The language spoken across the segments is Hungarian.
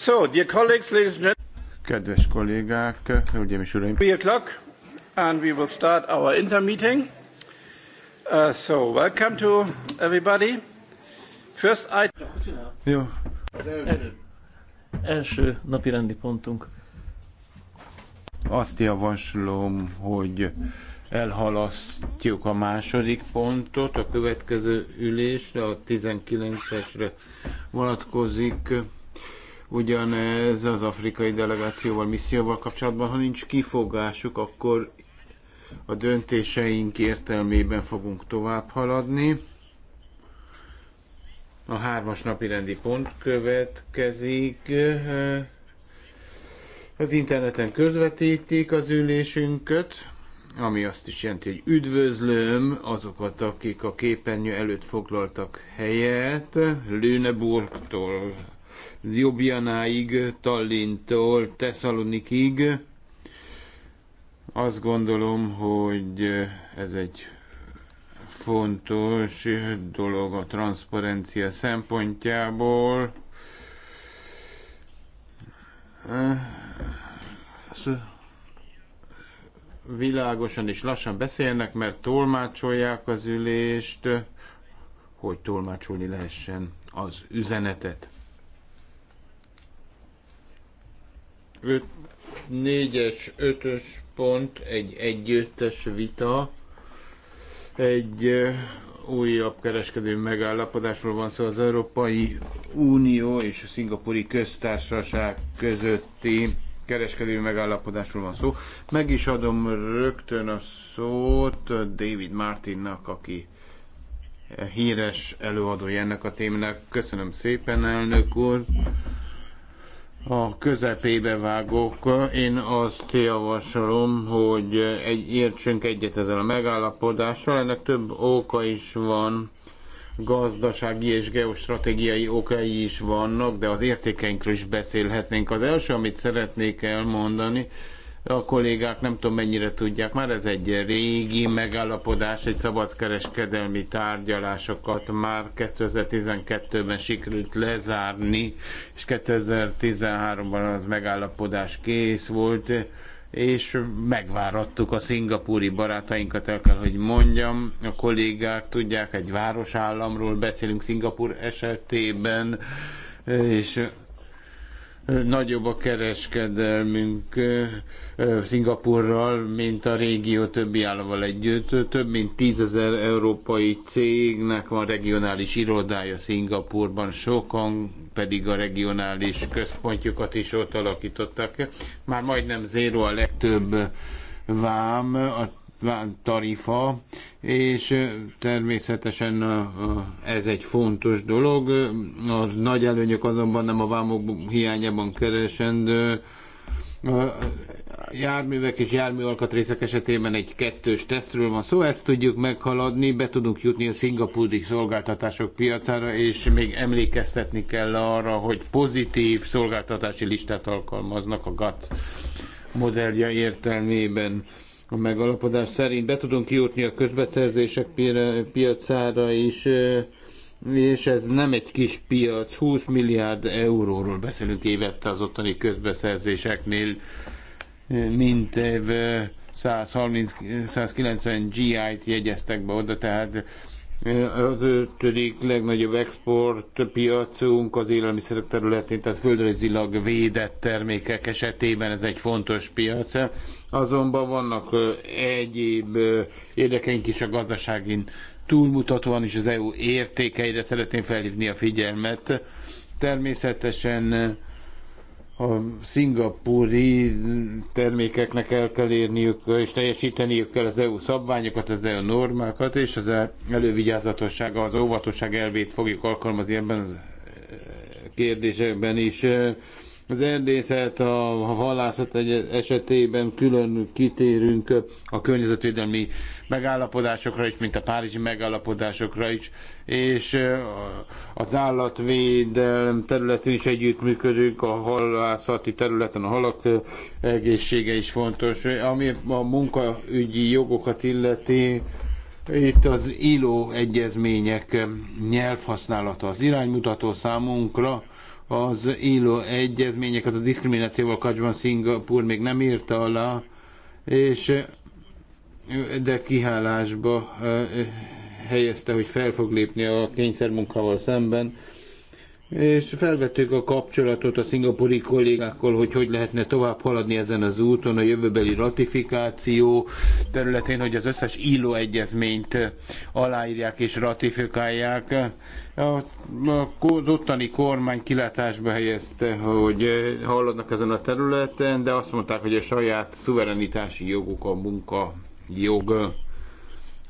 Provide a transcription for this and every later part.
So, dear colleagues, ladies and Kedves kollégák, hölgyeim és uraim. 3 o'clock, and we will start our intermeeting. Uh, so, welcome to everybody. First item. Jó. Az első. első napi rendi pontunk. Azt javaslom, hogy elhalasztjuk a második pontot, a következő ülésre, a 19-esre vonatkozik Ugyanez az afrikai delegációval, misszióval kapcsolatban, ha nincs kifogásuk, akkor a döntéseink értelmében fogunk tovább haladni. A hármas napi rendi pont következik. Az interneten közvetítik az ülésünket, ami azt is jelenti, hogy üdvözlöm azokat, akik a képernyő előtt foglaltak helyet Lüneburgtól Jobjanáig, Tallintól Tesszalonikig. Azt gondolom, hogy ez egy fontos dolog a transzparencia szempontjából. Világosan és lassan beszélnek, mert tolmácsolják az ülést, hogy tolmácsolni lehessen az üzenetet. öt 4 ötös pont, egy együttes vita, egy eh, újabb kereskedő megállapodásról van szó az Európai Unió és a Szingapúri Köztársaság közötti kereskedő megállapodásról van szó. Meg is adom rögtön a szót David Martinnak, aki híres előadója ennek a témának. Köszönöm szépen, elnök úr! a közepébe vágok. Én azt javasolom, hogy egy, értsünk egyet ezzel a megállapodással. Ennek több oka is van, gazdasági és geostratégiai okai is vannak, de az értékeinkről is beszélhetnénk. Az első, amit szeretnék elmondani, a kollégák nem tudom mennyire tudják, már ez egy régi megállapodás, egy szabadkereskedelmi tárgyalásokat már 2012-ben sikerült lezárni, és 2013-ban az megállapodás kész volt, és megvárattuk a szingapúri barátainkat, el kell, hogy mondjam. A kollégák tudják, egy városállamról beszélünk Szingapur esetében, és nagyobb a kereskedelmünk Szingapurral, mint a régió többi államval együtt. Több mint tízezer európai cégnek van regionális irodája Szingapurban, sokan pedig a regionális központjukat is ott alakították. Már majdnem zéro a legtöbb vám, a tarifa, és természetesen ez egy fontos dolog. A nagy előnyök azonban nem a vámok hiányában keresendő, a járművek és járműalkatrészek esetében egy kettős tesztről van szó, szóval ezt tudjuk meghaladni, be tudunk jutni a szingapúri szolgáltatások piacára, és még emlékeztetni kell arra, hogy pozitív szolgáltatási listát alkalmaznak a GATT modellje értelmében a megalapodás szerint be tudunk jutni a közbeszerzések piacára is, és ez nem egy kis piac, 20 milliárd euróról beszélünk évette az ottani közbeszerzéseknél, mint év 130, 190 GI-t jegyeztek be oda, tehát az ötödik legnagyobb export, piacunk az élelmiszerek területén, tehát földrajzilag védett termékek esetében ez egy fontos piac. Azonban vannak egyéb érdekeink is a gazdaságin túlmutatóan is az EU értékeire szeretném felhívni a figyelmet. Természetesen a szingapúri termékeknek el kell érniük, és teljesíteniük kell az EU szabványokat, az EU normákat, és az elővigyázatossága, az óvatosság elvét fogjuk alkalmazni ebben az e, kérdésekben is. Az erdészet, a halászat esetében külön kitérünk a környezetvédelmi megállapodásokra is, mint a párizsi megállapodásokra is, és az állatvédelem területén is együttműködünk, a halászati területen a halak egészsége is fontos. Ami a munkaügyi jogokat illeti, itt az ILO egyezmények nyelvhasználata az iránymutató számunkra, az ILO egyezményeket a diszkriminációval kapcsolatban Szingapúr még nem írta alá, és de kihálásba eh, helyezte, hogy fel fog lépni a kényszermunkával szemben és felvettük a kapcsolatot a szingapúri kollégákkal, hogy hogy lehetne tovább haladni ezen az úton a jövőbeli ratifikáció területén, hogy az összes ILO egyezményt aláírják és ratifikálják. Az ottani kormány kilátásba helyezte, hogy haladnak ezen a területen, de azt mondták, hogy a saját szuverenitási joguk a munka jog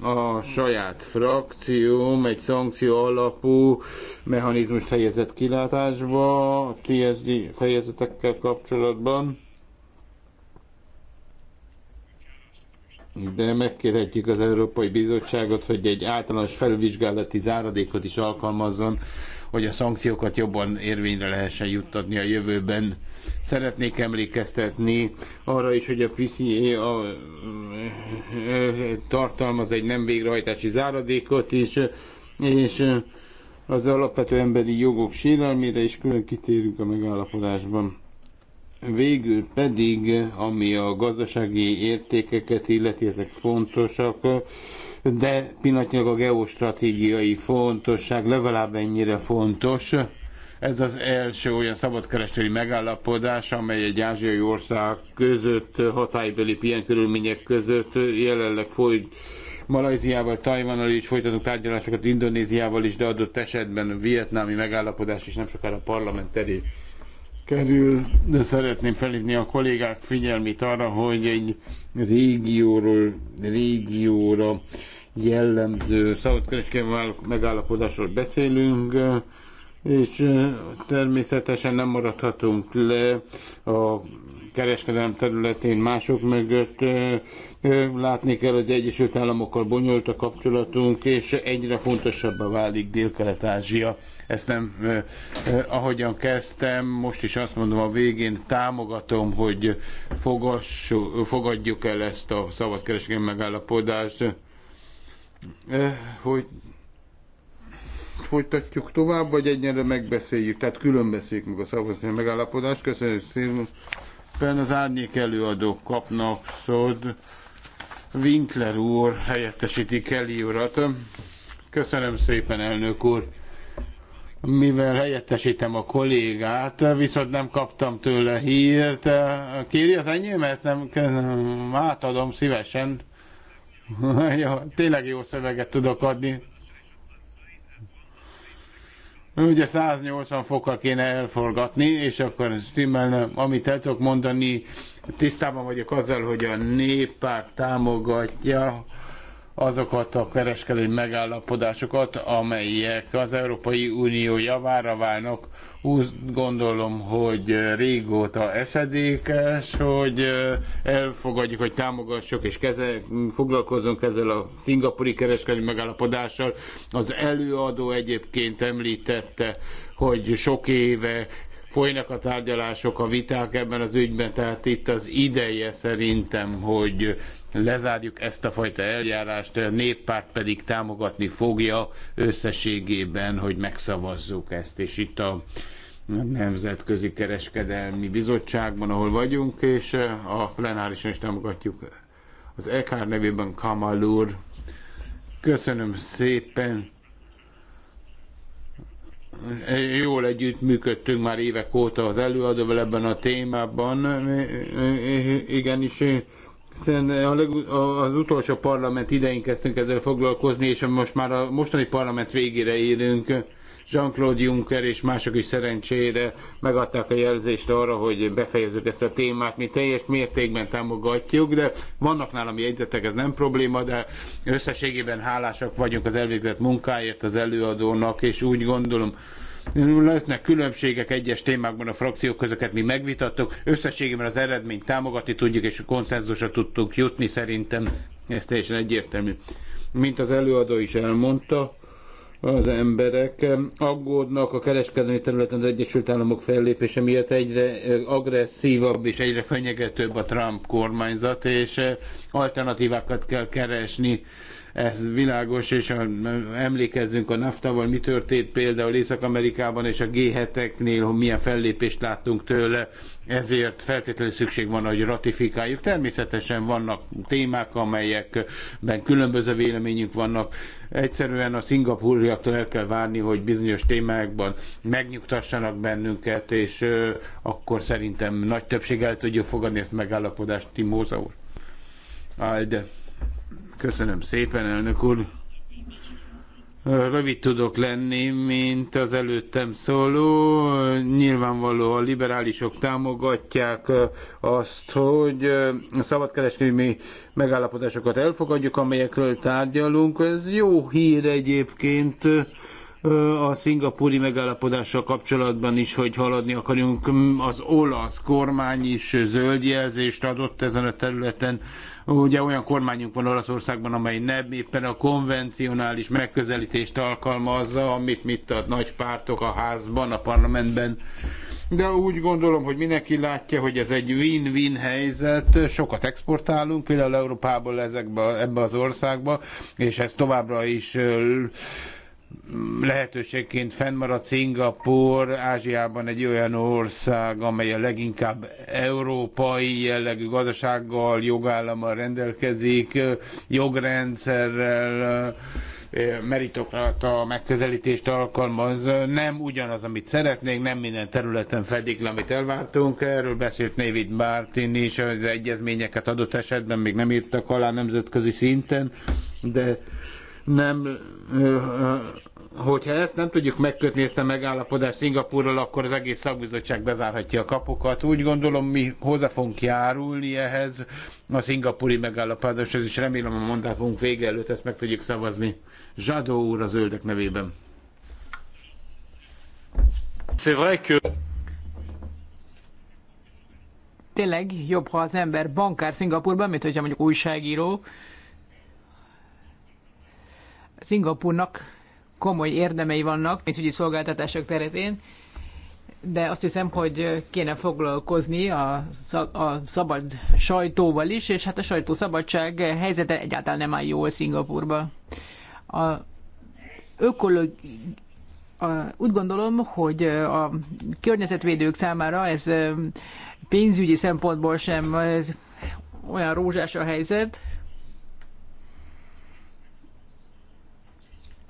a saját frakcióm egy szankció alapú mechanizmust helyezett kilátásba a TSD fejezetekkel kapcsolatban. De megkérhetjük az Európai Bizottságot, hogy egy általános felvizsgálati záradékot is alkalmazzon, hogy a szankciókat jobban érvényre lehessen juttatni a jövőben Szeretnék emlékeztetni arra is, hogy a PCA tartalmaz egy nem végrehajtási záradékot is, és az alapvető emberi jogok sérelmére is külön kitérünk a megállapodásban. Végül pedig, ami a gazdasági értékeket illeti, ezek fontosak, de pillanatnyilag a geostratégiai fontosság legalább ennyire fontos. Ez az első olyan szabadkereskedelmi megállapodás, amely egy ázsiai ország között, hatálybeli ilyen körülmények között jelenleg folyt Malajziával, Tajvannal is folytatunk tárgyalásokat, Indonéziával is, de adott esetben a vietnámi megállapodás is nem sokára a parlament elé kerül, de szeretném felhívni a kollégák figyelmét arra, hogy egy régióról, régióra jellemző szabadkereskedelmi megállapodásról beszélünk, és természetesen nem maradhatunk le a kereskedelem területén mások mögött. Látni kell, az Egyesült Államokkal bonyolult a kapcsolatunk, és egyre fontosabbá válik Dél-Kelet-Ázsia. Ezt nem, ahogyan kezdtem, most is azt mondom a végén, támogatom, hogy fogass, fogadjuk el ezt a szabadkereskedelmi megállapodást, hogy folytatjuk tovább, vagy egyenre megbeszéljük, tehát különbeszéljük meg a szabadság megállapodást. Köszönjük szépen, az árnyék előadók kapnak szód, Winkler úr helyettesíti Kelly urat. Köszönöm szépen, elnök úr. Mivel helyettesítem a kollégát, viszont nem kaptam tőle hírt. Kéri az enyémet? Nem, átadom szívesen. jó, tényleg jó szöveget tudok adni. Ugye 180 fokkal kéne elforgatni, és akkor stimmelne, amit el tudok mondani, tisztában vagyok azzal, hogy a néppárt támogatja azokat a kereskedelmi megállapodásokat, amelyek az Európai Unió javára válnak. Úgy gondolom, hogy régóta esedékes, hogy elfogadjuk, hogy támogassuk és keze, foglalkozunk ezzel a szingapuri kereskedelmi megállapodással. Az előadó egyébként említette, hogy sok éve Folynak a tárgyalások, a viták ebben az ügyben, tehát itt az ideje szerintem, hogy lezárjuk ezt a fajta eljárást, a néppárt pedig támogatni fogja összességében, hogy megszavazzuk ezt. És itt a Nemzetközi Kereskedelmi Bizottságban, ahol vagyunk, és a plenárisan is támogatjuk az EKR nevében Kamal úr. Köszönöm szépen jól együtt működtünk már évek óta az előadóval ebben a témában. Igenis, hiszen az utolsó parlament idején kezdtünk ezzel foglalkozni, és most már a mostani parlament végére érünk Jean-Claude Juncker és mások is szerencsére megadták a jelzést arra, hogy befejezzük ezt a témát. Mi teljes mértékben támogatjuk, de vannak nálam jegyzetek, ez nem probléma, de összességében hálásak vagyunk az elvégzett munkáért az előadónak, és úgy gondolom, lehetnek különbségek egyes témákban a frakciók közöket mi megvitattuk, összességében az eredményt támogatni tudjuk, és a konszenzusra tudtunk jutni szerintem, ez teljesen egyértelmű. Mint az előadó is elmondta, az emberek aggódnak a kereskedelmi területen az Egyesült Államok fellépése miatt egyre agresszívabb és egyre fenyegetőbb a Trump kormányzat, és alternatívákat kell keresni ez világos, és a, emlékezzünk a naftával, mi történt például Észak-Amerikában és a G7-eknél, hogy milyen fellépést láttunk tőle, ezért feltétlenül szükség van, hogy ratifikáljuk. Természetesen vannak témák, amelyekben különböző véleményünk vannak. Egyszerűen a szingapúriaktól el kell várni, hogy bizonyos témákban megnyugtassanak bennünket, és ö, akkor szerintem nagy többség el tudja fogadni ezt megállapodást, Timóza úr. Alde. Köszönöm szépen, elnök úr. Rövid tudok lenni, mint az előttem szóló. Nyilvánvaló a liberálisok támogatják azt, hogy a szabadkereskedelmi megállapodásokat elfogadjuk, amelyekről tárgyalunk. Ez jó hír egyébként a szingapúri megállapodással kapcsolatban is, hogy haladni akarjunk. Az olasz kormány is zöld jelzést adott ezen a területen. Ugye olyan kormányunk van Olaszországban, amely nem éppen a konvencionális megközelítést alkalmazza, amit mit a nagy pártok a házban, a parlamentben. De úgy gondolom, hogy mindenki látja, hogy ez egy win-win helyzet. Sokat exportálunk, például Európából ezekbe, ebbe az országba, és ez továbbra is lehetőségként fennmaradt Szingapur, Ázsiában egy olyan ország, amely a leginkább európai jellegű gazdasággal, jogállammal rendelkezik, jogrendszerrel, eh, meritokrata megközelítést alkalmaz. Nem ugyanaz, amit szeretnénk, nem minden területen fedik le, amit elvártunk. Erről beszélt David Martin is, az egyezményeket adott esetben még nem írtak alá nemzetközi szinten, de nem, hogyha ezt nem tudjuk megkötni, ezt a megállapodást Szingapurral, akkor az egész szakbizottság bezárhatja a kapukat. Úgy gondolom, mi hozzá fogunk járulni ehhez a szingapúri megállapodáshoz, és remélem a mondatunk vége előtt ezt meg tudjuk szavazni. Zsadó úr a zöldek nevében. tényleg jobb, ha az ember bankár Szingapurban, mint hogyha mondjuk újságíró, Szingapúrnak komoly érdemei vannak pénzügyi szolgáltatások területén, de azt hiszem, hogy kéne foglalkozni a, a szabad sajtóval is, és hát a sajtószabadság helyzete egyáltalán nem áll jól Szingapurban. A ökolog... a, úgy gondolom, hogy a környezetvédők számára ez pénzügyi szempontból sem olyan rózsás a helyzet,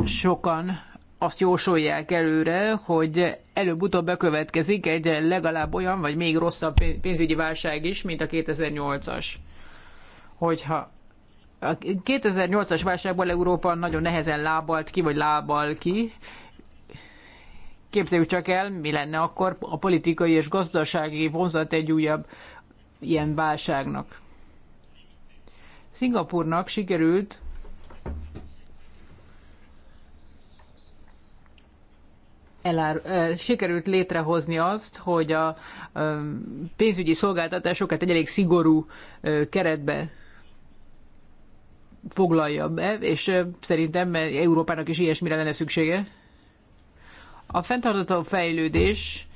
Sokan azt jósolják előre, hogy előbb-utóbb bekövetkezik egy legalább olyan, vagy még rosszabb pénzügyi válság is, mint a 2008-as. Hogyha a 2008-as válságból Európa nagyon nehezen lábalt ki, vagy lábal ki. Képzeljük csak el, mi lenne akkor a politikai és gazdasági vonzat egy újabb ilyen válságnak. Szingapurnak sikerült elár, sikerült létrehozni azt, hogy a pénzügyi szolgáltatásokat egy elég szigorú keretbe foglalja be, és szerintem Európának is ilyesmire lenne szüksége. A fenntartható fejlődés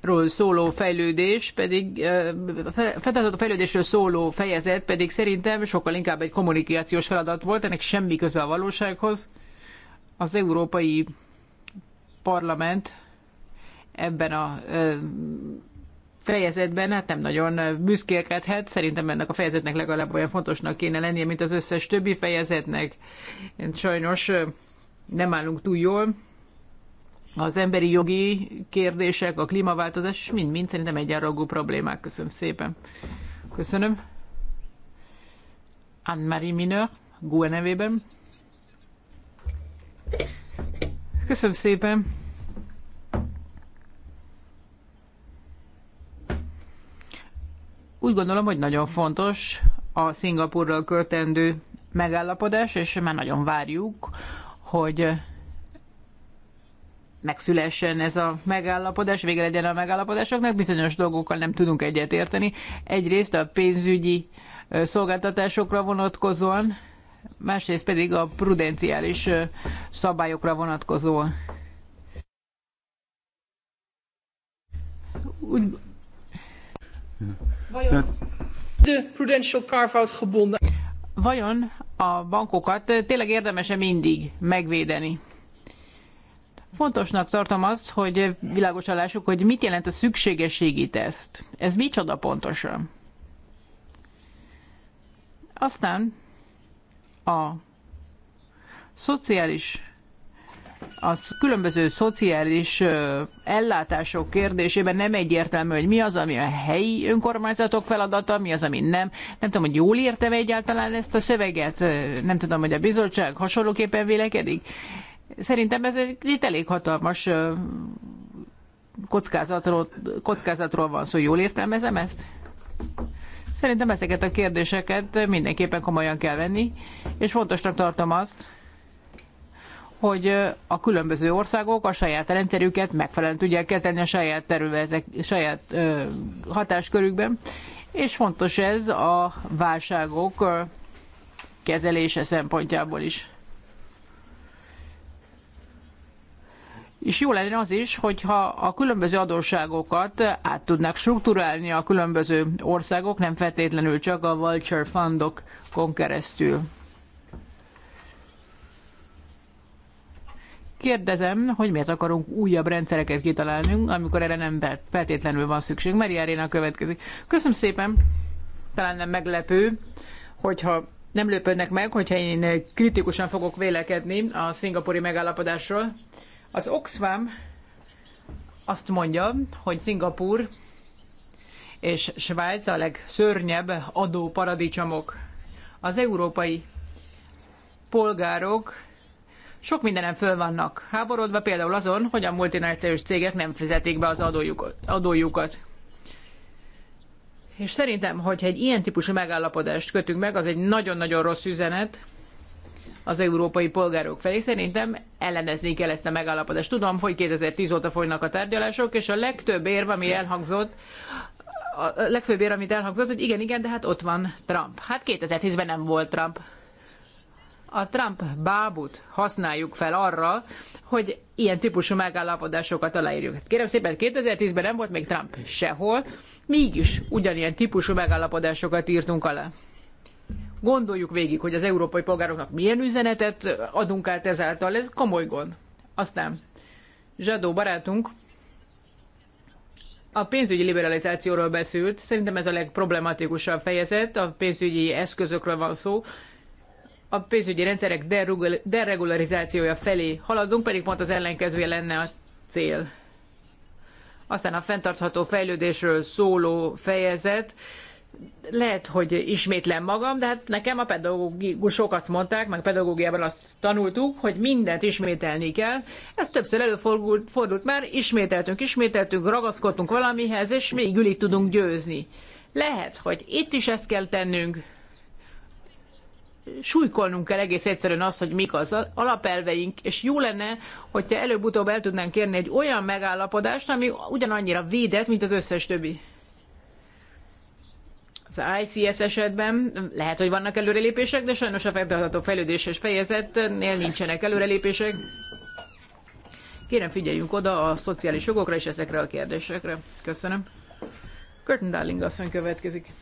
ról szóló fejlődés, pedig fenntartható fejlődésről szóló fejezet pedig szerintem sokkal inkább egy kommunikációs feladat volt, ennek semmi köze a valósághoz. Az európai parlament ebben a fejezetben hát nem nagyon büszkélkedhet. Szerintem ennek a fejezetnek legalább olyan fontosnak kéne lennie, mint az összes többi fejezetnek. Sajnos nem állunk túl jól. Az emberi jogi kérdések, a klímaváltozás, és mind-mind szerintem egyenragú problémák. Köszönöm szépen. Köszönöm. Anne-Marie Mineur, GUE nevében. Köszönöm szépen. Úgy gondolom, hogy nagyon fontos a Szingapurral költendő megállapodás, és már nagyon várjuk, hogy megszülessen ez a megállapodás, vége legyen a megállapodásoknak, bizonyos dolgokkal nem tudunk egyetérteni. Egyrészt a pénzügyi szolgáltatásokra vonatkozóan, másrészt pedig a prudenciális szabályokra vonatkozó. Úgy... Vajon... prudential Vajon a bankokat tényleg érdemese mindig megvédeni? Fontosnak tartom azt, hogy világosan lássuk, hogy mit jelent a szükségességi teszt. Ez micsoda pontosan? Aztán a szociális az különböző szociális ellátások kérdésében nem egyértelmű, hogy mi az, ami a helyi önkormányzatok feladata, mi az, ami nem. Nem tudom, hogy jól értem egyáltalán ezt a szöveget, nem tudom, hogy a bizottság hasonlóképpen vélekedik. Szerintem ez egy itt elég hatalmas kockázatról, kockázatról van szó. Jól értelmezem ezt? Szerintem ezeket a kérdéseket mindenképpen komolyan kell venni, és fontosnak tartom azt, hogy a különböző országok a saját rendszerüket megfelelően tudják kezelni a saját területek, saját ö, hatáskörükben, és fontos ez a válságok ö, kezelése szempontjából is. és jó lenne az is, hogyha a különböző adósságokat át tudnak struktúrálni a különböző országok, nem feltétlenül csak a vulture fundokon keresztül. Kérdezem, hogy miért akarunk újabb rendszereket kitalálnunk, amikor erre nem feltétlenül van szükség. Meri Arena következik. Köszönöm szépen, talán nem meglepő, hogyha nem lőpödnek meg, hogyha én kritikusan fogok vélekedni a szingapúri megállapodásról. Az Oxfam azt mondja, hogy Szingapur és Svájc a legszörnyebb adóparadicsomok. Az európai polgárok sok mindenen föl vannak háborodva, például azon, hogy a multinacionális cégek nem fizetik be az adójukat. adójukat. És szerintem, hogyha egy ilyen típusú megállapodást kötünk meg, az egy nagyon-nagyon rossz üzenet, az európai polgárok felé. Szerintem ellenezni kell ezt a megállapodást. Tudom, hogy 2010 óta folynak a tárgyalások, és a legtöbb érv, ami elhangzott, a legfőbb ér, amit elhangzott, hogy igen, igen, de hát ott van Trump. Hát 2010-ben nem volt Trump. A Trump bábut használjuk fel arra, hogy ilyen típusú megállapodásokat aláírjuk. Hát kérem szépen, 2010-ben nem volt még Trump sehol, mégis ugyanilyen típusú megállapodásokat írtunk alá. Gondoljuk végig, hogy az európai polgároknak milyen üzenetet adunk át ezáltal, ez komoly gond. Aztán Zsadó barátunk a pénzügyi liberalizációról beszélt, szerintem ez a legproblematikusabb fejezet, a pénzügyi eszközökről van szó, a pénzügyi rendszerek deregularizációja felé haladunk, pedig pont az ellenkezője lenne a cél. Aztán a fenntartható fejlődésről szóló fejezet, lehet, hogy ismétlem magam, de hát nekem a pedagógusok azt mondták, meg pedagógiában azt tanultuk, hogy mindent ismételni kell. Ez többször előfordult fordult már, ismételtünk, ismételtünk, ragaszkodtunk valamihez, és végül itt tudunk győzni. Lehet, hogy itt is ezt kell tennünk, súlykolnunk kell egész egyszerűen azt, hogy mik az alapelveink, és jó lenne, hogyha előbb-utóbb el tudnánk kérni egy olyan megállapodást, ami ugyanannyira védett, mint az összes többi az ICS esetben lehet, hogy vannak előrelépések, de sajnos a fenntartható fejlődéses fejezetnél nincsenek előrelépések. Kérem figyeljünk oda a szociális jogokra és ezekre a kérdésekre. Köszönöm. Curtin Darling asszony következik.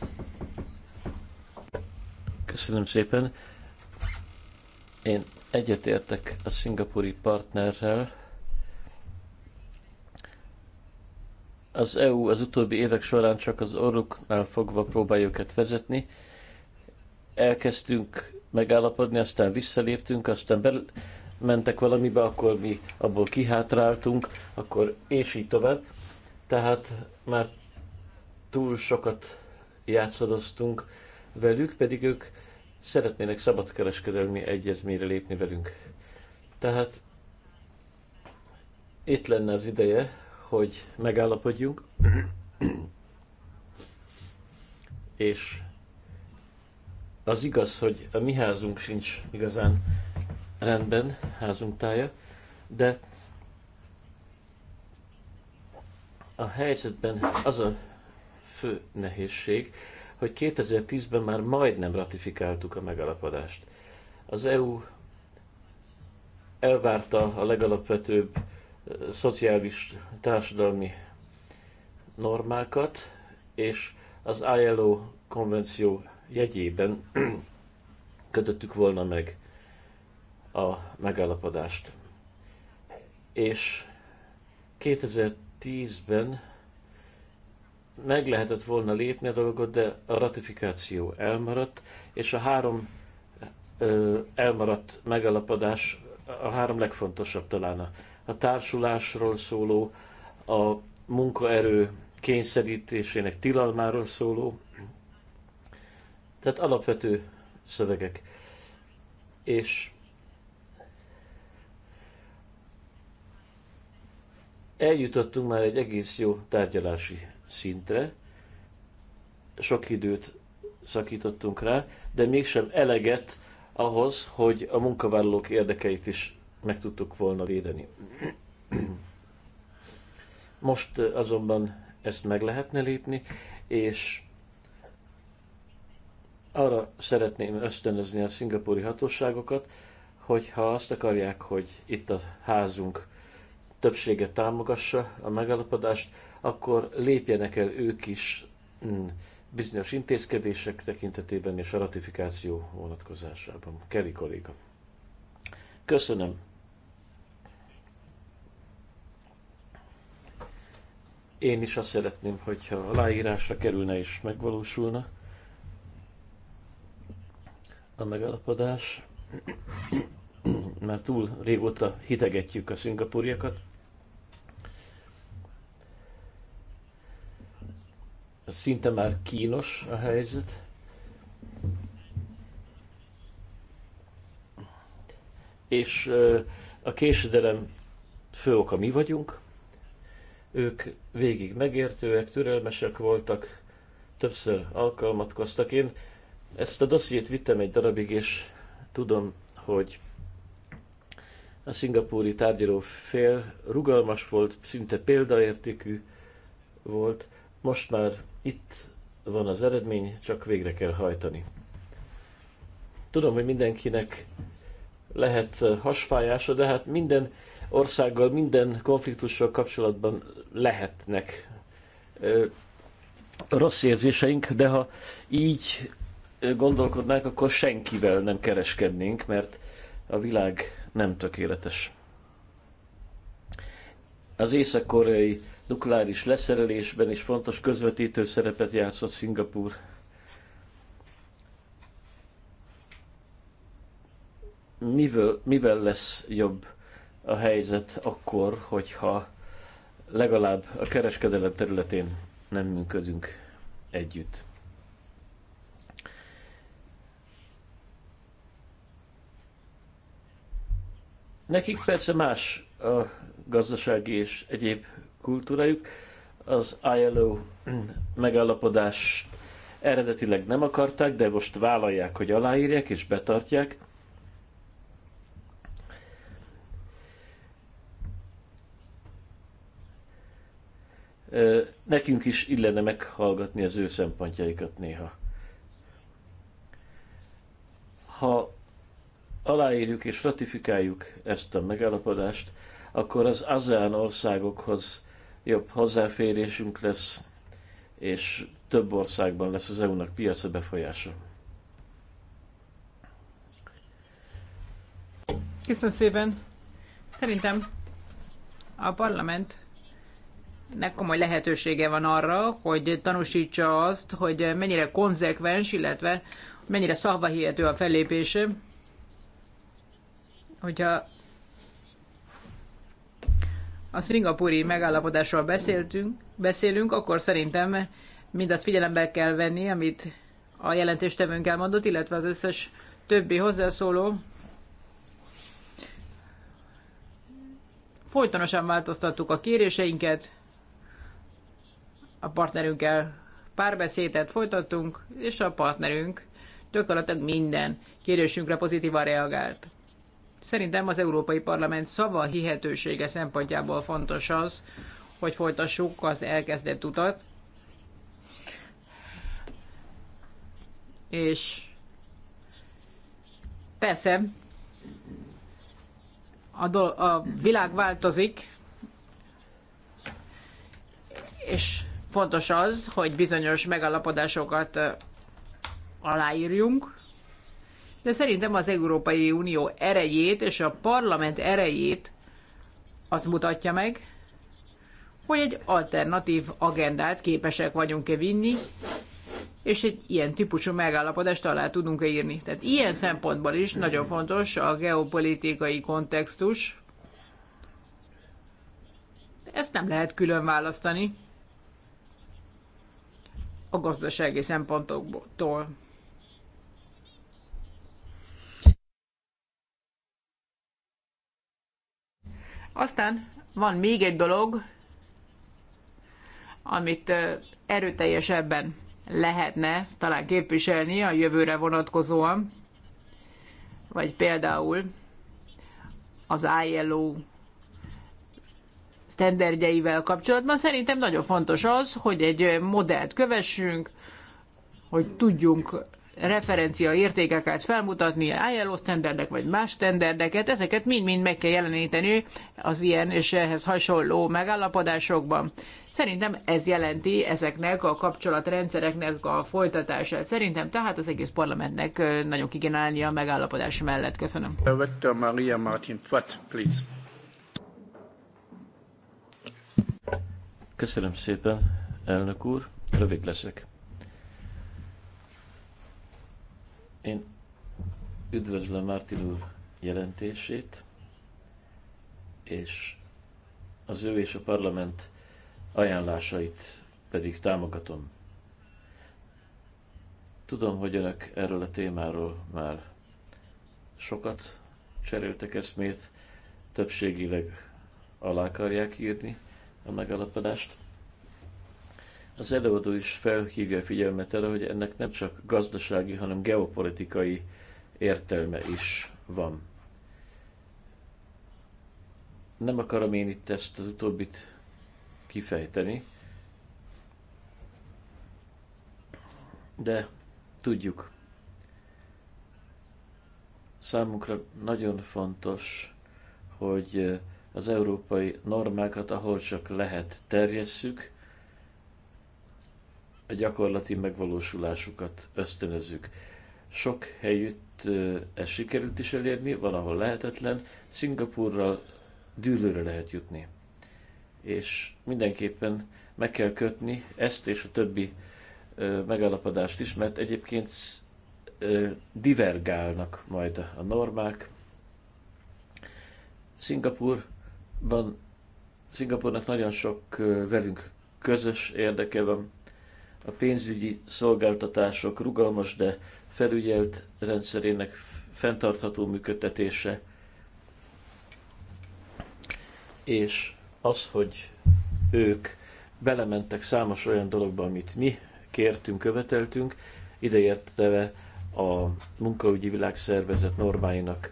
Köszönöm szépen. Én egyetértek a szingapúri partnerrel, Az EU az utóbbi évek során csak az orruknál fogva próbálja őket vezetni. Elkezdtünk megállapodni, aztán visszaléptünk, aztán mentek valamibe, akkor mi abból kihátráltunk, akkor és így tovább. Tehát már túl sokat játszadoztunk velük, pedig ők szeretnének szabadkereskedelmi egyezményre lépni velünk. Tehát itt lenne az ideje, hogy megállapodjunk, és az igaz, hogy a mi házunk sincs igazán rendben, házunk tája, de a helyzetben az a fő nehézség, hogy 2010-ben már majdnem ratifikáltuk a megalapodást. Az EU elvárta a legalapvetőbb szociális, társadalmi normákat, és az ILO konvenció jegyében kötöttük volna meg a megállapodást. És 2010-ben meg lehetett volna lépni a dolgot, de a ratifikáció elmaradt, és a három elmaradt megállapodás a három legfontosabb talán a a társulásról szóló, a munkaerő kényszerítésének tilalmáról szóló, tehát alapvető szövegek. És eljutottunk már egy egész jó tárgyalási szintre, sok időt szakítottunk rá, de mégsem eleget ahhoz, hogy a munkavállalók érdekeit is meg tudtuk volna védeni. Most azonban ezt meg lehetne lépni, és arra szeretném ösztönözni a szingapúri hatóságokat, hogy ha azt akarják, hogy itt a házunk többsége támogassa a megállapodást, akkor lépjenek el ők is mm, bizonyos intézkedések tekintetében és a ratifikáció vonatkozásában. Keri kolléga. Köszönöm. Én is azt szeretném, hogyha aláírásra kerülne és megvalósulna a megállapodás. mert túl régóta hidegetjük a szingapúriakat. Szinte már kínos a helyzet. És a késedelem fő oka mi vagyunk. Ők végig megértőek, türelmesek voltak, többször alkalmatkoztak. Én ezt a dossziét vittem egy darabig, és tudom, hogy a szingapúri tárgyaló fél rugalmas volt, szinte példaértékű volt. Most már itt van az eredmény, csak végre kell hajtani. Tudom, hogy mindenkinek lehet hasfájása, de hát minden országgal minden konfliktussal kapcsolatban lehetnek rossz érzéseink, de ha így gondolkodnánk, akkor senkivel nem kereskednénk, mert a világ nem tökéletes. Az észak-koreai nukleáris leszerelésben is fontos közvetítő szerepet játszott Szingapúr. Mivel, mivel lesz jobb a helyzet akkor, hogyha legalább a kereskedelem területén nem működünk együtt. Nekik persze más a gazdasági és egyéb kultúrájuk. Az ILO megállapodást eredetileg nem akarták, de most vállalják, hogy aláírják és betartják. nekünk is illene meghallgatni az ő szempontjaikat néha. Ha aláírjuk és ratifikáljuk ezt a megállapodást, akkor az ASEAN országokhoz jobb hozzáférésünk lesz, és több országban lesz az EU-nak piaca befolyása. Köszönöm szépen! Szerintem a parlament nek komoly lehetősége van arra, hogy tanúsítsa azt, hogy mennyire konzekvens, illetve mennyire hihető a fellépése, hogyha a szingapúri megállapodásról beszéltünk, beszélünk, akkor szerintem mindazt figyelembe kell venni, amit a jelentéstevőnk elmondott, illetve az összes többi hozzászóló. Folytonosan változtattuk a kéréseinket, a partnerünkkel párbeszédet folytattunk, és a partnerünk gyakorlatilag minden kérésünkre pozitívan reagált. Szerintem az Európai Parlament szava hihetősége szempontjából fontos az, hogy folytassuk az elkezdett utat, és persze a, do- a világ változik, és fontos az, hogy bizonyos megalapodásokat aláírjunk, de szerintem az Európai Unió erejét és a parlament erejét az mutatja meg, hogy egy alternatív agendát képesek vagyunk-e vinni, és egy ilyen típusú megállapodást alá tudunk-e írni. Tehát ilyen szempontból is nagyon fontos a geopolitikai kontextus. Ezt nem lehet külön választani a gazdasági szempontoktól. Aztán van még egy dolog, amit erőteljesebben lehetne talán képviselni a jövőre vonatkozóan, vagy például az ILO sztenderdjeivel kapcsolatban. Szerintem nagyon fontos az, hogy egy modellt kövessünk, hogy tudjunk referencia értékeket felmutatni, ILO standardek vagy más standardeket, ezeket mind-mind meg kell jeleníteni az ilyen és ehhez hasonló megállapodásokban. Szerintem ez jelenti ezeknek a kapcsolatrendszereknek a folytatását. Szerintem tehát az egész parlamentnek nagyon kigénálni a megállapodás mellett. Köszönöm. Dr. Maria Martin please. Köszönöm szépen, elnök úr, rövid leszek. Én üdvözlöm Mártin úr jelentését, és az ő és a parlament ajánlásait pedig támogatom. Tudom, hogy önök erről a témáról már sokat cseréltek eszmét, többségileg alá akarják írni a megállapodást. Az előadó is felhívja a figyelmet erre, hogy ennek nem csak gazdasági, hanem geopolitikai értelme is van. Nem akarom én itt ezt az utóbbit kifejteni, de tudjuk. Számunkra nagyon fontos, hogy az európai normákat, ahol csak lehet, terjesszük, a gyakorlati megvalósulásukat ösztönözzük. Sok helyütt ez sikerült is elérni, van, ahol lehetetlen, Szingapurral dűlőre lehet jutni. És mindenképpen meg kell kötni ezt és a többi megállapodást is, mert egyébként divergálnak majd a normák. Szingapur van Szingapurnak nagyon sok velünk közös érdeke van. A pénzügyi szolgáltatások rugalmas, de felügyelt rendszerének fenntartható működtetése, és az, hogy ők belementek számos olyan dologba, amit mi kértünk, követeltünk, ideértve a munkaügyi világszervezet normáinak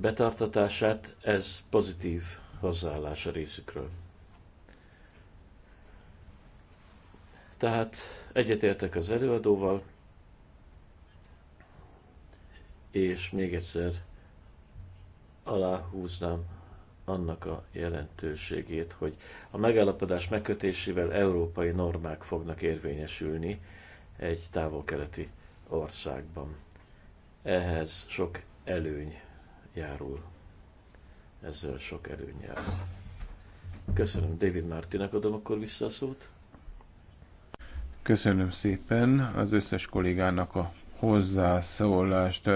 betartatását, ez pozitív hozzáállása részükről. Tehát egyetértek az előadóval, és még egyszer aláhúznám annak a jelentőségét, hogy a megállapodás megkötésével európai normák fognak érvényesülni egy távol-keleti országban. Ehhez sok előny járul ezzel sok előnyel. Köszönöm, David Mártinak adom akkor vissza a szót. Köszönöm szépen az összes kollégának a hozzászólást.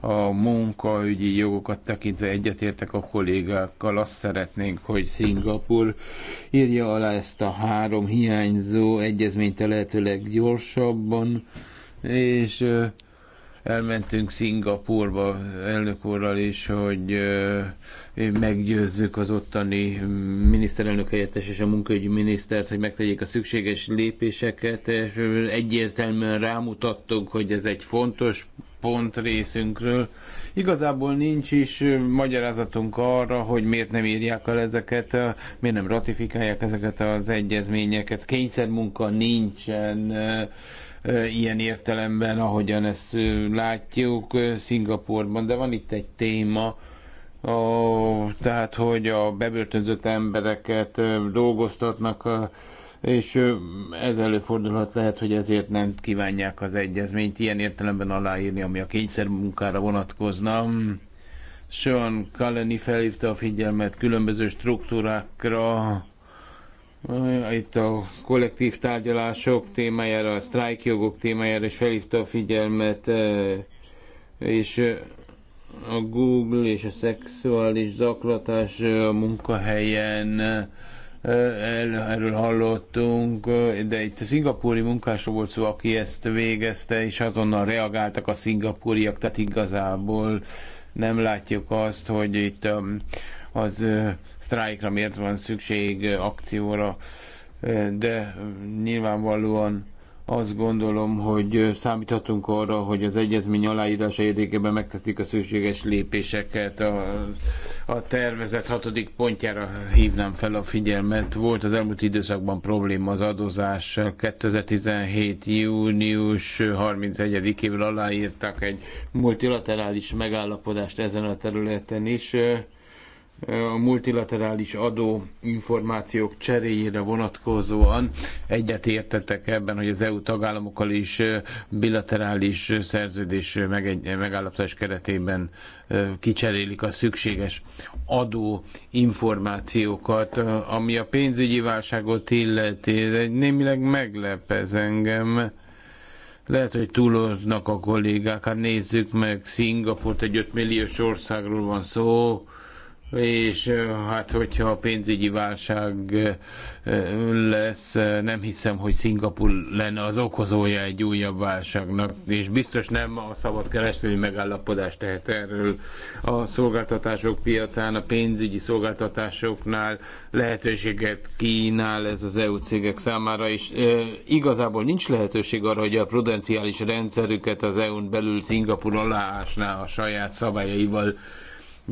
A munkaügyi jogokat tekintve egyetértek a kollégákkal. Azt szeretnénk, hogy Szingapur írja alá ezt a három hiányzó egyezményt a lehetőleg gyorsabban, és elmentünk Szingapurba elnök úrral is, hogy meggyőzzük az ottani miniszterelnök helyettes és a munkaügyi minisztert, hogy megtegyék a szükséges lépéseket, és egyértelműen rámutattunk, hogy ez egy fontos pont részünkről. Igazából nincs is magyarázatunk arra, hogy miért nem írják el ezeket, miért nem ratifikálják ezeket az egyezményeket. Kényszermunka nincsen ilyen értelemben, ahogyan ezt látjuk Szingapurban, de van itt egy téma, tehát, hogy a bebörtönzött embereket dolgoztatnak, és ez előfordulhat, lehet, hogy ezért nem kívánják az egyezményt ilyen értelemben aláírni, ami a kényszermunkára vonatkozna. Sean Kaleni felhívta a figyelmet különböző struktúrákra, itt a kollektív tárgyalások témájára, a sztrájkjogok témájára is felhívta a figyelmet, eh, és eh, a Google és a szexuális zaklatás eh, a munkahelyen, erről hallottunk, de itt a szingapúri munkásról volt szó, aki ezt végezte, és azonnal reagáltak a szingapúriak, tehát igazából nem látjuk azt, hogy itt az sztrájkra miért van szükség, akcióra, de nyilvánvalóan azt gondolom, hogy számíthatunk arra, hogy az egyezmény aláírása érdekében megteszik a szükséges lépéseket. A, a tervezet hatodik pontjára hívnám fel a figyelmet. Volt az elmúlt időszakban probléma az adózás. 2017. június 31-ével aláírtak egy multilaterális megállapodást ezen a területen is a multilaterális adó információk cseréjére vonatkozóan egyetértetek ebben, hogy az EU tagállamokkal is bilaterális szerződés meg megállapodás keretében kicserélik a szükséges adó információkat. Ami a pénzügyi válságot illeti, egy némileg meglep ez engem lehet, hogy túloznak a kollégák, hát nézzük meg, Szingapurt egy 5 milliós országról van szó, és hát hogyha a pénzügyi válság lesz, nem hiszem, hogy Szingapur lenne az okozója egy újabb válságnak, és biztos nem a szabad kereskedelmi megállapodás tehet erről a szolgáltatások piacán, a pénzügyi szolgáltatásoknál lehetőséget kínál ez az EU cégek számára, és igazából nincs lehetőség arra, hogy a prudenciális rendszerüket az EU-n belül Szingapur aláásná a saját szabályaival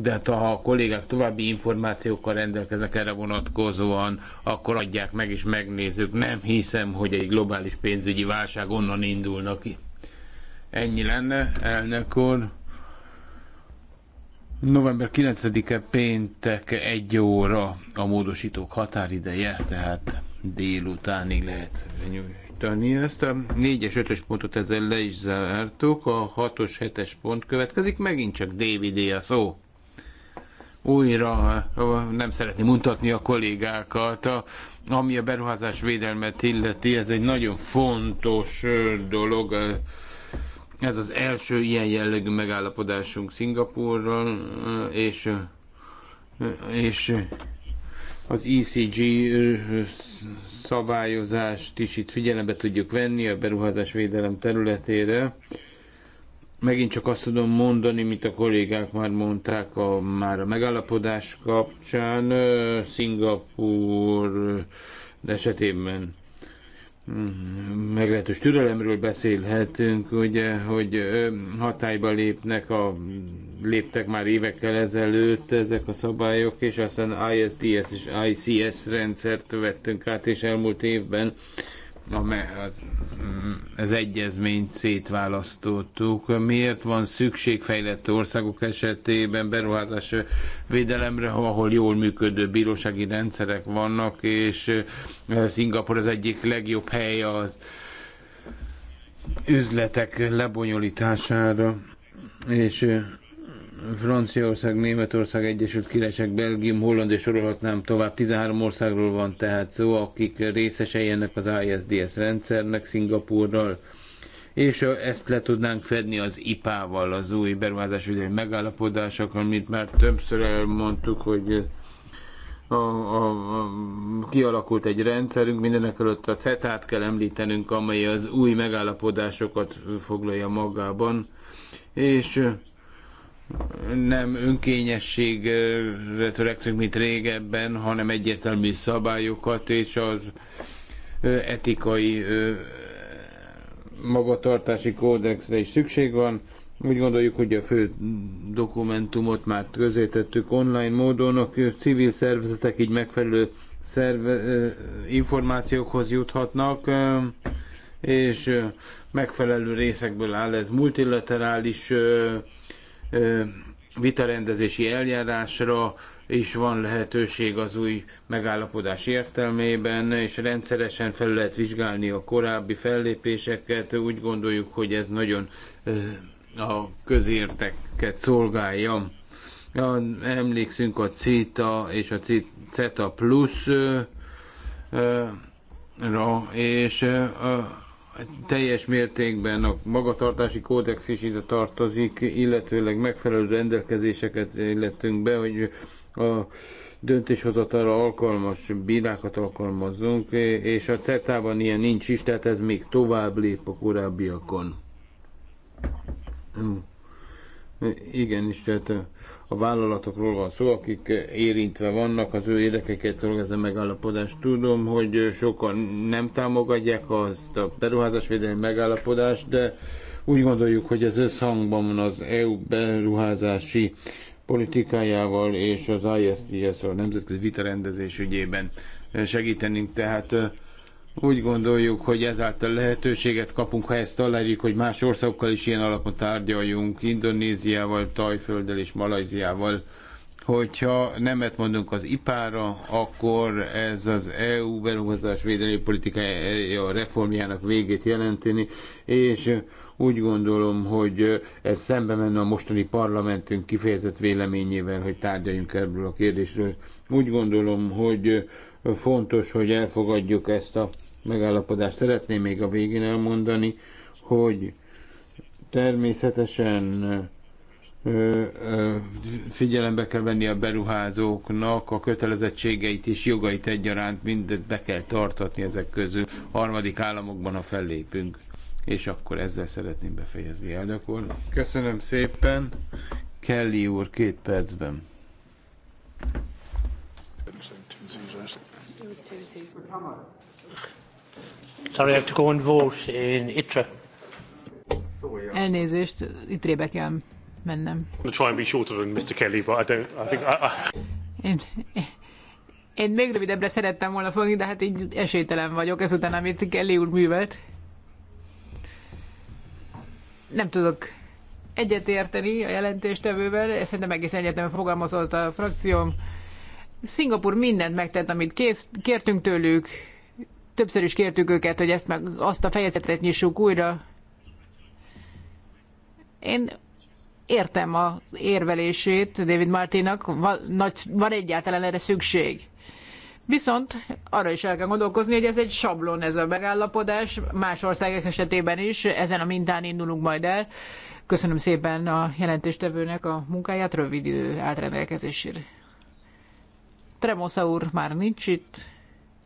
de hát, ha a kollégák további információkkal rendelkeznek erre vonatkozóan, akkor adják meg és megnézzük. Nem hiszem, hogy egy globális pénzügyi válság onnan indulna ki. Ennyi lenne, elnök úr. November 9-e péntek egy óra a módosítók határideje, tehát délutánig lehet nyújtani ezt. A 4-es, 5-ös pontot ezzel le is zártuk, a 6-os, 7-es pont következik, megint csak DVD a szó újra nem szeretném mutatni a kollégákat. Ami a beruházás védelmet illeti, ez egy nagyon fontos dolog. Ez az első ilyen jellegű megállapodásunk Szingapurral, és, és az ECG szabályozást is itt figyelembe tudjuk venni a beruházás védelem területére. Megint csak azt tudom mondani, mint a kollégák már mondták a, már a megállapodás kapcsán, Szingapúr esetében mm, meglehetős türelemről beszélhetünk, ugye, hogy hatályba lépnek a, léptek már évekkel ezelőtt ezek a szabályok, és aztán ISDS és ICS rendszert vettünk át, és elmúlt évben az, mm, az egyezményt szétválasztottuk. Miért van szükség fejlett országok esetében beruházás védelemre, ahol jól működő bírósági rendszerek vannak, és eh, Szingapur az egyik legjobb hely az üzletek lebonyolítására, és eh, Franciaország, Németország, Egyesült Királyság, Belgium, Holland és sorolhatnám tovább. 13 országról van tehát szó, akik részesei ennek az ISDS rendszernek, Szingapúrral, és ezt le tudnánk fedni az IPA-val, az új beruházásvédelmi megállapodásokkal, amit már többször elmondtuk, hogy a, a, a, kialakult egy rendszerünk, mindenek előtt a CETA-t kell említenünk, amely az új megállapodásokat foglalja magában, és nem önkényességre törekszünk, mint régebben, hanem egyértelmű szabályokat és az etikai magatartási kódexre is szükség van. Úgy gondoljuk, hogy a fő dokumentumot már közétettük online módon, a civil szervezetek így megfelelő szerve, információkhoz juthatnak, és megfelelő részekből áll ez multilaterális vitarendezési eljárásra is van lehetőség az új megállapodás értelmében, és rendszeresen fel lehet vizsgálni a korábbi fellépéseket. Úgy gondoljuk, hogy ez nagyon a közérteket szolgálja. Emlékszünk a CITA és a CETA Plus és teljes mértékben a magatartási kódex is ide tartozik, illetőleg megfelelő rendelkezéseket illettünk be, hogy a döntéshozatalra alkalmas bírákat alkalmazzunk, és a CETA-ban ilyen nincs is, tehát ez még tovább lép a korábbiakon. Hm. Igen, és tehát a vállalatokról van szó, akik érintve vannak, az ő érdekeket szolgál ez a megállapodás. Tudom, hogy sokan nem támogatják azt a beruházásvédelmi megállapodást, de úgy gondoljuk, hogy ez összhangban van az EU beruházási politikájával és az ISTS, a Nemzetközi Vitarendezés ügyében segítenünk. Tehát úgy gondoljuk, hogy ezáltal lehetőséget kapunk, ha ezt találjuk, hogy más országokkal is ilyen alapon tárgyaljunk, Indonéziával, Tajfölddel és Malajziával. Hogyha nemet mondunk az ipára, akkor ez az EU beruházás védelmi politikája reformjának végét jelenteni, és úgy gondolom, hogy ez szembe menne a mostani parlamentünk kifejezett véleményével, hogy tárgyaljunk ebből a kérdésről. Úgy gondolom, hogy fontos, hogy elfogadjuk ezt a megállapodást. Szeretném még a végén elmondani, hogy természetesen ö, ö, figyelembe kell venni a beruházóknak a kötelezettségeit és jogait egyaránt, mindet be kell tartatni ezek közül. Harmadik államokban, ha fellépünk. És akkor ezzel szeretném befejezni, el. Akkor Köszönöm szépen. Kelly úr, két percben. It was Sorry, I have to go and vote in ITRA. Elnézést, ITRE-be kell mennem. I'm try and be shorter than Mr. Kelly, but I don't, I think I, I... Én, még rövidebbre szerettem volna fogni, de hát így esélytelen vagyok ezután, amit Kelly úr művelt. Nem tudok egyetérteni a jelentéstevővel, ezt szerintem egész egyetemben fogalmazott a frakcióm. Szingapur mindent megtett, amit kész, kértünk tőlük, Többször is kértük őket, hogy ezt meg azt a fejezetet nyissuk újra. Én értem az érvelését David Martinnak, van, nagy, van egyáltalán erre szükség. Viszont arra is el kell gondolkozni, hogy ez egy sablon ez a megállapodás, más országok esetében is ezen a mintán indulunk majd el. Köszönöm szépen a jelentéstevőnek a munkáját, rövid idő átrendelkezésére. Tremosa úr már nincs itt.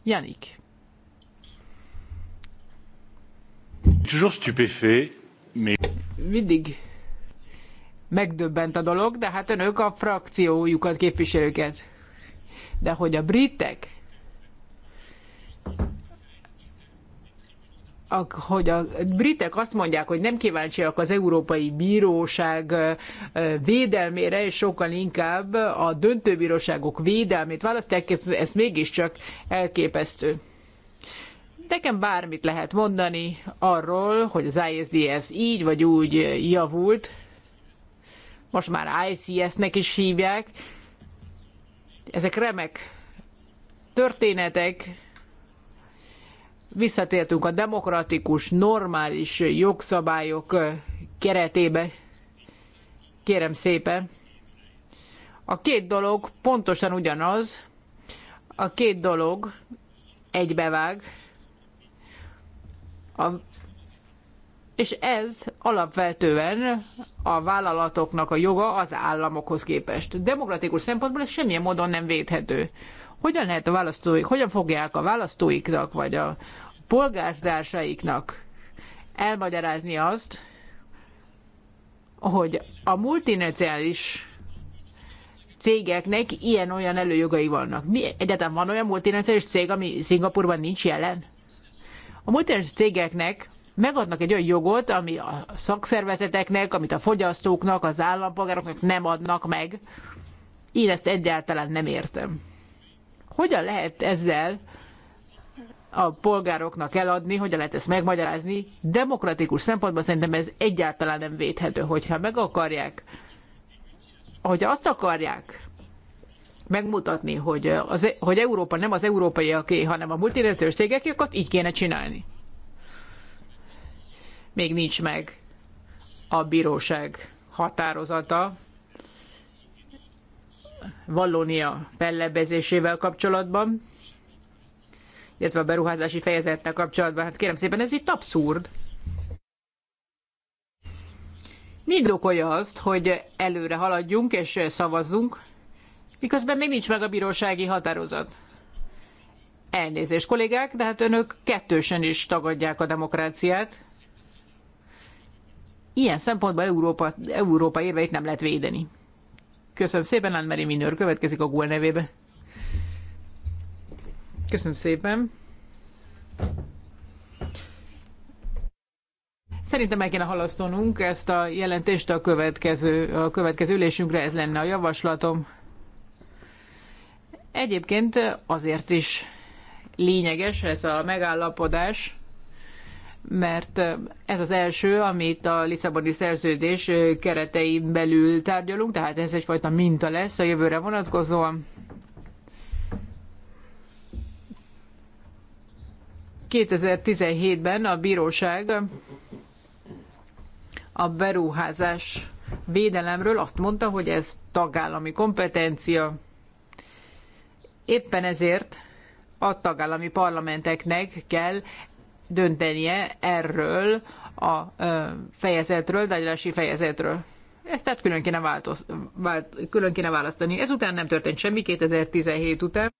Janik. Toujours stupéfait, mais... Mindig megdöbbent a dolog, de hát önök a frakciójukat, képviselőket. De hogy a britek, a, hogy a britek azt mondják, hogy nem kíváncsiak az Európai Bíróság védelmére, és sokkal inkább a döntőbíróságok védelmét választják, ez, ez mégiscsak elképesztő. Nekem bármit lehet mondani arról, hogy az ISDS így vagy úgy javult, most már ICS-nek is hívják. Ezek remek történetek. Visszatértünk a demokratikus, normális jogszabályok keretébe. Kérem szépen. A két dolog pontosan ugyanaz. A két dolog egybevág a, és ez alapvetően a vállalatoknak a joga az államokhoz képest. Demokratikus szempontból ez semmilyen módon nem védhető. Hogyan lehet a választóik, hogyan fogják a választóiknak, vagy a polgártársaiknak elmagyarázni azt, hogy a multinacionális cégeknek ilyen-olyan előjogai vannak. Mi, egyáltalán van olyan multinacionális cég, ami Szingapurban nincs jelen? A mutáns cégeknek megadnak egy olyan jogot, ami a szakszervezeteknek, amit a fogyasztóknak, az állampolgároknak nem adnak meg. Én ezt egyáltalán nem értem. Hogyan lehet ezzel a polgároknak eladni, hogyan lehet ezt megmagyarázni. Demokratikus szempontból szerintem ez egyáltalán nem védhető, hogyha meg akarják, hogyha azt akarják, megmutatni, hogy, az, e- hogy Európa nem az európaiaké, hanem a multinacionális cégek, akkor azt így kéne csinálni. Még nincs meg a bíróság határozata Vallónia fellebezésével kapcsolatban, illetve a beruházási fejezettel kapcsolatban. Hát kérem szépen, ez itt abszurd. Mi indokolja azt, hogy előre haladjunk és szavazzunk, miközben még nincs meg a bírósági határozat. Elnézést, kollégák, de hát önök kettősen is tagadják a demokráciát. Ilyen szempontból Európa, Európa érveit nem lehet védeni. Köszönöm szépen, Anne-Marie Minőr következik a GUL nevébe. Köszönöm szépen. Szerintem meg kéne halasztanunk ezt a jelentést a következő, a következő ülésünkre, ez lenne a javaslatom. Egyébként azért is lényeges ez a megállapodás, mert ez az első, amit a Lisszaboni szerződés keretein belül tárgyalunk, tehát ez egyfajta minta lesz a jövőre vonatkozóan. 2017-ben a bíróság a beruházás védelemről azt mondta, hogy ez tagállami kompetencia, Éppen ezért a tagállami parlamenteknek kell döntenie erről a fejezetről, tárgyalási fejezetről. Ezt tehát külön kéne, változ, vált, külön kéne választani. Ezután nem történt semmi 2017 után.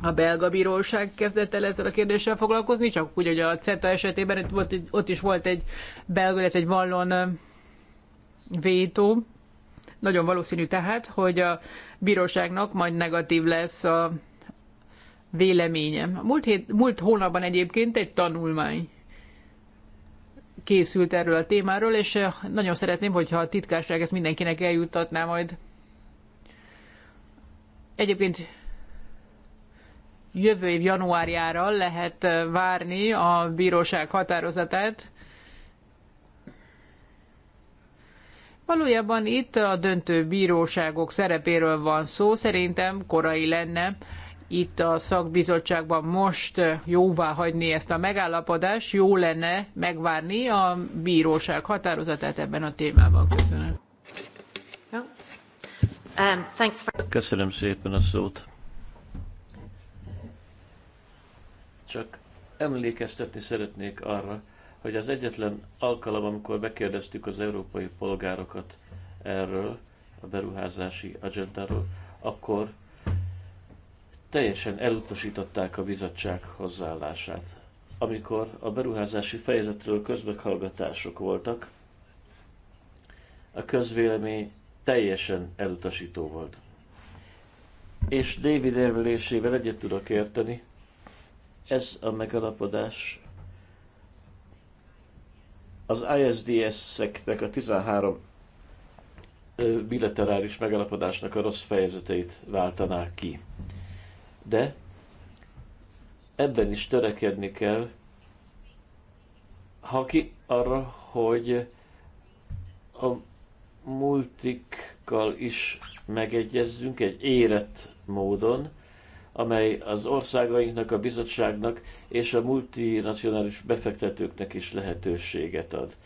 A belga bíróság kezdett el ezzel a kérdéssel foglalkozni, csak úgy, hogy a CETA esetében ott, ott is volt egy belga, illetve egy vallon vétó. Nagyon valószínű tehát, hogy a bíróságnak majd negatív lesz a véleménye. múlt, hét, múlt hónapban egyébként egy tanulmány készült erről a témáról, és eh, nagyon szeretném, hogyha a titkárság ezt mindenkinek eljuttatná majd. Egyébként jövő év januárjára lehet eh, várni a bíróság határozatát Valójában itt a döntő bíróságok szerepéről van szó, szerintem korai lenne itt a szakbizottságban most jóvá hagyni ezt a megállapodást, jó lenne megvárni a bíróság határozatát ebben a témában. Köszönöm. Um, Köszönöm szépen a szót. Csak emlékeztetni szeretnék arra, hogy az egyetlen alkalom, amikor megkérdeztük az európai polgárokat erről, a beruházási agendáról, akkor teljesen elutasították a bizottság hozzáállását. Amikor a beruházási fejezetről közmeghallgatások voltak, a közvélemény teljesen elutasító volt. És David érvelésével egyet tudok érteni, ez a megalapodás az ISDS-eknek a 13 bilaterális megalapodásnak a rossz fejezeteit váltanák ki. De ebben is törekedni kell, ha ki arra, hogy a multikkal is megegyezzünk egy érett módon, amely az országainknak, a bizottságnak és a multinacionális befektetőknek is lehetőséget ad.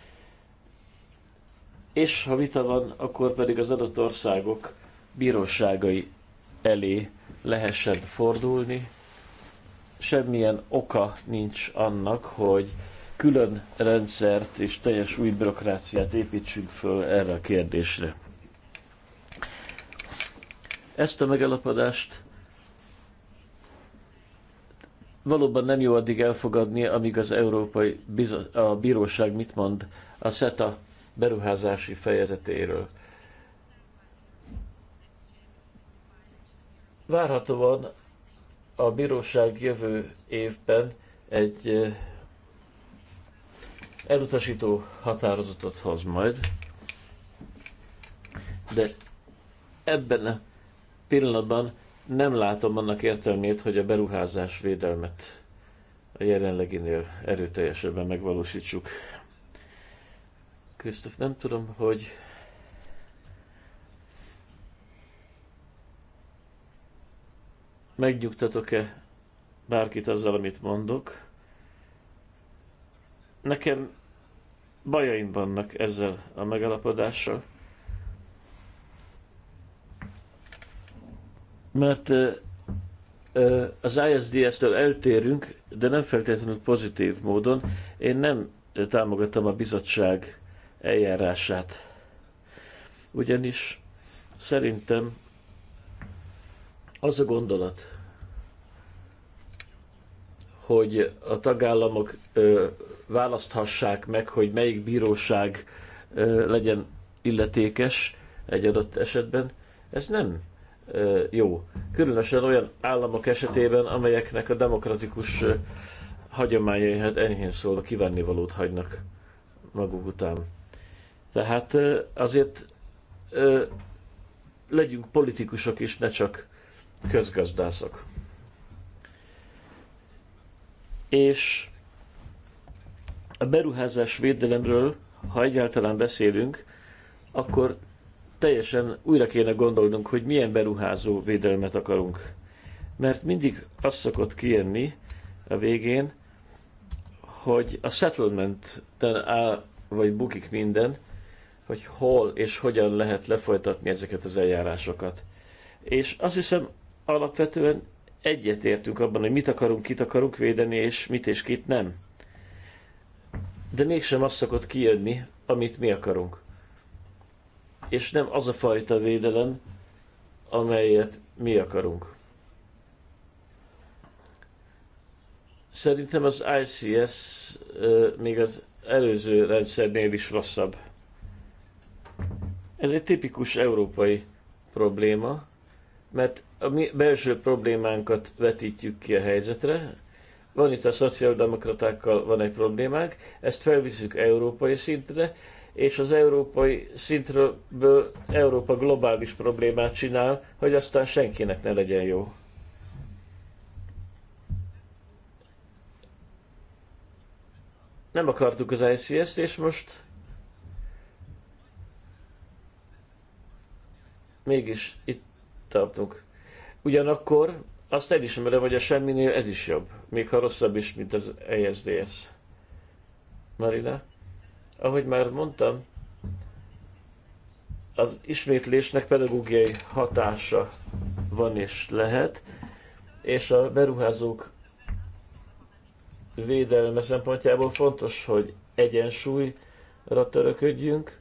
És ha vita van, akkor pedig az adott országok bíróságai elé lehessen fordulni. Semmilyen oka nincs annak, hogy külön rendszert és teljes új bürokráciát építsünk föl erre a kérdésre. Ezt a megalapodást valóban nem jó addig elfogadni, amíg az Európai a Bíróság mit mond a SETA beruházási fejezetéről. Várhatóan a bíróság jövő évben egy elutasító határozatot hoz majd, de ebben a pillanatban nem látom annak értelmét, hogy a beruházás védelmet a jelenleginél erőteljesebben megvalósítsuk. Krisztof, nem tudom, hogy megnyugtatok-e bárkit azzal, amit mondok. Nekem bajaim vannak ezzel a megalapodással. mert az ISDS-től eltérünk, de nem feltétlenül pozitív módon. Én nem támogattam a bizottság eljárását. Ugyanis szerintem az a gondolat, hogy a tagállamok ö, választhassák meg, hogy melyik bíróság ö, legyen illetékes egy adott esetben, ez nem jó. Különösen olyan államok esetében, amelyeknek a demokratikus hagyományai, hát enyhén szólva kivenni valót hagynak maguk után. Tehát azért legyünk politikusok is, ne csak közgazdászok. És a beruházás védelemről, ha egyáltalán beszélünk, akkor teljesen újra kéne gondolnunk, hogy milyen beruházó védelmet akarunk. Mert mindig az szokott kijönni a végén, hogy a settlement áll, vagy bukik minden, hogy hol és hogyan lehet lefolytatni ezeket az eljárásokat. És azt hiszem, alapvetően egyetértünk abban, hogy mit akarunk, kit akarunk védeni, és mit és kit nem. De mégsem az szokott kijönni, amit mi akarunk és nem az a fajta védelem, amelyet mi akarunk. Szerintem az ICS még az előző rendszernél is rosszabb. Ez egy tipikus európai probléma, mert a mi belső problémánkat vetítjük ki a helyzetre. Van itt a szociáldemokratákkal van egy problémánk, ezt felviszük európai szintre, és az európai szintről Európa globális problémát csinál, hogy aztán senkinek ne legyen jó. Nem akartuk az ICS-t, és most mégis itt tartunk. Ugyanakkor azt elismerem, hogy a semminél ez is jobb, még ha rosszabb is, mint az ESDS. Marina? Ahogy már mondtam, az ismétlésnek pedagógiai hatása van és lehet, és a beruházók védelme szempontjából fontos, hogy egyensúlyra töröködjünk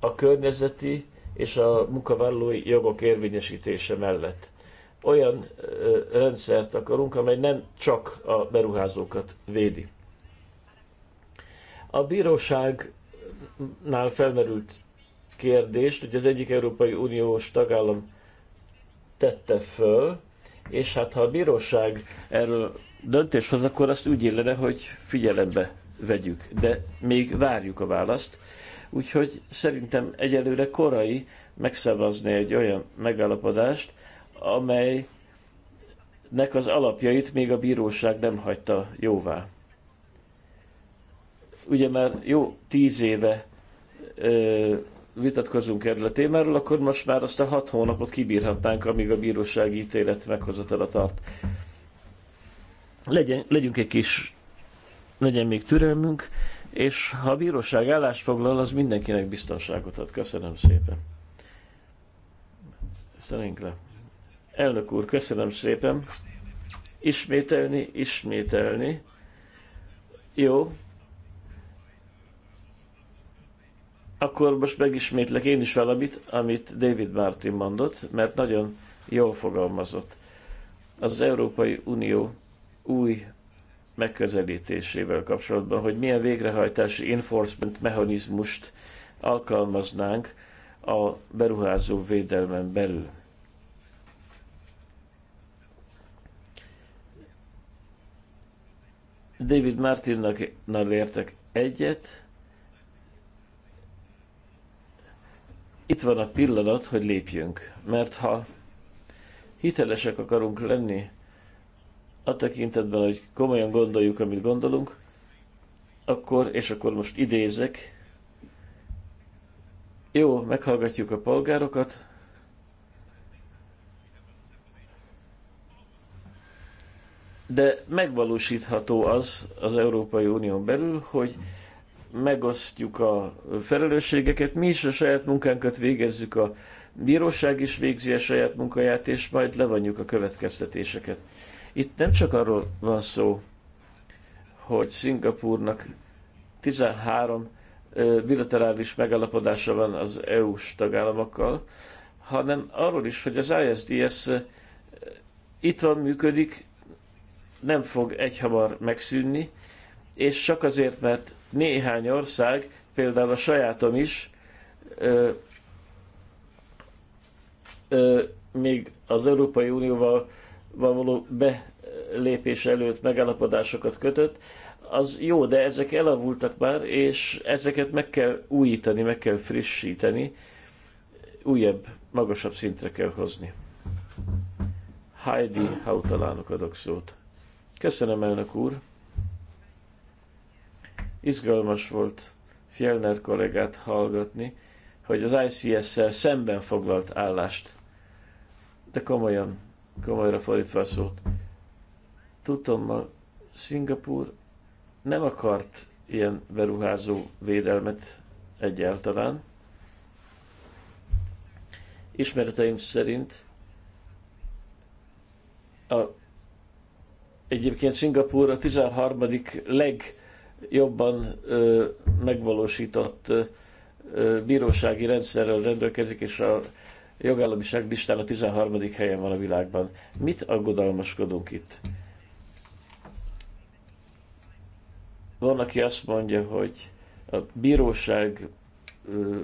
a környezeti és a munkavállalói jogok érvényesítése mellett. Olyan rendszert akarunk, amely nem csak a beruházókat védi. A bíróságnál felmerült kérdést, hogy az egyik Európai Uniós tagállam tette föl, és hát ha a bíróság erről döntés hoz, akkor azt úgy illene, hogy figyelembe vegyük, de még várjuk a választ. Úgyhogy szerintem egyelőre korai megszavazni egy olyan megállapodást, amelynek az alapjait még a bíróság nem hagyta jóvá ugye már jó tíz éve ö, vitatkozunk erről a témáról, akkor most már azt a hat hónapot kibírhatnánk, amíg a bírósági ítélet meghozatala tart. Legyen, legyünk egy kis, legyen még türelmünk, és ha a bíróság állást foglal, az mindenkinek biztonságot ad. Köszönöm szépen. Szerénk le. Elnök úr, köszönöm szépen. Ismételni, ismételni. Jó, akkor most megismétlek én is valamit, amit David Martin mondott, mert nagyon jól fogalmazott. Az, az Európai Unió új megközelítésével kapcsolatban, hogy milyen végrehajtási enforcement mechanizmust alkalmaznánk a beruházó védelmen belül. David Martinnak értek egyet, itt van a pillanat, hogy lépjünk. Mert ha hitelesek akarunk lenni a tekintetben, hogy komolyan gondoljuk, amit gondolunk, akkor, és akkor most idézek, jó, meghallgatjuk a polgárokat, de megvalósítható az az Európai Unión belül, hogy megosztjuk a felelősségeket, mi is a saját munkánkat végezzük, a bíróság is végzi a saját munkáját, és majd levonjuk a következtetéseket. Itt nem csak arról van szó, hogy Szingapúrnak 13 bilaterális megalapodása van az EU-s tagállamokkal, hanem arról is, hogy az ISDS itt van, működik, nem fog egyhamar megszűnni, és csak azért, mert néhány ország, például a sajátom is, ö, ö, még az Európai Unióval való belépés előtt megállapodásokat kötött, az jó, de ezek elavultak már, és ezeket meg kell újítani, meg kell frissíteni, újabb, magasabb szintre kell hozni. Heidi Hautalának adok szót. Köszönöm, elnök úr! izgalmas volt Fjellner kollégát hallgatni, hogy az ICS-szel szemben foglalt állást. De komolyan, komolyra fordítva a szót. Tudtommal Szingapúr nem akart ilyen beruházó védelmet egyáltalán. Ismereteim szerint a, egyébként Szingapúr a 13. leg jobban ö, megvalósított ö, bírósági rendszerrel rendelkezik, és a jogállamiság listán a 13. helyen van a világban. Mit aggodalmaskodunk itt? Van, aki azt mondja, hogy a bíróság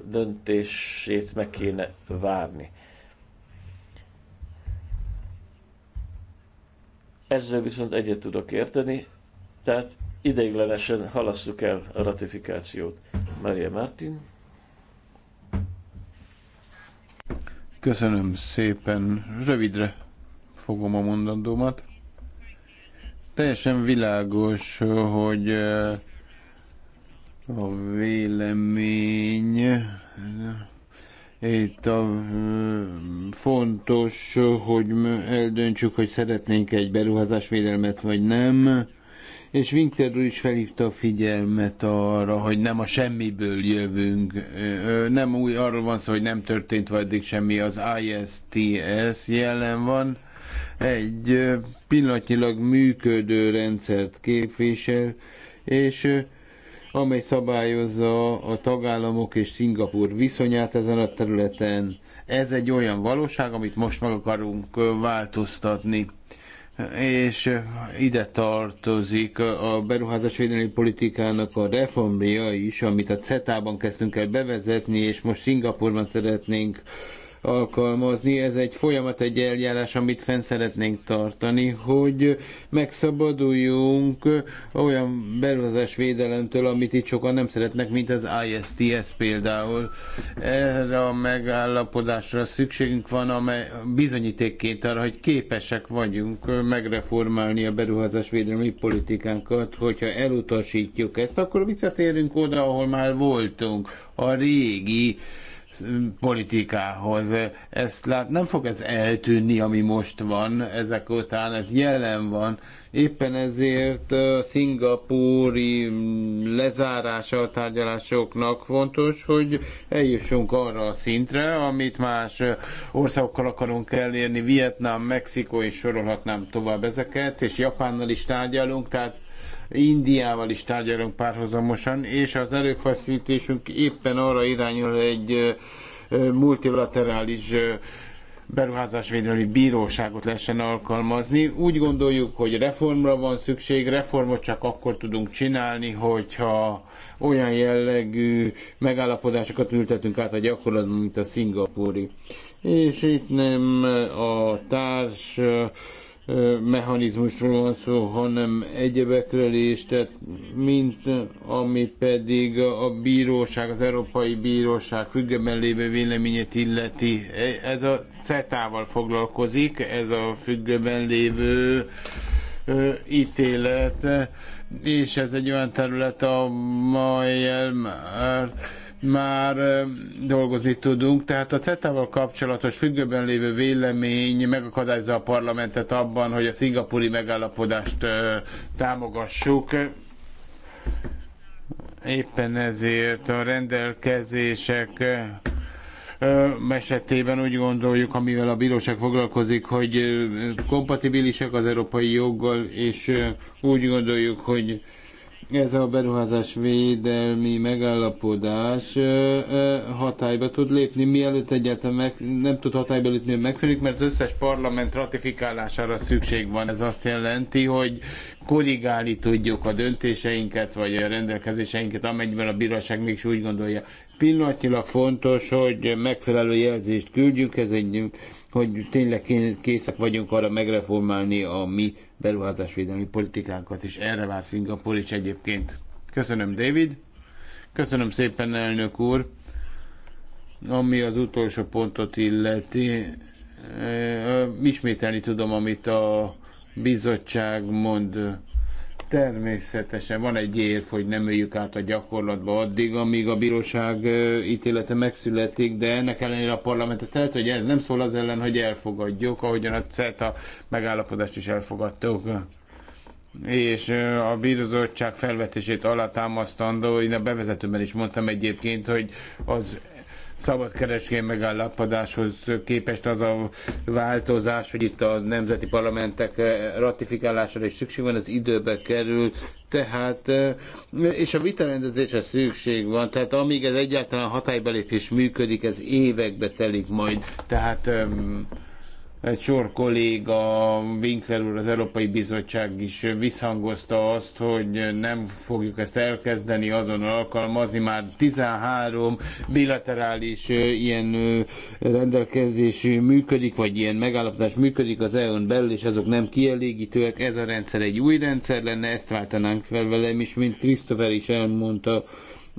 döntését meg kéne várni. Ezzel viszont egyet tudok érteni, tehát ideiglenesen halasszuk el a ratifikációt. Maria Martin. Köszönöm szépen. Rövidre fogom a mondandómat. Teljesen világos, hogy eh, a vélemény eh, itt a, eh, fontos, hogy eldöntsük, hogy szeretnénk egy beruházásvédelmet, vagy nem és Winkler úr is felhívta a figyelmet arra, hogy nem a semmiből jövünk, nem új, arról van szó, hogy nem történt eddig semmi, az ISTS jelen van, egy pillanatnyilag működő rendszert képvisel, és amely szabályozza a tagállamok és Szingapur viszonyát ezen a területen. Ez egy olyan valóság, amit most meg akarunk változtatni és ide tartozik a beruházásvédelmi politikának a reformja is, amit a CETA-ban kezdtünk el bevezetni, és most Szingapurban szeretnénk alkalmazni. Ez egy folyamat, egy eljárás, amit fenn szeretnénk tartani, hogy megszabaduljunk olyan beruházás védelemtől, amit itt sokan nem szeretnek, mint az ISTS például. Erre a megállapodásra szükségünk van, amely bizonyítékként arra, hogy képesek vagyunk megreformálni a beruházás védelmi politikánkat, hogyha elutasítjuk ezt, akkor visszatérünk oda, ahol már voltunk, a régi politikához. Ezt lát, nem fog ez eltűnni, ami most van ezek után, ez jelen van. Éppen ezért a szingapúri lezárása a tárgyalásoknak fontos, hogy eljussunk arra a szintre, amit más országokkal akarunk elérni, Vietnám, Mexikó, és sorolhatnám tovább ezeket, és Japánnal is tárgyalunk, tehát Indiával is tárgyalunk párhuzamosan, és az erőfeszítésünk éppen arra irányul egy multilaterális beruházásvédelmi bíróságot lehessen alkalmazni. Úgy gondoljuk, hogy reformra van szükség, reformot csak akkor tudunk csinálni, hogyha olyan jellegű megállapodásokat ültetünk át a gyakorlatban, mint a szingapúri. És itt nem a társ mechanizmusról van szó, hanem egyebekről is, tehát mint ami pedig a bíróság, az Európai Bíróság függőben lévő véleményét illeti. E, ez a CETA-val foglalkozik, ez a függőben lévő ítélet, és ez egy olyan terület, amelyel már már dolgozni tudunk. Tehát a CETA-val kapcsolatos függőben lévő vélemény megakadályozza a parlamentet abban, hogy a szingapúri megállapodást támogassuk. Éppen ezért a rendelkezések esetében úgy gondoljuk, amivel a bíróság foglalkozik, hogy kompatibilisek az európai joggal, és úgy gondoljuk, hogy ez a beruházás védelmi megállapodás hatályba tud lépni, mielőtt egyáltalán meg, nem tud hatályba lépni, megszűnik, mert az összes parlament ratifikálására szükség van. Ez azt jelenti, hogy korrigálni tudjuk a döntéseinket, vagy a rendelkezéseinket, amennyiben a bíróság mégis úgy gondolja. Pillanatnyilag fontos, hogy megfelelő jelzést küldjünk, ez egy, hogy tényleg készek vagyunk arra megreformálni a mi beruházásvédelmi politikánkat is. Erre vár Szingapur is egyébként. Köszönöm, David. Köszönöm szépen, elnök úr. Ami az utolsó pontot illeti, eh, ismételni tudom, amit a bizottság mond Természetesen van egy érv, hogy nem öljük át a gyakorlatba addig, amíg a bíróság ítélete megszületik, de ennek ellenére a parlament ezt lehet, hogy ez nem szól az ellen, hogy elfogadjuk, ahogyan a CETA megállapodást is elfogadtuk. És a bírózottság felvetését alátámasztandó, én a bevezetőben is mondtam egyébként, hogy az kereskedelmi megállapodáshoz képest az a változás, hogy itt a nemzeti parlamentek eh, ratifikálására is szükség van, ez időbe kerül, tehát, eh, és a vitarendezésre szükség van, tehát amíg ez egyáltalán hatálybelépés működik, ez évekbe telik majd, tehát egy sor kolléga, Winkler úr, az Európai Bizottság is visszhangozta azt, hogy nem fogjuk ezt elkezdeni azon alkalmazni. Már 13 bilaterális ilyen rendelkezés működik, vagy ilyen megállapodás működik az EU-n belül, és azok nem kielégítőek. Ez a rendszer egy új rendszer lenne, ezt váltanánk fel velem, is mint Christopher is elmondta,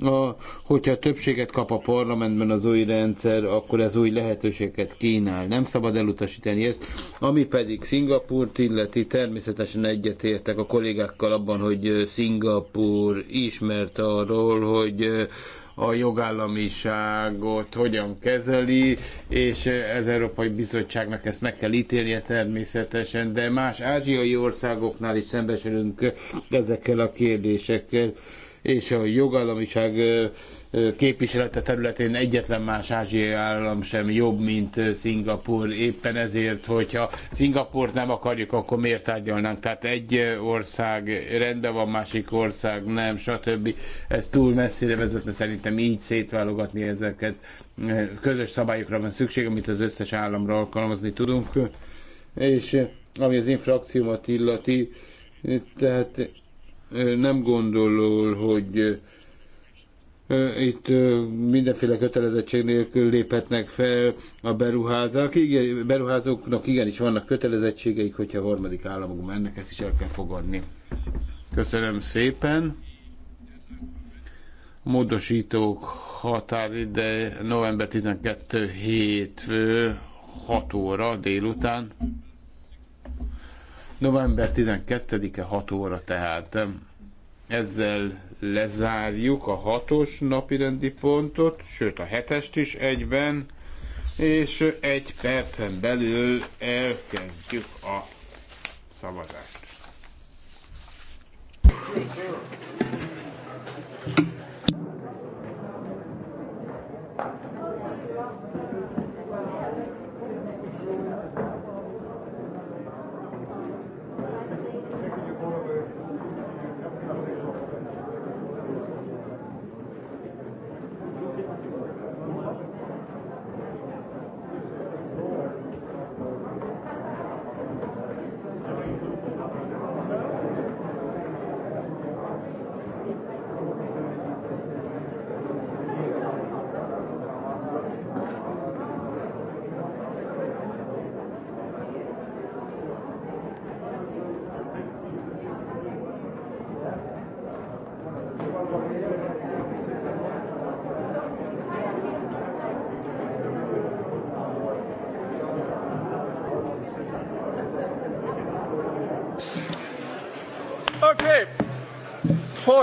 a, hogyha többséget kap a parlamentben az új rendszer, akkor ez új lehetőséget kínál. Nem szabad elutasítani ezt. Ami pedig Szingapurt illeti, természetesen egyetértek a kollégákkal abban, hogy Szingapur ismert arról, hogy a jogállamiságot hogyan kezeli, és az Európai Bizottságnak ezt meg kell ítélnie természetesen, de más ázsiai országoknál is szembesülünk ezekkel a kérdésekkel és a jogállamiság képviselete területén egyetlen más ázsiai állam sem jobb, mint Szingapur. Éppen ezért, hogyha Szingapurt nem akarjuk, akkor miért tárgyalnánk? Tehát egy ország rendben van, másik ország nem, stb. Ez túl messzire vezetne szerintem így szétválogatni ezeket. Közös szabályokra van szükség, amit az összes államra alkalmazni tudunk. És ami az infrakciómat illeti, tehát nem gondolol, hogy itt mindenféle kötelezettség nélkül léphetnek fel a beruházók. Igen, beruházóknak igenis vannak kötelezettségeik, hogyha a harmadik államok mennek, ezt is el kell fogadni. Köszönöm szépen. Módosítók határide, november 12 hétfő 6 óra délután. November 12-e 6 óra tehát. Ezzel lezárjuk a hatos napi rendi pontot, sőt a hetest is egyben, és egy percen belül elkezdjük a szavazást. Köszönöm.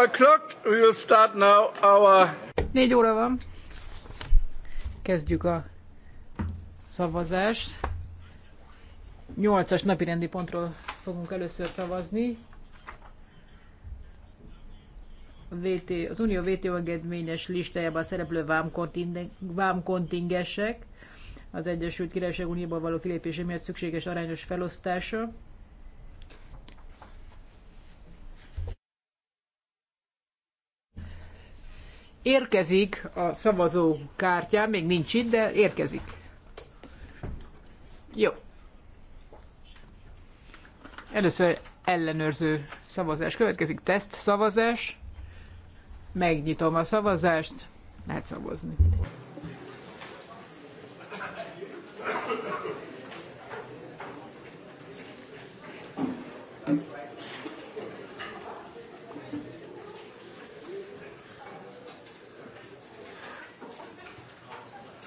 o'clock. We will start now our... Négy óra van. Kezdjük a szavazást. Nyolcas napi rendi pontról fogunk először szavazni. A VT, az Unió VT engedményes listájában szereplő vámkontingesek, az Egyesült Királyság Unióban való kilépése miatt szükséges arányos felosztása. Érkezik a szavazó kártyám, még nincs itt, de érkezik. Jó. Először ellenőrző szavazás következik, teszt szavazás. Megnyitom a szavazást, lehet szavazni.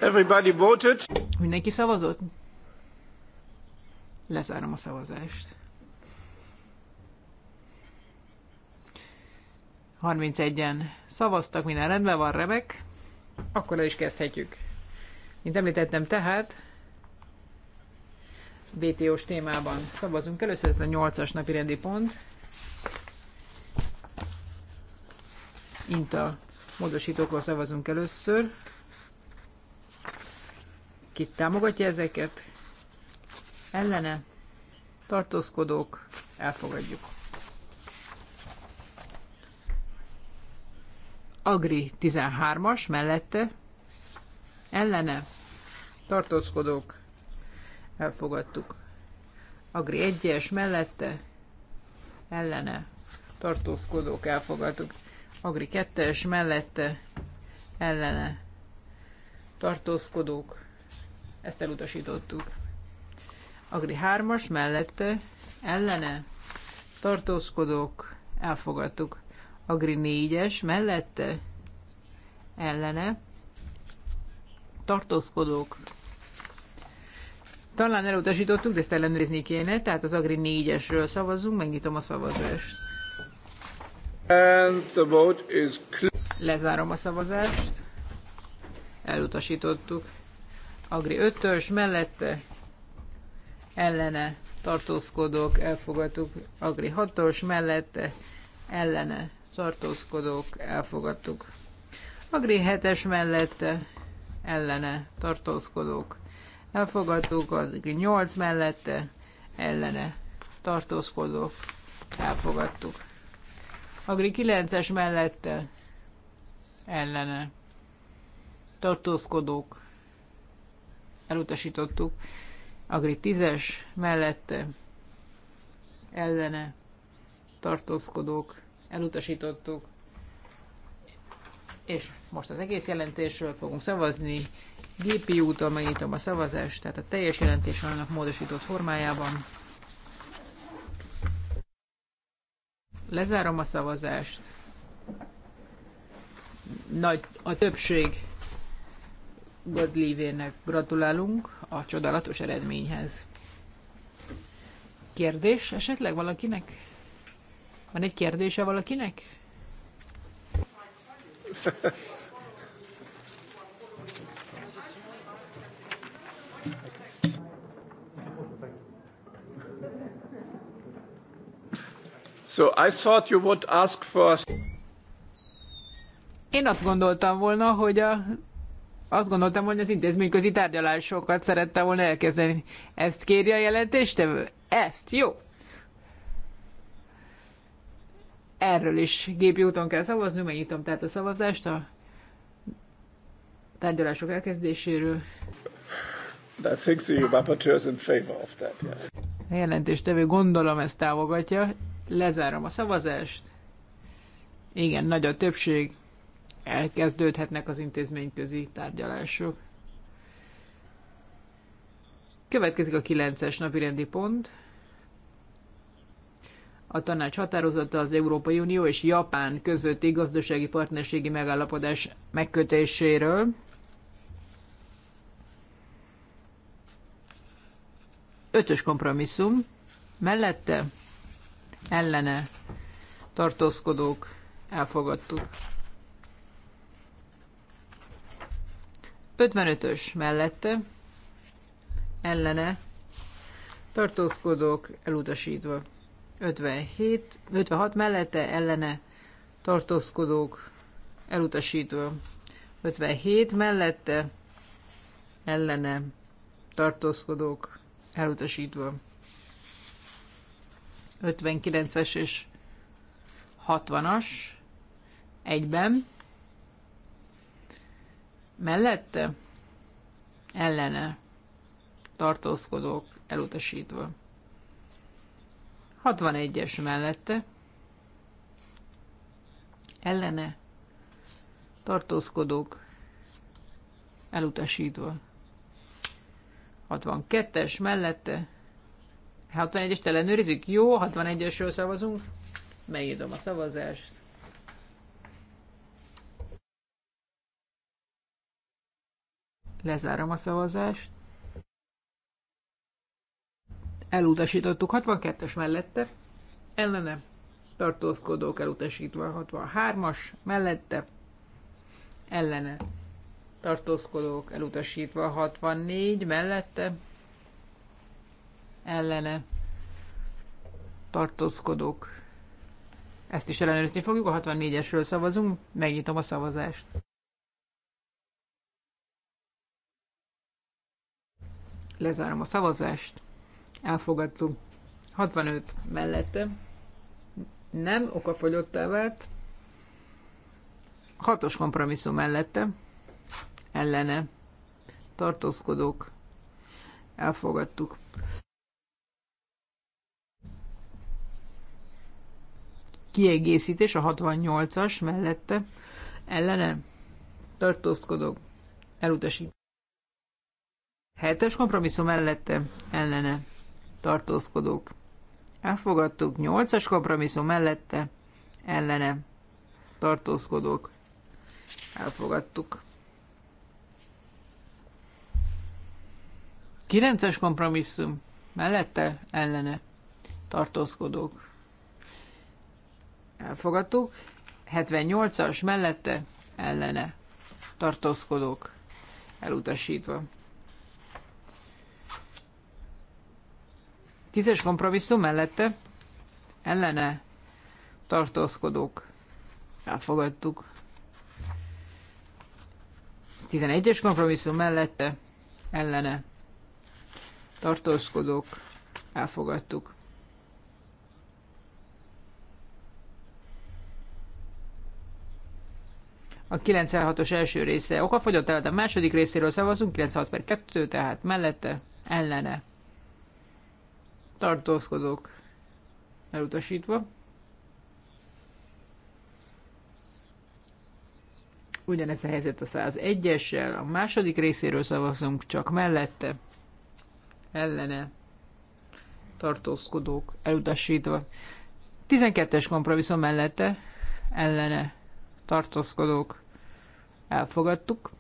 Everybody voted. Mindenki szavazott? Lezárom a szavazást. 31-en szavaztak, minden rendben van, remek. Akkor el is kezdhetjük. Mint említettem, tehát BTO-s témában szavazunk. Először ez a 8-as napi rendi pont. Inta módosítókról szavazunk először. Ki támogatja ezeket? Ellene? Tartózkodók? Elfogadjuk. Agri 13-as mellette. Ellene? Tartózkodók? Elfogadtuk. Agri 1-es mellette. Ellene? Tartózkodók? Elfogadtuk. Agri 2-es mellette ellene tartózkodók ezt elutasítottuk. Agri 3-as mellette ellene tartózkodók elfogadtuk. Agri 4-es mellette ellene tartózkodók talán elutasítottuk, de ezt ellenőrizni kéne, tehát az Agri 4-esről szavazunk, megnyitom a szavazást. And the vote is Lezárom a szavazást. Elutasítottuk. Agri 5-ös mellette ellene tartózkodók elfogadtuk. Agri 6-os mellette ellene tartózkodók elfogadtuk. Agri 7-es mellette ellene tartózkodók elfogadtuk. Agri 8 mellette ellene tartózkodók elfogadtuk. Agri 9-es mellette ellene tartózkodók elutasítottuk. Agri 10-es mellette ellene tartózkodók elutasítottuk. És most az egész jelentésről fogunk szavazni. Gépi úton megnyitom a szavazást, tehát a teljes jelentés annak módosított formájában. Lezárom a szavazást. Nagy a többség Godlivének gratulálunk a csodálatos eredményhez. Kérdés esetleg valakinek? Van egy kérdése valakinek? So I thought you would ask for... Én azt gondoltam volna, hogy a azt gondoltam, hogy az intézményközi tárgyalásokat szerette volna elkezdeni. Ezt kéri a jelentéstevő? Ezt? Jó. Erről is gépi úton kell szavazni, megnyitom tehát a szavazást a tárgyalások elkezdéséről. in favor of that, A jelentéstevő gondolom ezt támogatja. Lezárom a szavazást. Igen, nagy a többség elkezdődhetnek az intézményközi tárgyalások. Következik a 9-es napi rendi pont. A tanács határozata az Európai Unió és Japán közötti gazdasági partnerségi megállapodás megkötéséről. Ötös kompromisszum. Mellette ellene tartózkodók elfogadtuk. 55-ös mellette ellene tartózkodók elutasítva. 57, 56 mellette ellene tartózkodók elutasítva. 57 mellette ellene tartózkodók elutasítva. 59-es és 60-as egyben mellette ellene tartózkodók elutasítva. 61-es mellette ellene tartózkodók elutasítva. 62-es mellette 61-est ellenőrizik? Jó, 61-esről szavazunk. megírom a szavazást. Lezárom a szavazást. Elutasítottuk 62-es mellette. Ellene tartózkodók elutasítva 63-as mellette. Ellene tartózkodók elutasítva 64 mellette. Ellene tartózkodók ezt is ellenőrizni fogjuk, a 64-esről szavazunk, megnyitom a szavazást. Lezárom a szavazást. Elfogadtuk. 65 mellette. Nem, okafogyottá vált. 6 kompromisszum mellette. Ellene. Tartózkodók. Elfogadtuk. Kiegészítés a 68-as mellette. Ellene. Tartózkodók. Elutasít. Hetes kompromisszum mellette ellene tartózkodók. Elfogadtuk. Nyolcas kompromisszum mellette ellene tartózkodók. Elfogadtuk. Kilences kompromisszum mellette ellene tartózkodók. Elfogadtuk. 78-as mellette ellene tartózkodók elutasítva. Tízes kompromisszum mellette ellene tartózkodók elfogadtuk. 11-es kompromisszum mellette ellene tartózkodók elfogadtuk. A 96-os első része okafogyott, tehát a második részéről szavazunk, 96 per 2, tehát mellette, ellene tartózkodók elutasítva. Ugyanez a helyzet a 101-essel, a második részéről szavazunk, csak mellette, ellene, tartózkodók elutasítva. 12-es kompromisszum mellette, ellene, tartózkodók elfogadtuk.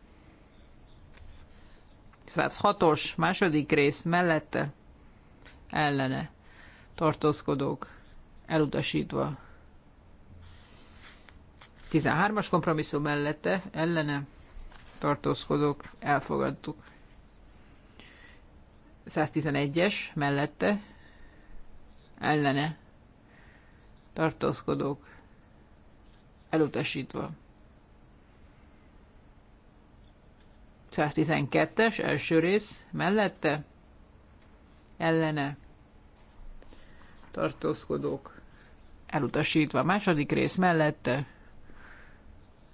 106-os második rész mellette, ellene tartózkodók elutasítva. 13-as kompromisszum mellette ellene tartózkodók elfogadtuk. 111-es mellette ellene tartózkodók elutasítva. 112-es első rész mellette ellene tartózkodók elutasítva. A második rész mellette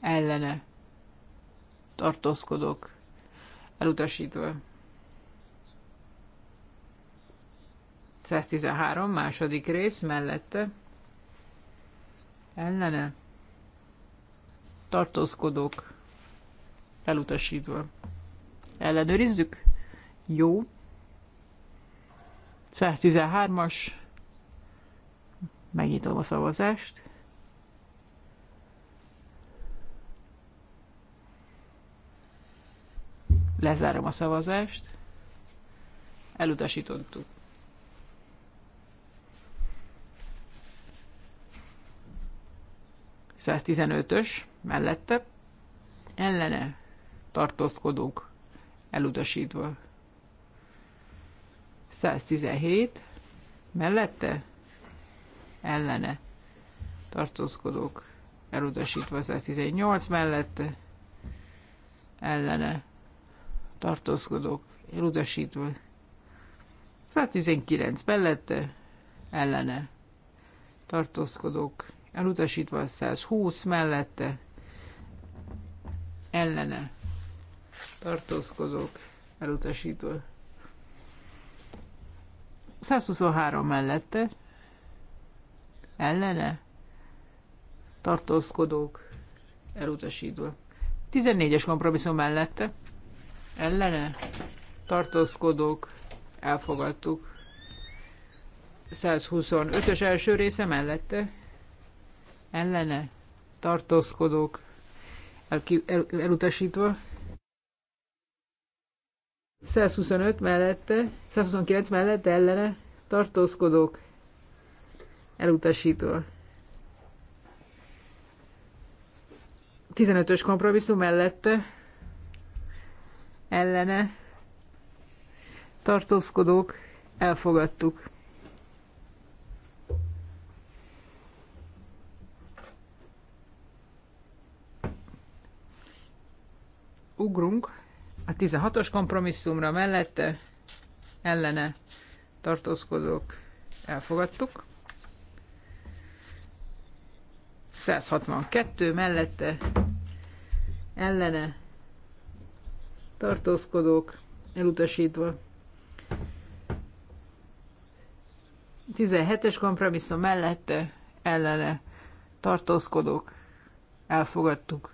ellene tartózkodók elutasítva. 113. második rész mellette ellene tartózkodók elutasítva. Ellenőrizzük? Jó. 113-as, megnyitom a szavazást. Lezárom a szavazást. Elutasítottuk. ös mellette ellene tartózkodók elutasítva. 117 mellette ellene tartózkodók elutasítva 118 mellette ellene tartózkodók elutasítva 119 mellette ellene tartózkodók elutasítva 120 mellette ellene tartózkodók elutasítva 123 mellette ellene tartózkodók elutasítva. 14-es kompromisszum mellette ellene tartózkodók elfogadtuk. 125-ös első része mellette ellene tartózkodók el, el, elutasítva. 125 mellette, 129 mellette ellene tartózkodók elutasítva. 15-ös kompromisszum mellette ellene tartózkodók elfogadtuk. Ugrunk a 16-os kompromisszumra mellette ellene tartózkodók elfogadtuk. 162 mellette ellene tartózkodók elutasítva. 17-es kompromisszum mellette ellene tartózkodók elfogadtuk.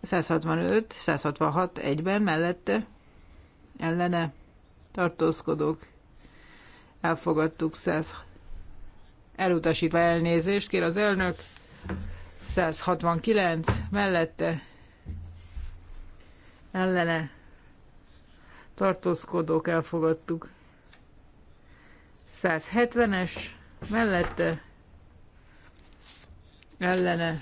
165, 166 egyben mellette ellene tartózkodók. Elfogadtuk 100. Elutasítva elnézést kér az elnök. 169 mellette ellene tartózkodók elfogadtuk. 170-es mellette ellene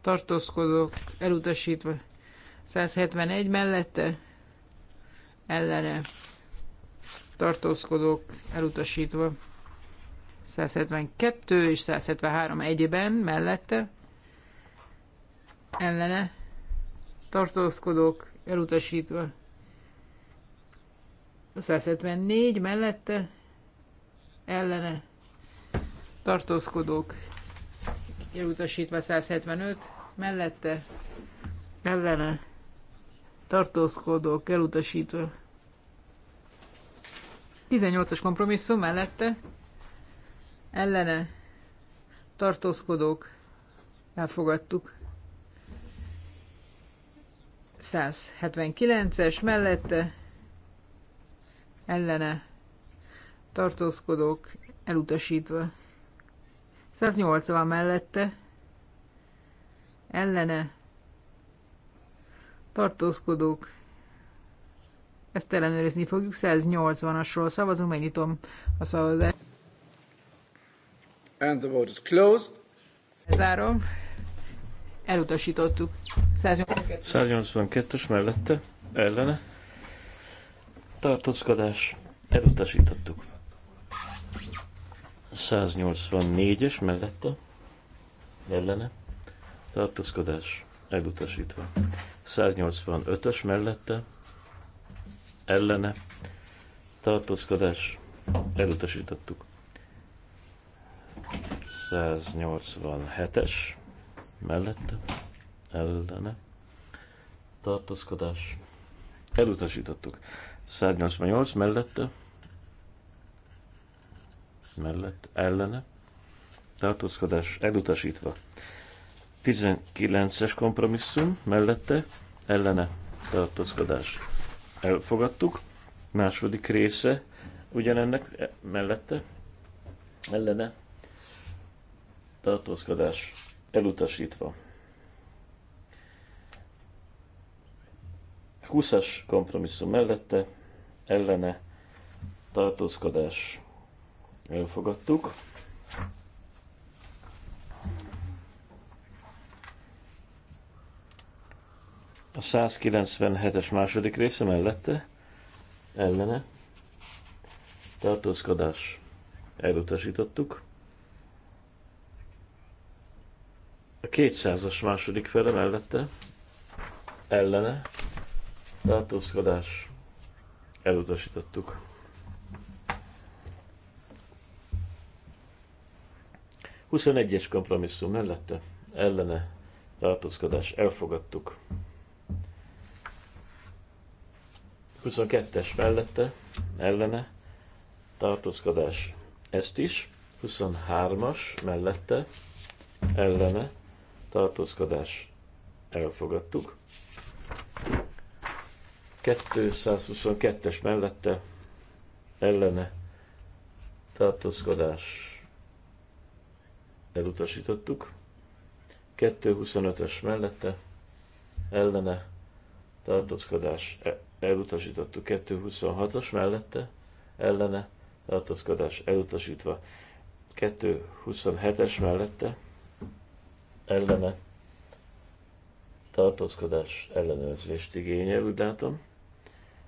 tartózkodók elutasítva 171 mellette ellene tartózkodók elutasítva 172 és 173 egyben mellette ellene tartózkodók elutasítva 174 mellette ellene tartózkodók elutasítva 175, mellette ellene tartózkodók elutasítva. 18-as kompromisszum mellette ellene tartózkodók elfogadtuk. 179-es mellette ellene tartózkodók elutasítva. 180 mellette ellene tartózkodók. Ezt ellenőrizni fogjuk. 180-asról szavazunk, megnyitom a szavazást. And the vote is closed. Zárom. Elutasítottuk. 182. 182-es mellette, ellene. Tartózkodás. Elutasítottuk. 184-es mellette ellene tartózkodás elutasítva. 185-ös mellette ellene tartózkodás elutasítottuk. 187-es mellette ellene tartózkodás elutasítottuk. 188 mellette mellett ellene tartózkodás elutasítva. 19-es kompromisszum mellette ellene tartózkodás elfogadtuk. Második része ugyanennek e, mellette ellene tartózkodás elutasítva. 20-as kompromisszum mellette ellene tartózkodás Elfogadtuk. A 197-es második része mellette ellene tartózkodás elutasítottuk. A 200-as második fele mellette ellene tartózkodás elutasítottuk. 21-es kompromisszum mellette ellene tartózkodás elfogadtuk. 22-es mellette ellene tartózkodás ezt is. 23-as mellette ellene tartózkodás elfogadtuk. 222-es mellette ellene tartózkodás elutasítottuk. 2.25-ös mellette ellene tartózkodás e- elutasítottuk. 2.26-os mellette ellene tartózkodás elutasítva. 2.27-es mellette ellene tartózkodás ellenőrzést igényel, úgy látom.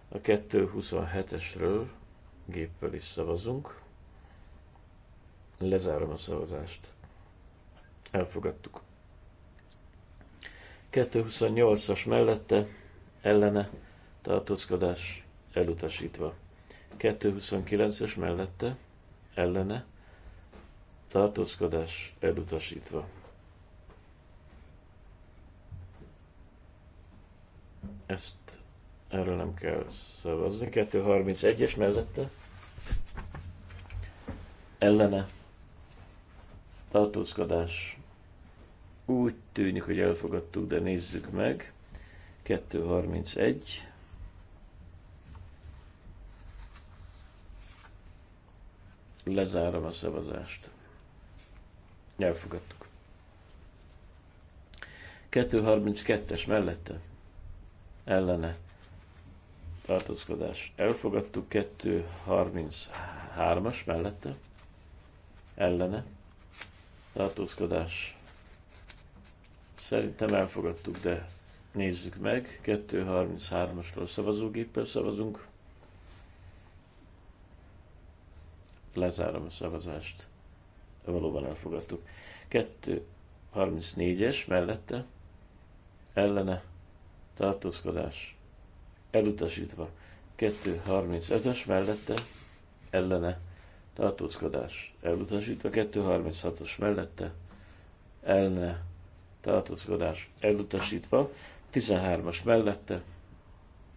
A 2.27-esről géppel is szavazunk. Lezárom a szavazást. Elfogadtuk. 228-as mellette ellene tartózkodás elutasítva. 229-es mellette ellene tartózkodás elutasítva. Ezt erről nem kell szavazni. 231-es mellette ellene tartózkodás úgy tűnik, hogy elfogadtuk, de nézzük meg. 231. Lezárom a szavazást. Elfogadtuk. 232-es mellette. Ellene. Tartózkodás. Elfogadtuk 233-as mellette. Ellene. Tartózkodás. Szerintem elfogadtuk, de nézzük meg. 233-asról szavazógéppel szavazunk. Lezárom a szavazást. Valóban elfogadtuk. 234-es mellette ellene tartózkodás elutasítva. 235 es mellette ellene tartózkodás elutasítva. 236-os mellette ellene tartózkodás elutasítva, 13-as mellette,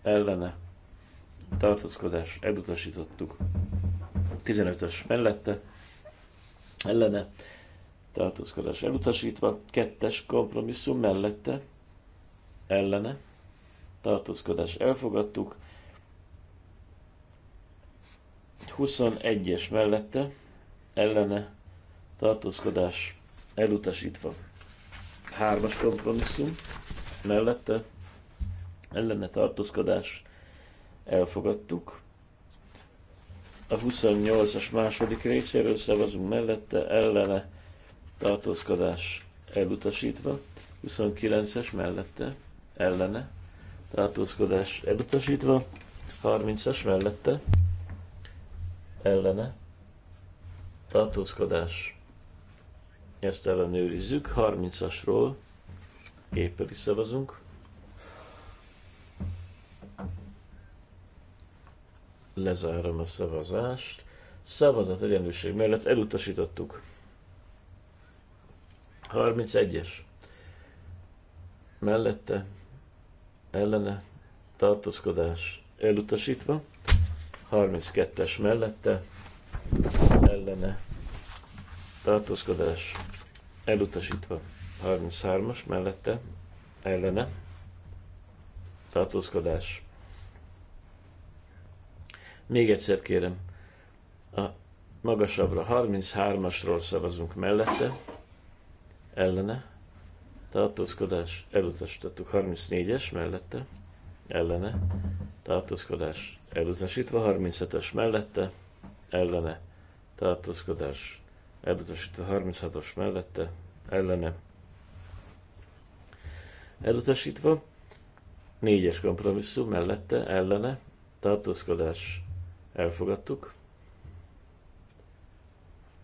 ellene, tartózkodás elutasítottuk, 15-ös mellette, ellene, tartózkodás elutasítva, 2-es kompromisszum mellette, ellene, tartózkodás elfogadtuk, 21-es mellette, ellene, tartózkodás elutasítva. Hármas kompromisszum mellette ellene tartózkodás elfogadtuk. A 28-as második részéről szavazunk mellette ellene tartózkodás elutasítva. 29-es mellette ellene tartózkodás elutasítva. 30-as mellette ellene tartózkodás ezt ellenőrizzük. 30-asról éppen is szavazunk. Lezárom a szavazást. Szavazat egyenlőség mellett elutasítottuk. 31-es. Mellette ellene tartózkodás elutasítva, 32-es mellette ellene tartózkodás elutasítva 33-as mellette ellene tartózkodás. Még egyszer kérem, a magasabbra 33-asról szavazunk mellette, ellene, tartózkodás, elutasítottuk 34-es mellette, ellene, tartózkodás, elutasítva 37-es mellette, ellene, tartózkodás, a 36-os mellette, ellene elutasítva, 4-es kompromisszum mellette, ellene, tartózkodás elfogadtuk,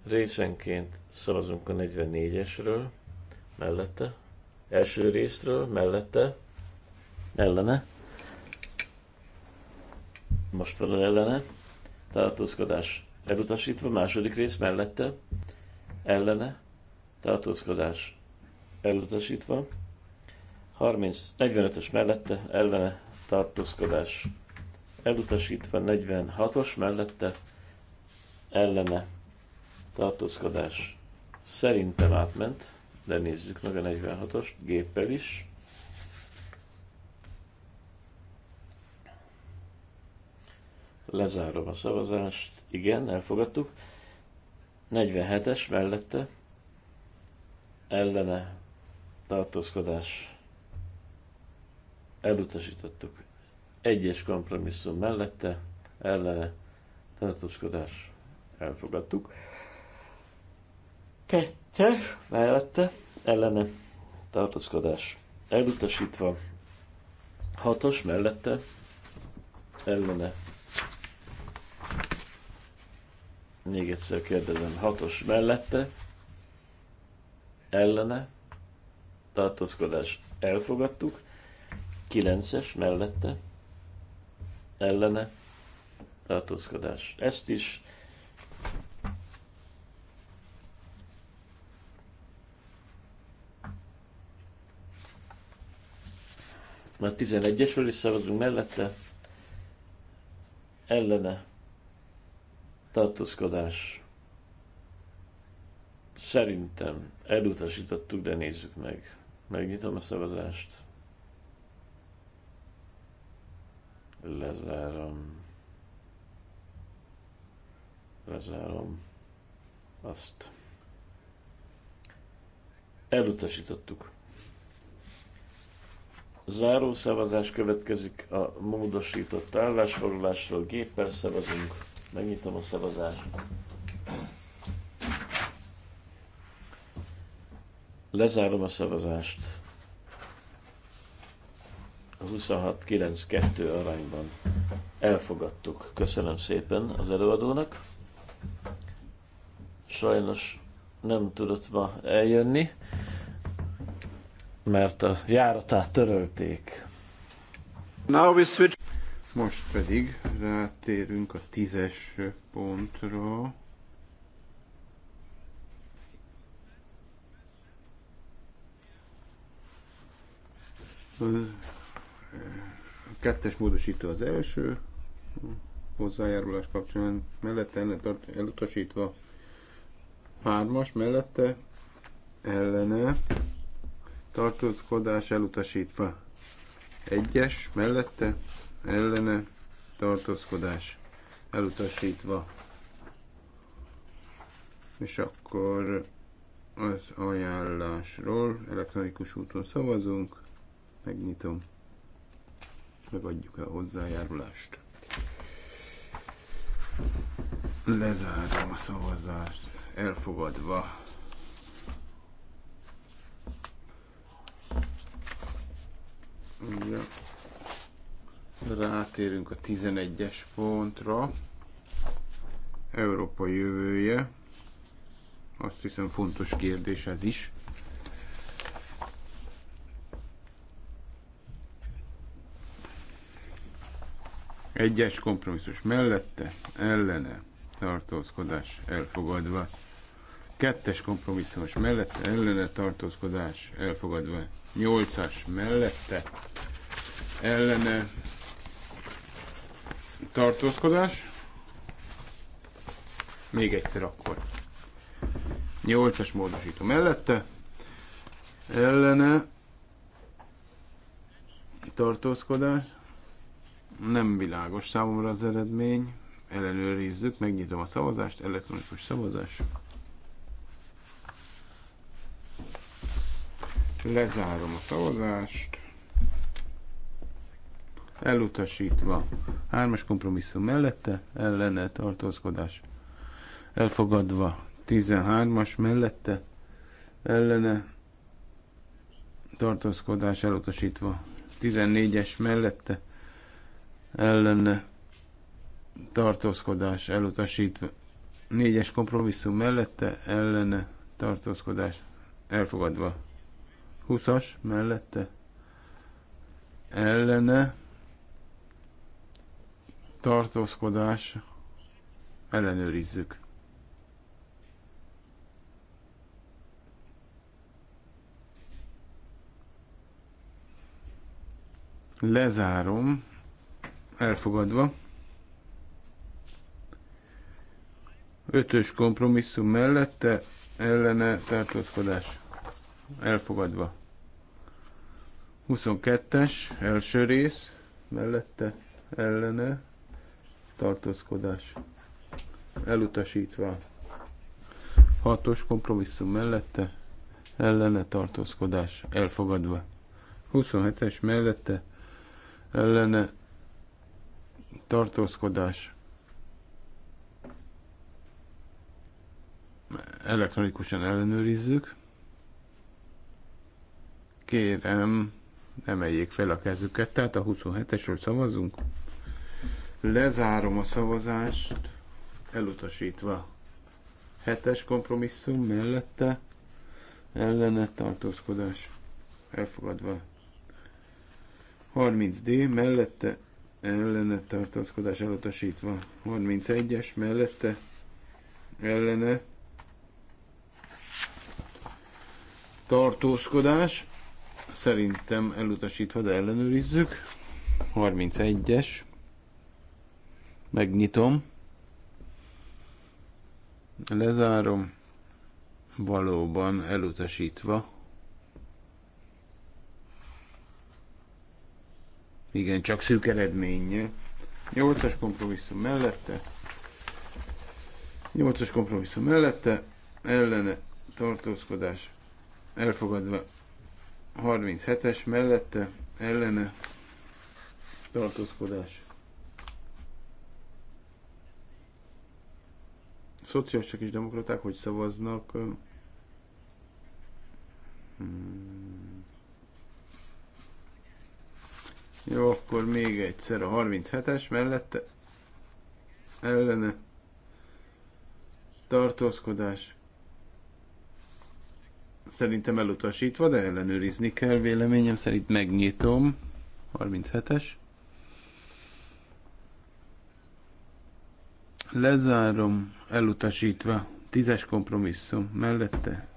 részenként szavazunk a 44-esről, mellette, első részről, mellette, ellene, most van ellene, tartózkodás elutasítva, második rész mellette, ellene, tartózkodás elutasítva, 30, 45-ös mellette, ellene, tartózkodás elutasítva, 46-os mellette, ellene, tartózkodás szerintem átment, de nézzük meg a 46-os géppel is. Lezárom a szavazást igen, elfogadtuk. 47-es mellette ellene tartózkodás elutasítottuk. Egyes kompromisszum mellette ellene tartózkodás elfogadtuk. Kettes mellette ellene tartózkodás elutasítva. Hatos mellette ellene Még egyszer kérdezem, hatos mellette, ellene, tartózkodás elfogadtuk, kilences mellette, ellene, tartózkodás. Ezt is Már 11-esről is szavazunk mellette, ellene tartózkodás. Szerintem elutasítottuk, de nézzük meg. Megnyitom a szavazást. Lezárom. Lezárom. Azt. Elutasítottuk. Záró szavazás következik a módosított állásfoglalásról. Géppel szavazunk. Megnyitom a szavazást. Lezárom a szavazást. A 26.92 arányban elfogadtuk. Köszönöm szépen az előadónak. Sajnos nem tudott ma eljönni, mert a járatát törölték. Now we switch. Most pedig rátérünk a tízes pontra. Eh, a kettes módosító az első hozzájárulás kapcsán mellette ellen tart, elutasítva hármas mellette ellene tartózkodás elutasítva egyes mellette ellene tartózkodás elutasítva. És akkor az ajánlásról elektronikus úton szavazunk, megnyitom, megadjuk el hozzájárulást. Lezárom a szavazást, elfogadva. Ja. Rátérünk a 11-es pontra. Európa jövője. Azt hiszem fontos kérdés ez is. Egyes kompromisszus mellette, ellene, tartózkodás elfogadva. Kettes kompromisszumos mellette, ellene, tartózkodás elfogadva. Nyolcas mellette, ellene, tartózkodás. Még egyszer akkor. 8-as módosító mellette. Ellene tartózkodás. Nem világos számomra az eredmény. Ellenőrizzük, megnyitom a szavazást, elektronikus szavazás. Lezárom a szavazást elutasítva. Hármas kompromisszum mellette, ellene tartózkodás elfogadva. 13-as mellette, ellene tartózkodás elutasítva. 14-es mellette, ellene tartózkodás elutasítva. 4-es kompromisszum mellette, ellene tartózkodás elfogadva. 20-as mellette, ellene tartózkodás, ellenőrizzük. Lezárom, elfogadva. Ötös kompromisszum mellette ellene tartózkodás, elfogadva. 22-es első rész mellette ellene tartózkodás elutasítva. Hatos kompromisszum mellette ellene tartózkodás elfogadva. 27-es mellette ellene tartózkodás elektronikusan ellenőrizzük. Kérem, emeljék fel a kezüket, tehát a 27-esről szavazunk. Lezárom a szavazást, elutasítva. Hetes kompromisszum mellette ellene tartózkodás elfogadva. 30D mellette ellene tartózkodás elutasítva. 31-es mellette ellene tartózkodás szerintem elutasítva, de ellenőrizzük. 31-es Megnyitom. Lezárom. Valóban elutasítva. Igen, csak szűk eredménye. 8-as kompromisszum mellette. 8-as kompromisszum mellette. Ellene tartózkodás elfogadva. 37-es mellette. Ellene tartózkodás szocialisták és demokraták hogy szavaznak? Hmm. Jó, akkor még egyszer a 37-es mellette ellene tartózkodás. Szerintem elutasítva, de ellenőrizni kell véleményem szerint megnyitom. 37-es. Lezárom elutasítva. Tízes kompromisszum mellette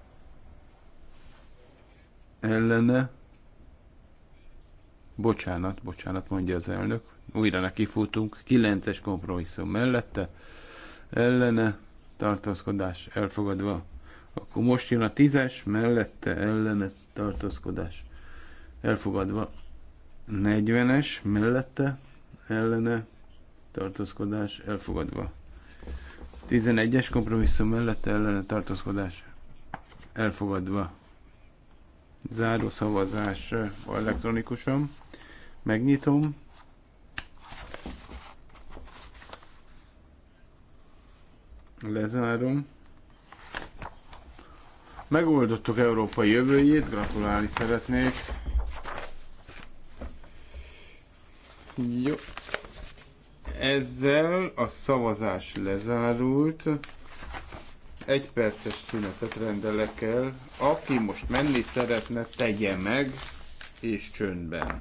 ellene. Bocsánat, bocsánat, mondja az elnök. Újra nekifutunk. Kilences kompromisszum mellette ellene tartózkodás elfogadva. Akkor most jön a tízes, mellette ellene tartózkodás elfogadva. 40-es, mellette ellene tartózkodás elfogadva. 11-es kompromisszum mellett ellene tartózkodás elfogadva. Záró szavazás elektronikusan. Megnyitom. Lezárom. Megoldottuk Európa jövőjét, gratulálni szeretnék. Jó. Ezzel a szavazás lezárult. Egy perces szünetet rendelek el. Aki most menni szeretne, tegye meg, és csöndben.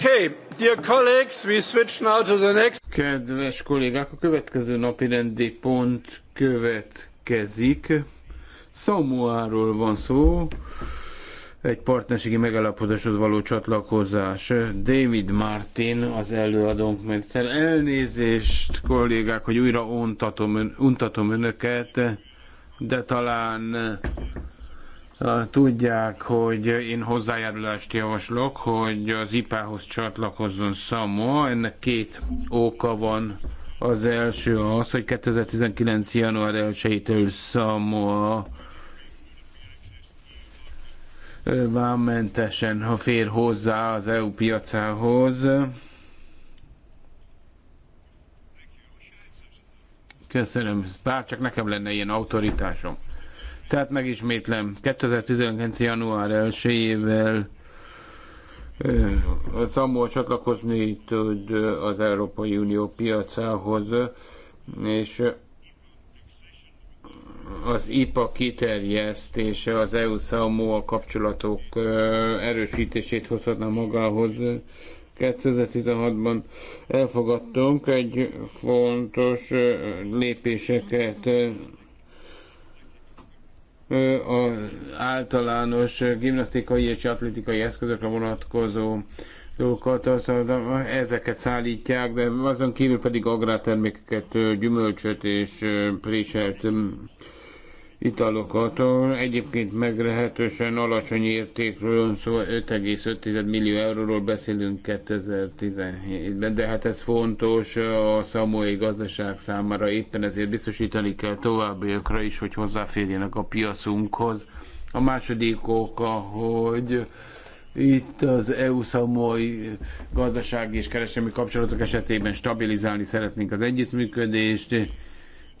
Okay, dear colleagues, we switch now to the next. Kedves kollégák, a következő napi rendi pont következik. Samuáról van szó, egy partnerségi megállapodáshoz való csatlakozás. David Martin az előadónk, mert elnézést, kollégák, hogy újra untatom, untatom önöket, de talán Tudják, hogy én hozzájárulást javaslok, hogy az IPA-hoz csatlakozzon Samoa. Ennek két oka van. Az első az, hogy 2019. január 1-től Samoa vámmentesen, ha fér hozzá az EU piacához. Köszönöm, bár csak nekem lenne ilyen autoritásom. Tehát megismétlem, 2019. január 1-ével Szamol csatlakozni tud az Európai Unió piacához, és az IPA kiterjesztése az eu a kapcsolatok erősítését hozhatna magához. 2016-ban elfogadtunk egy fontos lépéseket a általános gimnasztikai és atlétikai eszközökre vonatkozó dolgokat, ezeket szállítják, de azon kívül pedig agrártermékeket, gyümölcsöt és préselt italokat. Egyébként meglehetősen alacsony értékről, szóval 5,5 millió euróról beszélünk 2017-ben, de hát ez fontos a szamói gazdaság számára, éppen ezért biztosítani kell továbbiakra is, hogy hozzáférjenek a piacunkhoz. A második oka, hogy itt az eu szamói gazdasági és kereselmi kapcsolatok esetében stabilizálni szeretnénk az együttműködést,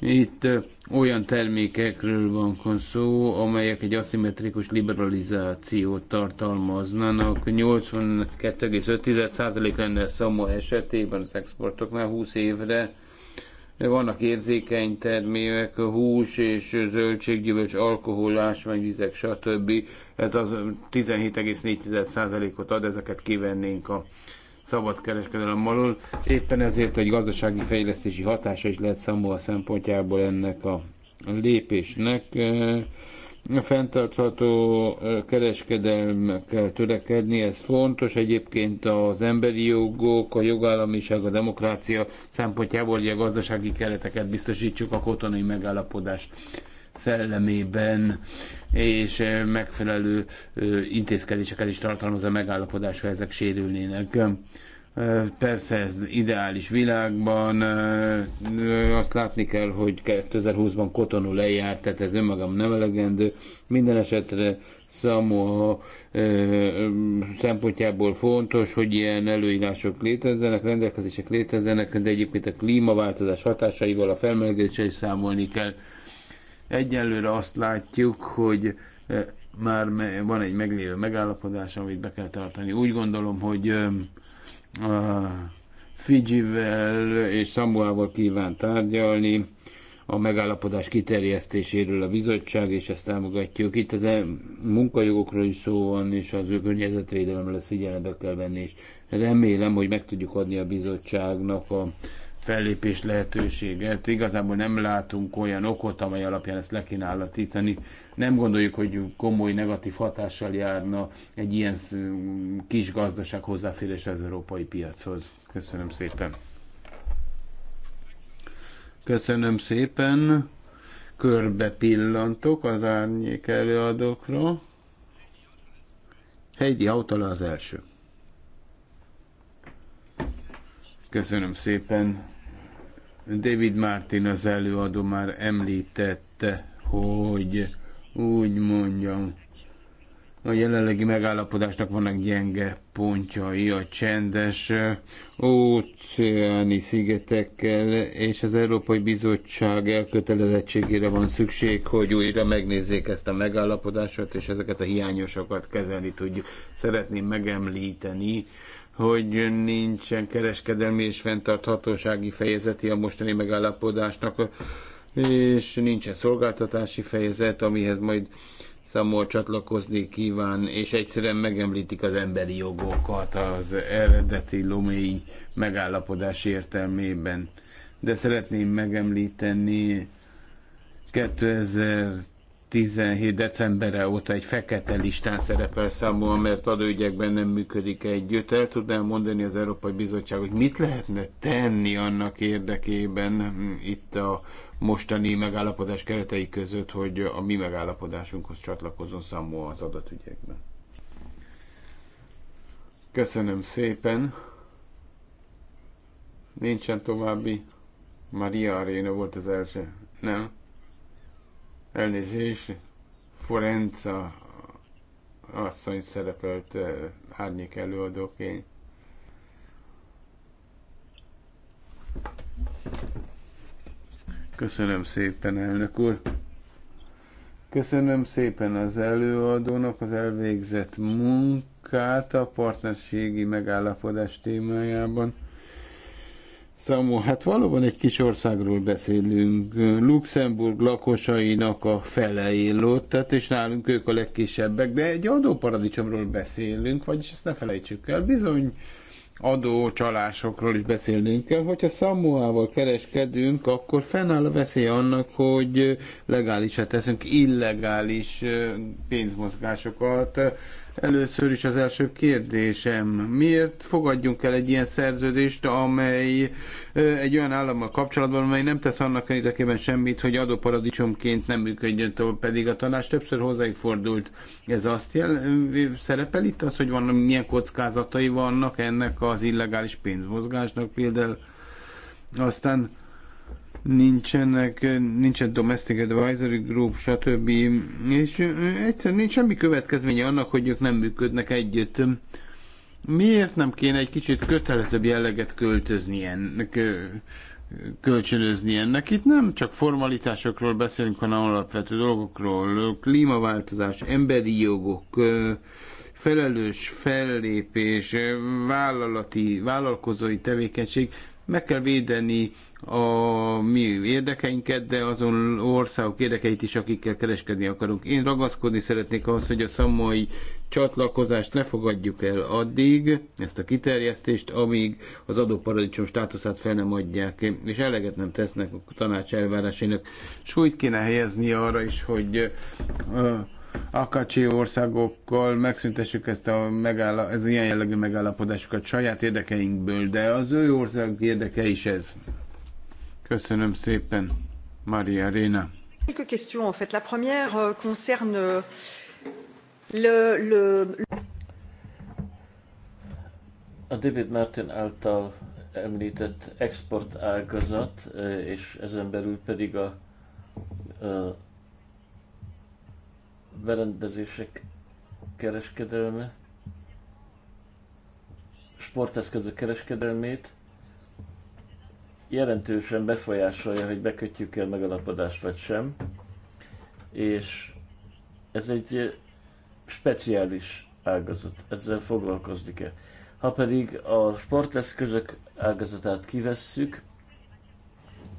itt olyan termékekről van szó, amelyek egy aszimmetrikus liberalizációt tartalmaznának. 82,5% lenne Szamo esetében az exportoknál 20 évre. Vannak érzékeny termékek, hús és zöldséggyümölcs, alkohol, ásványvizek, stb. Ez az 17,4%-ot ad, ezeket kivennénk a kereskedelem alól. Éppen ezért egy gazdasági fejlesztési hatása is lehet a szempontjából ennek a lépésnek. A eh, fenntartható eh, kereskedelmekkel kell törekedni, ez fontos. Egyébként az emberi jogok, a jogállamiság, a demokrácia szempontjából, hogy a gazdasági kereteket biztosítsuk a kotonai megállapodás szellemében és megfelelő intézkedéseket is tartalmaz a megállapodás, ha ezek sérülnének. Persze ez ideális világban, azt látni kell, hogy 2020-ban kotonul lejárt, tehát ez önmagam nem elegendő. Minden esetre Samoa szempontjából fontos, hogy ilyen előírások létezzenek, rendelkezések létezzenek, de egyébként a klímaváltozás hatásaival, a felmelegedéssel is számolni kell. Egyelőre azt látjuk, hogy eh, már van egy meglévő megállapodás, amit be kell tartani. Úgy gondolom, hogy eh, Fidzsivel és Samuával kíván tárgyalni a megállapodás kiterjesztéséről a bizottság, és ezt támogatjuk. Itt az e-, munkajogokról is szó van, és az ő környezetvédelemre lesz figyelembe kell venni, és remélem, hogy meg tudjuk adni a bizottságnak a fellépés lehetőséget. Hát igazából nem látunk olyan okot, amely alapján ezt le kéne állatítani. Nem gondoljuk, hogy komoly negatív hatással járna egy ilyen kis gazdaság hozzáférés az európai piachoz. Köszönöm szépen. Köszönöm szépen. Körbe pillantok az árnyék előadókra. Hegyi Autala az első. Köszönöm szépen. David Martin az előadó már említette, hogy úgy mondjam, a jelenlegi megállapodásnak vannak gyenge pontjai a csendes óceáni szigetekkel, és az Európai Bizottság elkötelezettségére van szükség, hogy újra megnézzék ezt a megállapodásot, és ezeket a hiányosokat kezelni tudjuk. Szeretném megemlíteni hogy nincsen kereskedelmi és fenntarthatósági fejezeti a mostani megállapodásnak, és nincsen szolgáltatási fejezet, amihez majd számol csatlakozni kíván, és egyszerűen megemlítik az emberi jogokat az eredeti loméi megállapodás értelmében. De szeretném megemlíteni 2000 17 decemberre óta egy fekete listán szerepel számomra, mert adóügyekben nem működik együtt. El tudnám mondani az Európai Bizottság, hogy mit lehetne tenni annak érdekében hm, itt a mostani megállapodás keretei között, hogy a mi megállapodásunkhoz csatlakozzon számomra az adatügyekben. Köszönöm szépen. Nincsen további. Maria Arena volt az első. Nem. Elnézés, Forenza asszony szerepelt árnyék előadóként. Köszönöm szépen, elnök úr. Köszönöm szépen az előadónak az elvégzett munkát a partnerségi megállapodás témájában számú. Hát valóban egy kis országról beszélünk. Luxemburg lakosainak a fele él ott, tehát és nálunk ők a legkisebbek, de egy adóparadicsomról beszélünk, vagyis ezt ne felejtsük el. Bizony adócsalásokról is beszélnünk kell. Hogyha Samoával kereskedünk, akkor fennáll a veszély annak, hogy legálisra teszünk illegális pénzmozgásokat, Először is az első kérdésem. Miért fogadjunk el egy ilyen szerződést, amely egy olyan állammal kapcsolatban, amely nem tesz annak érdekében semmit, hogy adóparadicsomként nem működjön tovább, pedig a tanács többször hozzáig fordult. Ez azt jel, szerepel itt az, hogy van, milyen kockázatai vannak ennek az illegális pénzmozgásnak például. Aztán nincsenek, nincsen domestic advisory group, stb. És egyszerűen nincs semmi következménye annak, hogy ők nem működnek együtt. Miért nem kéne egy kicsit kötelezőbb jelleget költözni ennek, kölcsönözni ennek? Itt nem csak formalitásokról beszélünk, hanem alapvető dolgokról, klímaváltozás, emberi jogok, felelős fellépés, vállalati, vállalkozói tevékenység. Meg kell védeni a mi érdekeinket, de azon országok érdekeit is, akikkel kereskedni akarunk. Én ragaszkodni szeretnék ahhoz, hogy a szamai csatlakozást ne fogadjuk el addig, ezt a kiterjesztést, amíg az adóparadicsom státuszát fel nem adják, és eleget nem tesznek a tanács elvárásainak. Súlyt kéne helyezni arra is, hogy akacsi országokkal megszüntessük ezt a megálla- ez ilyen jellegű megállapodásokat saját érdekeinkből, de az ő ország érdeke is ez. Köszönöm szépen, Maria Réna. Euh, euh, a David Martin által említett export ágazat, euh, és ezen belül pedig a, a berendezések kereskedelme, sporteszközök kereskedelmét jelentősen befolyásolja, hogy bekötjük-e a megalapodást vagy sem, és ez egy eh, speciális ágazat, ezzel foglalkozni kell. Ha pedig a sporteszközök ágazatát kivesszük,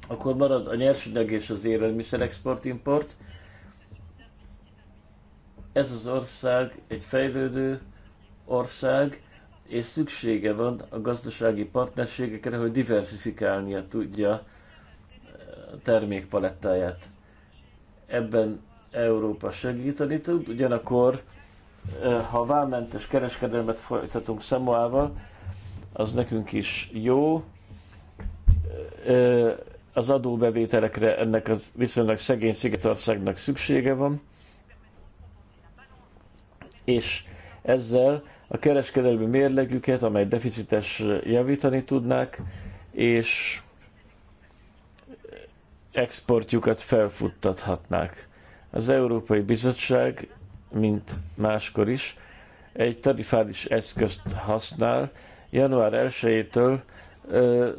akkor marad a nyersanyag és az élelmiszer export-import, ez az ország egy fejlődő ország, és szüksége van a gazdasági partnerségekre, hogy diversifikálnia tudja eh, a termékpalettáját. Ebben Európa segíteni tud, ugyanakkor eh, ha vámmentes kereskedelmet folytatunk Szemoával, az nekünk is jó. Eh, az adóbevételekre ennek az viszonylag szegény Szigetországnak szüksége van és ezzel a kereskedelmi mérlegüket, amely deficites javítani tudnák, és exportjukat felfuttathatnák. Az Európai Bizottság, mint máskor is, egy tarifális eszközt használ. Január 1-től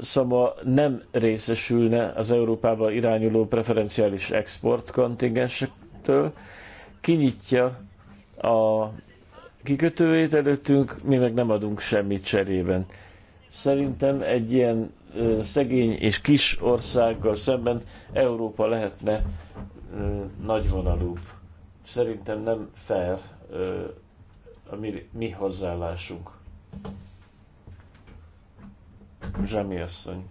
Szama nem részesülne az Európába irányuló preferenciális export kontingensektől, kinyitja a kikötőjét előttünk, mi meg nem adunk semmit cserében. Szerintem egy ilyen szegény és kis országgal szemben Európa lehetne nagyvonalúbb. Szerintem nem fair a mi, mi hozzáállásunk. Zsemi asszony.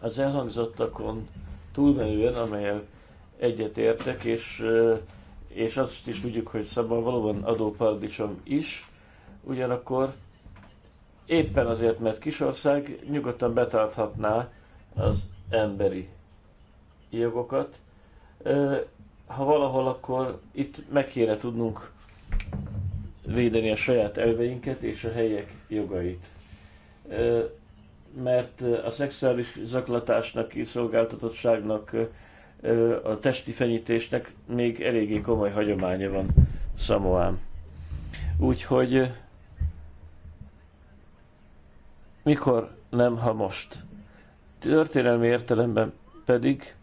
Az elhangzottakon túlmenően, amelyel egyetértek, és, és azt is tudjuk, hogy szabban valóban adóparadicsom is, ugyanakkor éppen azért, mert kisország nyugodtan betarthatná az emberi jogokat. Ha valahol, akkor itt meg kéne tudnunk védeni a saját elveinket és a helyek jogait mert a szexuális zaklatásnak, kiszolgáltatottságnak, a testi fenyítésnek még eléggé komoly hagyománya van Szamoán. Úgyhogy mikor nem, ha most. Történelmi értelemben pedig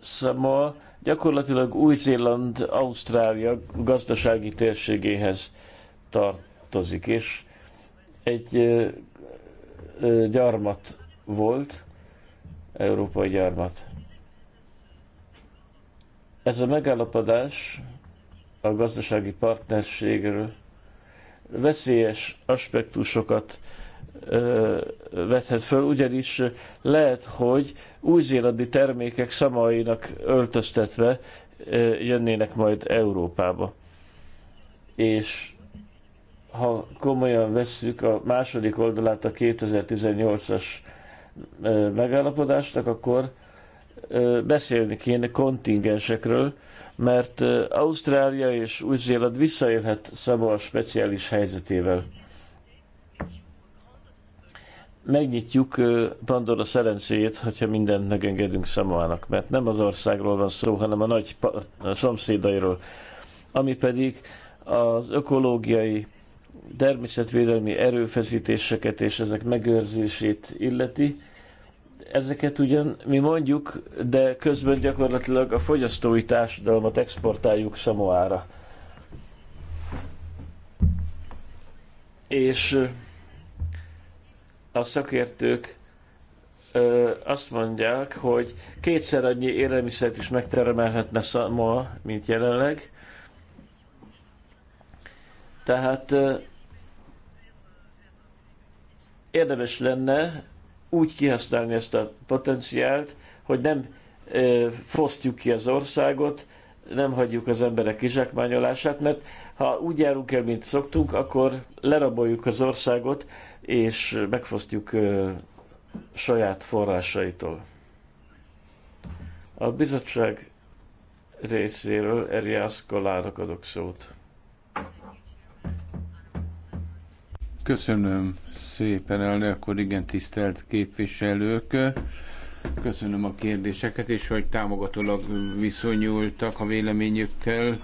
Samoa gyakorlatilag Új-Zéland, Ausztrália gazdasági térségéhez tartozik, és egy gyarmat volt, európai gyarmat. Ez a megállapodás a gazdasági partnerségről veszélyes aspektusokat ö, vethet föl, ugyanis lehet, hogy új-zélandi termékek szamainak öltöztetve ö, jönnének majd Európába. És ha komolyan vesszük a második oldalát a 2018-as megállapodásnak, akkor beszélni kéne kontingensekről, mert Ausztrália és Új-Zéland visszaélhet Szaboa speciális helyzetével. Megnyitjuk Pandora szerencéjét, hogyha mindent megengedünk Szamoának, mert nem az országról van szó, hanem a nagy a szomszédairól, ami pedig az ökológiai természetvédelmi erőfeszítéseket és ezek megőrzését illeti. Ezeket ugyan mi mondjuk, de közben gyakorlatilag a fogyasztói társadalmat exportáljuk Samoára. És a szakértők ö, azt mondják, hogy kétszer annyi élelmiszert is megteremelhetne Samoa, mint jelenleg. Tehát érdemes lenne úgy kihasználni ezt a potenciált, hogy nem fosztjuk ki az országot, nem hagyjuk az emberek kizsákmányolását, mert ha úgy járunk el, mint szoktunk, akkor leraboljuk az országot, és megfosztjuk saját forrásaitól. A bizottság részéről Eriász Kolának adok szót. Köszönöm szépen, elnök úr, igen, tisztelt képviselők. Köszönöm a kérdéseket, és hogy támogatólag viszonyultak a véleményükkel.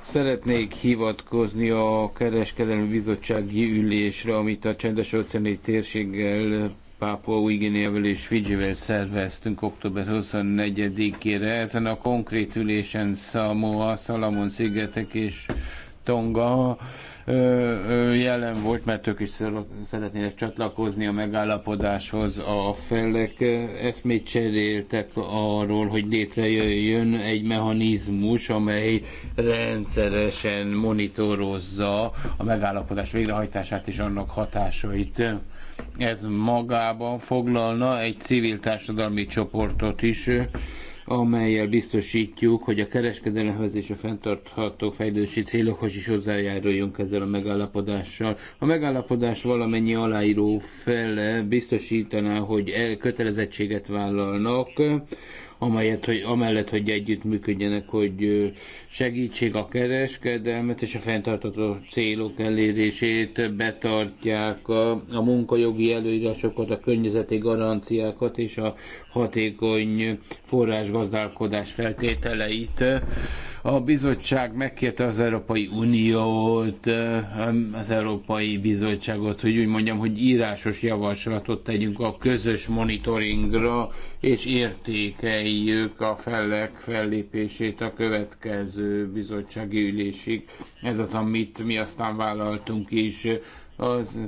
Szeretnék hivatkozni a Kereskedelmi Bizottsági ülésre, amit a csendes óceáni térséggel Pápua új és Fidzsivel szerveztünk október 24-ére. Ezen a konkrét ülésen Samoa, Salamon szigetek és Tonga jelen volt, mert ők is szeretnének csatlakozni a megállapodáshoz. A felek eszmét cseréltek arról, hogy létrejöjjön egy mechanizmus, amely rendszeresen monitorozza a megállapodás végrehajtását és annak hatásait. Ez magában foglalna egy civil társadalmi csoportot is, amelyel biztosítjuk, hogy a kereskedelemhez és a fenntartható fejlődési célokhoz is hozzájáruljunk ezzel a megállapodással. A megállapodás valamennyi aláíró fele biztosítaná, hogy kötelezettséget vállalnak, amelyet, hogy, amellett, hogy együttműködjenek, hogy segítség a kereskedelmet és a fenntartató célok elérését, betartják a, a munkajogi előírásokat, a környezeti garanciákat és a hatékony forrásgazdálkodás feltételeit. A bizottság megkérte az Európai Uniót, az Európai Bizottságot, hogy úgy mondjam, hogy írásos javaslatot tegyünk a közös monitoringra, és értékeljük a felek fellépését a következő bizottsági ülésig. Ez az, amit mi aztán vállaltunk is. Az,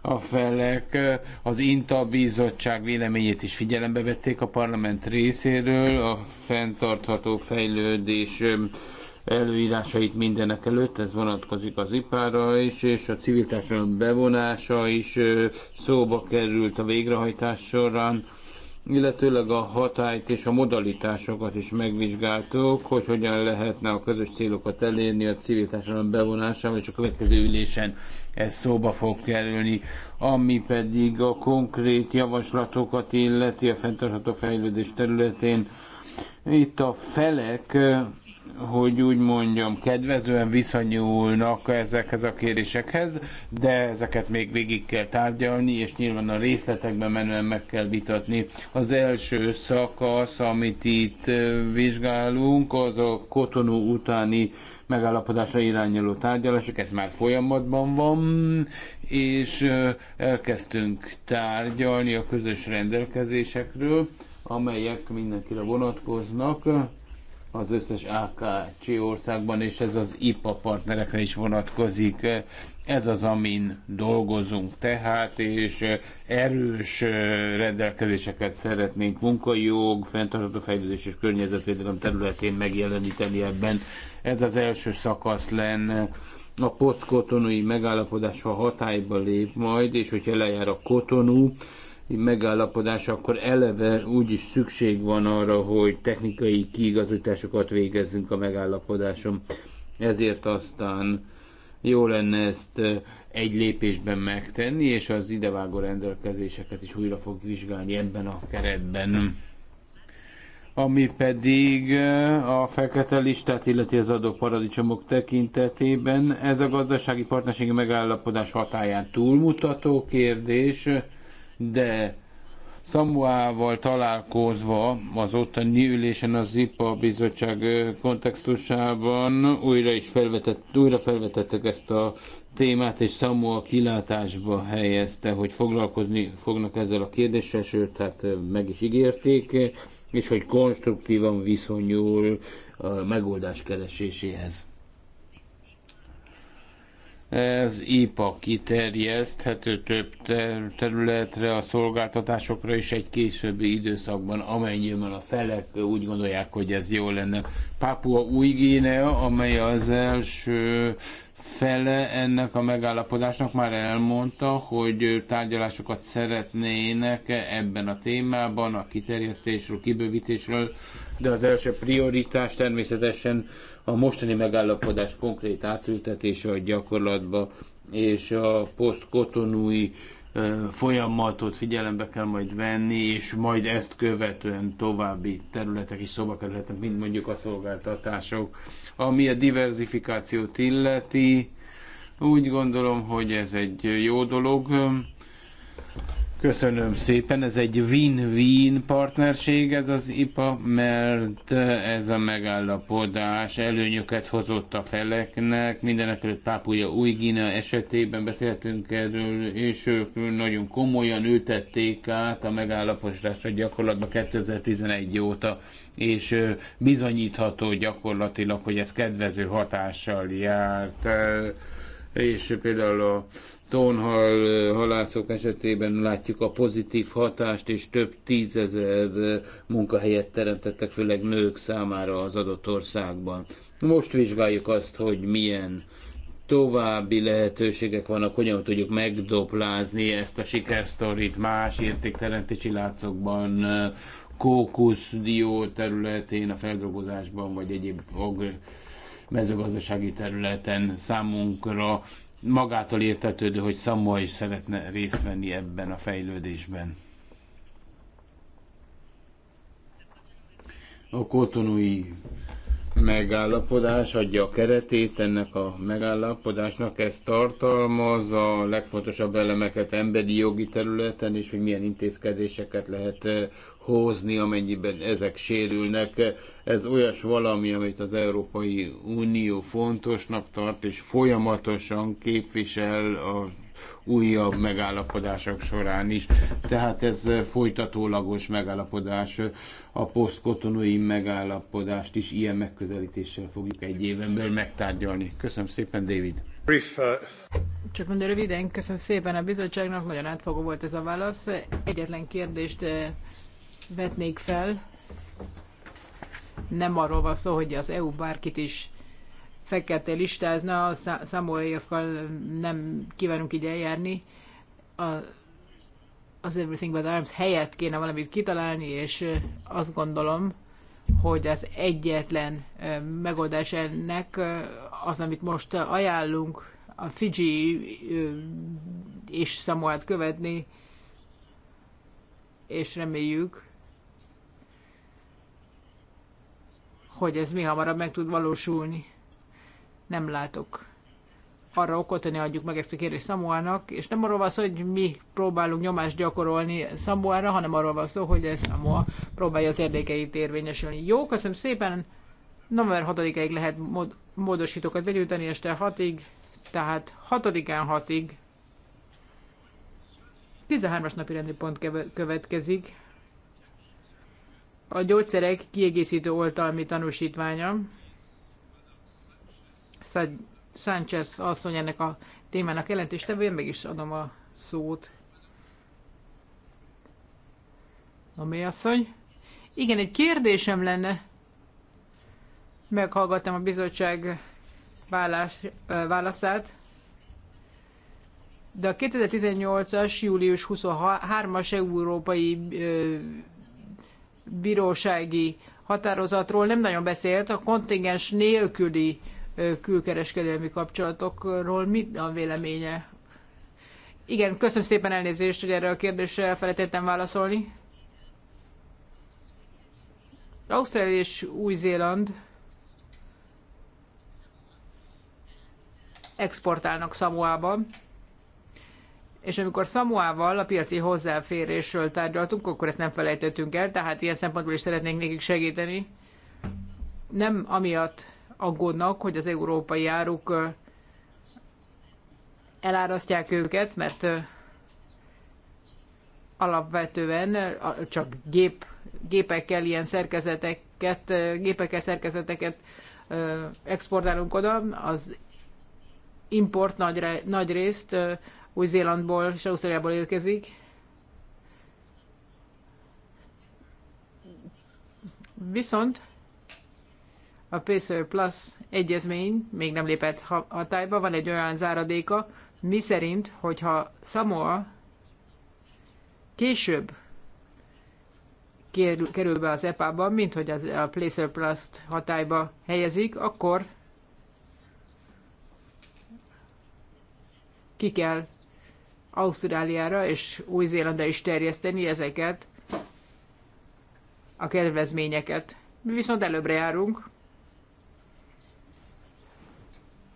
a felek az INTA bizottság véleményét is figyelembe vették a parlament részéről, a fenntartható fejlődés előírásait mindenek előtt, ez vonatkozik az ipára is, és a civil társadalom bevonása is szóba került a végrehajtás során illetőleg a hatályt és a modalitásokat is megvizsgáltuk, hogy hogyan lehetne a közös célokat elérni a civil társadalom bevonásával, és a következő ülésen ez szóba fog kerülni. Ami pedig a konkrét javaslatokat illeti a fenntartható fejlődés területén, itt a felek hogy úgy mondjam, kedvezően viszonyulnak ezekhez a kérésekhez, de ezeket még végig kell tárgyalni, és nyilván a részletekben menően meg kell vitatni. Az első szakasz, amit itt vizsgálunk, az a kotonú utáni megállapodásra irányuló tárgyalások, ez már folyamatban van, és elkezdtünk tárgyalni a közös rendelkezésekről, amelyek mindenkire vonatkoznak az összes AKC országban, és ez az IPA partnerekre is vonatkozik. Ez az, amin dolgozunk tehát, és erős rendelkezéseket szeretnénk munkajog, fenntartható fejlődés és környezetvédelem területén megjeleníteni ebben. Ez az első szakasz lenne a posztkotonui megállapodás, ha hatályba lép majd, és hogyha lejár a kotonú, megállapodás, akkor eleve úgyis szükség van arra, hogy technikai kiigazításokat végezzünk a megállapodáson. Ezért aztán jó lenne ezt egy lépésben megtenni, és az idevágó rendelkezéseket is újra fog vizsgálni ebben a keretben. Ami pedig a fekete listát illeti az adóparadicsomok tekintetében, ez a gazdasági partnerségi megállapodás hatáján túlmutató kérdés, de Szamuával találkozva az ottani ülésen az IPA bizottság kontextusában újra is felvetett, újra felvetettek ezt a témát, és Szamu a kilátásba helyezte, hogy foglalkozni fognak ezzel a kérdéssel, sőt, tehát meg is ígérték, és hogy konstruktívan viszonyul a megoldás kereséséhez ez IPA kiterjeszthető több területre, a szolgáltatásokra is egy későbbi időszakban, amennyiben a felek úgy gondolják, hogy ez jó lenne. Pápua új Guinea, amely az első fele ennek a megállapodásnak már elmondta, hogy tárgyalásokat szeretnének ebben a témában, a kiterjesztésről, kibővítésről, de az első prioritás természetesen a mostani megállapodás konkrét átültetése a gyakorlatba, és a posztkotonúi folyamatot figyelembe kell majd venni, és majd ezt követően további területek is szóba kerülhetnek, mint mondjuk a szolgáltatások. Ami a diversifikációt illeti, úgy gondolom, hogy ez egy jó dolog. Köszönöm szépen, ez egy win-win partnerség ez az IPA, mert ez a megállapodás előnyöket hozott a feleknek, mindenek előtt Pápuja új esetében beszéltünk erről, és ők nagyon komolyan ültették át a megállapodást gyakorlatban 2011 óta, és bizonyítható gyakorlatilag, hogy ez kedvező hatással járt, és például a tonhal halászok esetében látjuk a pozitív hatást, és több tízezer munkahelyet teremtettek, főleg nők számára az adott országban. Most vizsgáljuk azt, hogy milyen további lehetőségek vannak, hogyan tudjuk megdoplázni ezt a sikersztorit más értékteremtési látszokban, kókuszdió területén, a feldolgozásban, vagy egyéb mezőgazdasági területen számunkra magától értetődő, hogy Samoa is szeretne részt venni ebben a fejlődésben. A kotonui megállapodás adja a keretét ennek a megállapodásnak, ez tartalmaz a legfontosabb elemeket emberi jogi területen, és hogy milyen intézkedéseket lehet hozni, amennyiben ezek sérülnek. Ez olyas valami, amit az Európai Unió fontosnak tart, és folyamatosan képvisel a újabb megállapodások során is. Tehát ez folytatólagos megállapodás. A posztkotonói megállapodást is ilyen megközelítéssel fogjuk egy éven belül megtárgyalni. Köszönöm szépen, David. Uh, Csak mondja röviden, köszönöm szépen a bizottságnak, nagyon átfogó volt ez a válasz. Egyetlen kérdést eh, vetnék fel. Nem arról van szó, hogy az EU bárkit is fekete listázna, a számolajokkal nem kívánunk így eljárni. A, az Everything But Arms helyett kéne valamit kitalálni, és azt gondolom, hogy az egyetlen megoldás ennek az, amit most ajánlunk, a Fiji és Samoát követni, és reméljük, hogy ez mi hamarabb meg tud valósulni. Nem látok arra okot, hogy ne adjuk meg ezt a kérdést Samuának, és nem arról van szó, hogy mi próbálunk nyomást gyakorolni Samuára, hanem arról van szó, hogy ez Szamua próbálja az érdekeit érvényesülni. Jó, köszönöm szépen! November 6-ig lehet mód, módosítókat begyűjteni este 6-ig, tehát 6-án 6-ig. 13-as napi rendi pont következik a gyógyszerek kiegészítő oltalmi tanúsítványa. Sánchez asszony ennek a témának jelentéstevője, meg is adom a szót. mi asszony? Igen, egy kérdésem lenne. Meghallgattam a bizottság válás, válaszát. De a 2018-as július 23-as európai bírósági határozatról nem nagyon beszélt, a kontingens nélküli külkereskedelmi kapcsolatokról mi a véleménye? Igen, köszönöm szépen elnézést, hogy erre a kérdésre felejtettem válaszolni. Ausztrália és Új-Zéland exportálnak Szamoába és amikor Samuával a piaci hozzáférésről tárgyaltunk, akkor ezt nem felejtettünk el, tehát ilyen szempontból is szeretnénk nekik segíteni. Nem amiatt aggódnak, hogy az európai áruk elárasztják őket, mert alapvetően csak gép, gépekkel, ilyen szerkezeteket, gépekkel szerkezeteket exportálunk oda, az import nagy, nagy részt új-Zélandból és Ausztriából érkezik. Viszont a Pacer Plus egyezmény még nem lépett hatályba, van egy olyan záradéka, mi szerint, hogyha Samoa később kerül be az EPA-ba, mint hogy a Placer Plus-t hatályba helyezik, akkor ki kell Ausztráliára és Új-Zélandra is terjeszteni ezeket a kedvezményeket. Mi viszont előbbre járunk,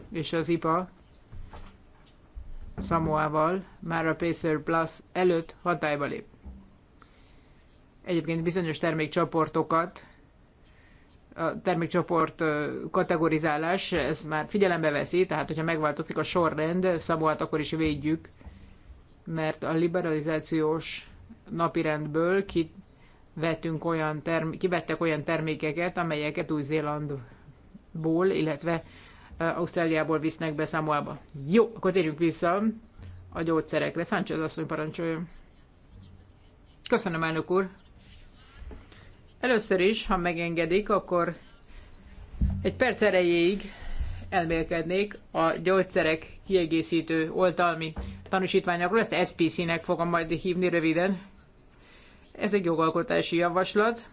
és az IPA Samoával már a Pacer Plus előtt hatályba lép. Egyébként bizonyos termékcsoportokat, a termékcsoport kategorizálás, ez már figyelembe veszi, tehát hogyha megváltozik a sorrend, Samoát akkor is védjük, mert a liberalizációs napirendből kivettünk olyan term- kivettek olyan termékeket, amelyeket Új-Zélandból, illetve Ausztráliából visznek be Samoába. Jó, akkor térjünk vissza a gyógyszerekre. Sánchez asszony parancsolja. Köszönöm, elnök úr. Először is, ha megengedik, akkor egy perc erejéig elmélkednék a gyógyszerek kiegészítő oltalmi tanúsítványokról, ezt SPC-nek fogom majd hívni röviden. Ez egy jogalkotási javaslat.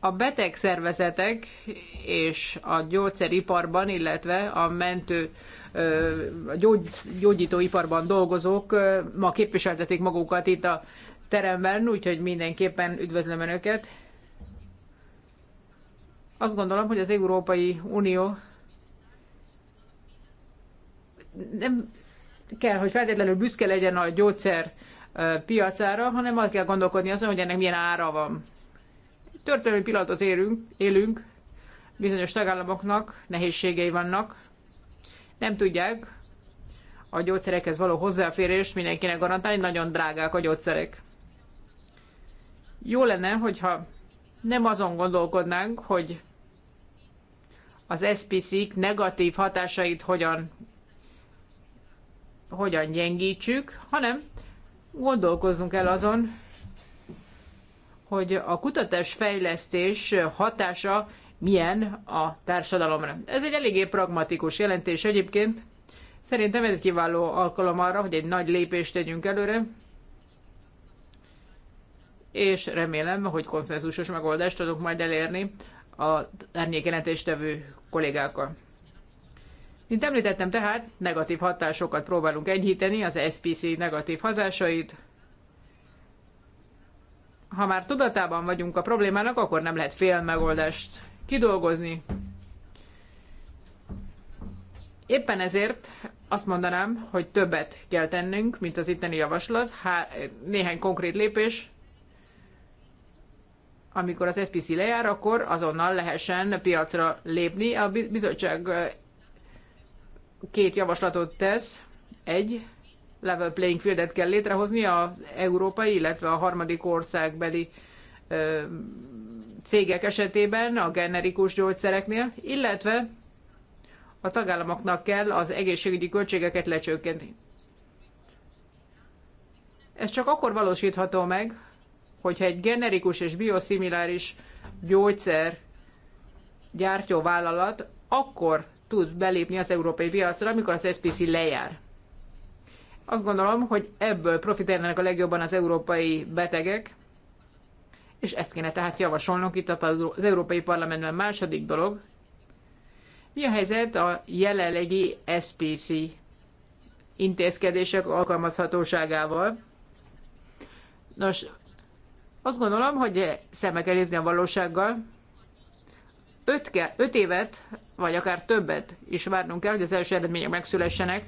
A beteg szervezetek és a gyógyszeriparban, illetve a mentő a gyógy, gyógyítóiparban dolgozók ma képviseltetik magukat itt a teremben, úgyhogy mindenképpen üdvözlöm Önöket. Azt gondolom, hogy az Európai Unió nem kell, hogy feltétlenül büszke legyen a gyógyszer piacára, hanem azt kell gondolkodni azon, hogy ennek milyen ára van. Történelmi pillanatot élünk, élünk, bizonyos tagállamoknak nehézségei vannak, nem tudják a gyógyszerekhez való hozzáférést mindenkinek garantálni, nagyon drágák a gyógyszerek. Jó lenne, hogyha nem azon gondolkodnánk, hogy az SPC-k negatív hatásait hogyan hogyan gyengítsük, hanem gondolkozzunk el azon, hogy a kutatás-fejlesztés hatása milyen a társadalomra. Ez egy eléggé pragmatikus jelentés egyébként. Szerintem ez kiváló alkalom arra, hogy egy nagy lépést tegyünk előre, és remélem, hogy konszenzusos megoldást tudok majd elérni a árnyékjelentéstevő kollégákkal. Mint említettem tehát, negatív hatásokat próbálunk enyhíteni, az SPC negatív hatásait. Ha már tudatában vagyunk a problémának, akkor nem lehet fél megoldást kidolgozni. Éppen ezért azt mondanám, hogy többet kell tennünk, mint az itteni javaslat, Há, néhány konkrét lépés, amikor az SPC lejár, akkor azonnal lehessen piacra lépni. A bizottság két javaslatot tesz. Egy, level playing fieldet kell létrehozni az európai, illetve a harmadik országbeli ö, cégek esetében, a generikus gyógyszereknél, illetve a tagállamoknak kell az egészségügyi költségeket lecsökkenteni. Ez csak akkor valósítható meg, hogyha egy generikus és biosimiláris gyógyszer gyártó vállalat akkor tud belépni az európai piacra, amikor az SPC lejár. Azt gondolom, hogy ebből profitálnak a legjobban az európai betegek, és ezt kéne tehát javasolnunk itt az Európai Parlamentben. Második dolog, mi a helyzet a jelenlegi SPC intézkedések alkalmazhatóságával? Nos, azt gondolom, hogy szembe kell nézni a valósággal. Öt, ke, öt évet vagy akár többet is várnunk kell, hogy az első eredmények megszülessenek.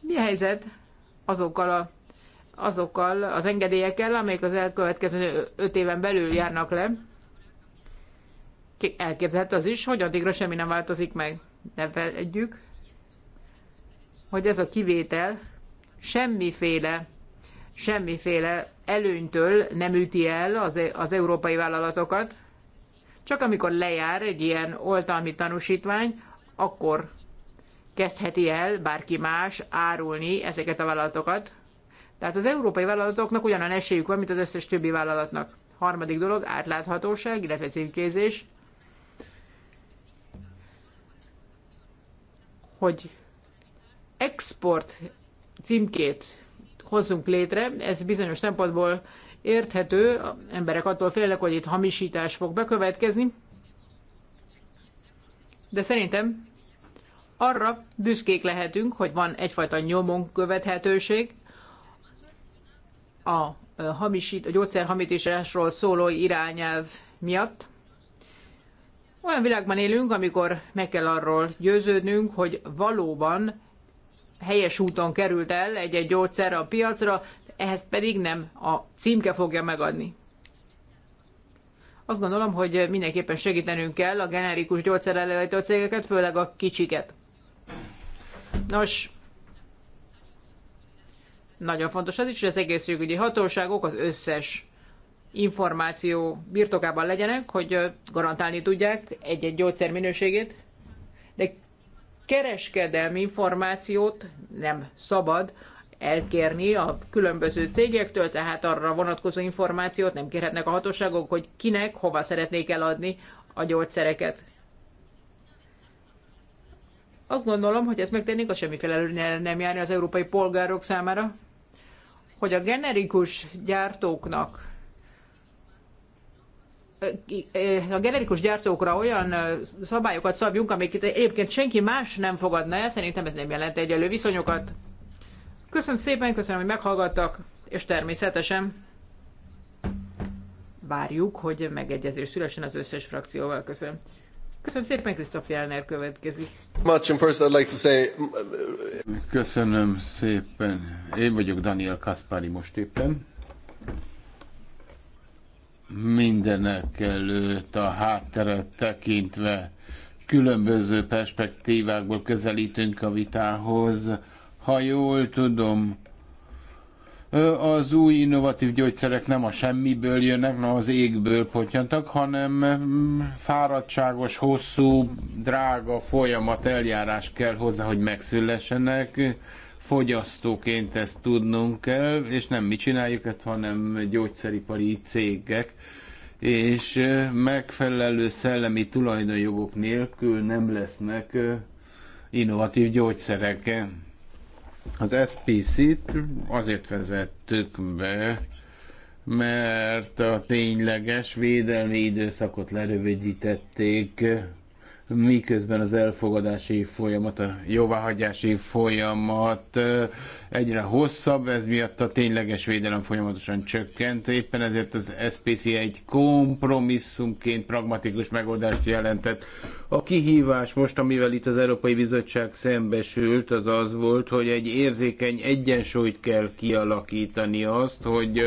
Mi a helyzet azokkal a azokkal az engedélyekkel, amelyek az elkövetkező öt éven belül járnak le. Elképzelhető az is, hogy addigra semmi nem változik meg. Ne felejtjük, hogy ez a kivétel semmiféle, semmiféle előnytől nem üti el az, az európai vállalatokat, csak amikor lejár egy ilyen oltalmi tanúsítvány, akkor kezdheti el bárki más árulni ezeket a vállalatokat. Tehát az európai vállalatoknak ugyanan esélyük van, mint az összes többi vállalatnak. Harmadik dolog, átláthatóság, illetve címkézés. Hogy export címkét hozzunk létre, ez bizonyos szempontból érthető, emberek attól félnek, hogy itt hamisítás fog bekövetkezni, de szerintem arra büszkék lehetünk, hogy van egyfajta nyomon követhetőség a, hamisít, a gyógyszerhamításról szóló irányelv miatt. Olyan világban élünk, amikor meg kell arról győződnünk, hogy valóban helyes úton került el egy-egy gyógyszer a piacra, ehhez pedig nem a címke fogja megadni. Azt gondolom, hogy mindenképpen segítenünk kell a generikus gyógyszerelőjtő cégeket, főleg a kicsiket. Nos, nagyon fontos az is, hogy az egészségügyi hatóságok az összes információ birtokában legyenek, hogy garantálni tudják egy-egy gyógyszer minőségét, de kereskedelmi információt nem szabad elkérni a különböző cégektől, tehát arra vonatkozó információt nem kérhetnek a hatóságok, hogy kinek, hova szeretnék eladni a gyógyszereket. Azt gondolom, hogy ezt megtennék, a semmiféle előnyel nem járni az európai polgárok számára, hogy a generikus gyártóknak a generikus gyártókra olyan szabályokat szabjunk, amiket egyébként senki más nem fogadna el, szerintem ez nem jelent egyenlő viszonyokat. Köszönöm szépen, köszönöm, hogy meghallgattak, és természetesen várjuk, hogy megegyezés szülesen az összes frakcióval. Köszönöm. Köszönöm szépen, Krisztof Jelner következik. Much, and first I'd like to say... Köszönöm szépen. Én vagyok Daniel Kaspari most éppen. Mindenek előtt a hátteret tekintve különböző perspektívákból közelítünk a vitához ha jól tudom, az új innovatív gyógyszerek nem a semmiből jönnek, nem az égből potyantak, hanem mm, fáradtságos, hosszú, drága folyamat, eljárás kell hozzá, hogy megszülessenek. Fogyasztóként ezt tudnunk kell, és nem mi csináljuk ezt, hanem gyógyszeripari cégek és megfelelő szellemi tulajdonjogok nélkül nem lesznek innovatív gyógyszerek. Az SPC-t azért vezettük be, mert a tényleges védelmi időszakot lerövidítették miközben az elfogadási folyamat, a jóváhagyási folyamat egyre hosszabb, ez miatt a tényleges védelem folyamatosan csökkent, éppen ezért az SPC egy kompromisszumként pragmatikus megoldást jelentett. A kihívás most, amivel itt az Európai Bizottság szembesült, az az volt, hogy egy érzékeny egyensúlyt kell kialakítani azt, hogy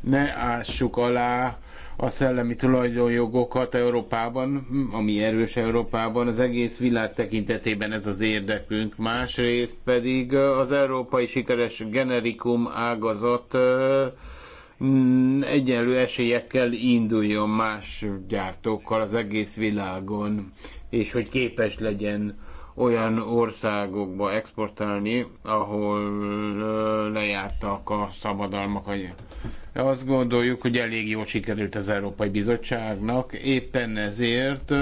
ne ássuk alá a szellemi tulajdonjogokat Európában, ami erős Európában, az egész világ tekintetében ez az érdekünk. Másrészt pedig az európai sikeres generikum ágazat mm, egyenlő esélyekkel induljon más gyártókkal az egész világon, és hogy képes legyen olyan országokba exportálni, ahol lejártak a szabadalmak, azt gondoljuk, hogy elég jól sikerült az Európai Bizottságnak, éppen ezért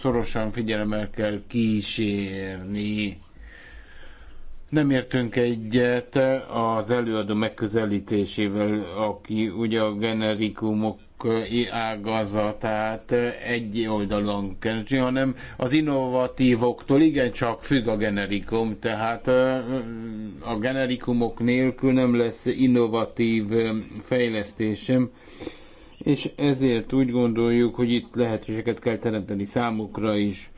szorosan figyelemmel kell kísérni nem értünk egyet az előadó megközelítésével, aki ugye a generikumok ágazatát egy oldalon kell hanem az innovatívoktól igencsak függ a generikum, tehát a generikumok nélkül nem lesz innovatív fejlesztésem, és ezért úgy gondoljuk, hogy itt lehetőséget kell teremteni számukra is.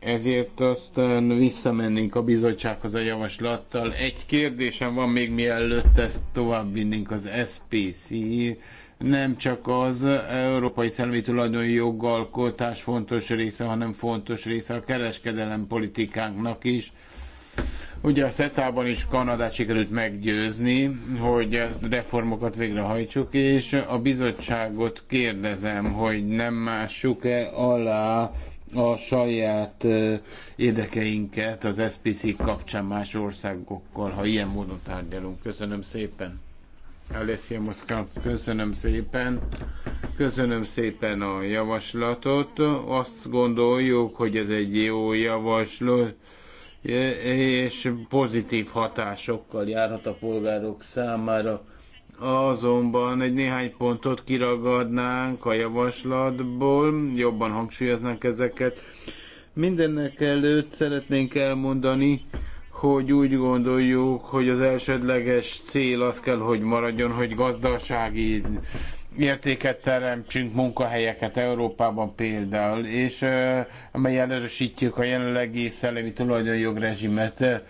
Ezért aztán visszamennénk a bizottsághoz a javaslattal. Egy kérdésem van még mielőtt ezt továbbvinnénk az SPC nem csak az európai szellemi tulajdoni jogalkotás fontos része, hanem fontos része a kereskedelem politikánknak is. Ugye a SETA-ban is Kanadát sikerült meggyőzni, hogy reformokat végrehajtsuk, és a bizottságot kérdezem, hogy nem mássuk-e alá a saját érdekeinket az SPC kapcsán más országokkal, ha ilyen módon tárgyalunk. Köszönöm szépen! Alessia Moszkán, köszönöm szépen. Köszönöm szépen a javaslatot. Azt gondoljuk, hogy ez egy jó javaslat, és pozitív hatásokkal járhat a polgárok számára. Azonban egy néhány pontot kiragadnánk a javaslatból, jobban hangsúlyoznánk ezeket. Mindennek előtt szeretnénk elmondani, hogy úgy gondoljuk, hogy az elsődleges cél az kell, hogy maradjon, hogy gazdasági értéket teremtsünk, munkahelyeket Európában például, és amely erősítjük a jelenlegi szellemi tulajdonjogrezsimet,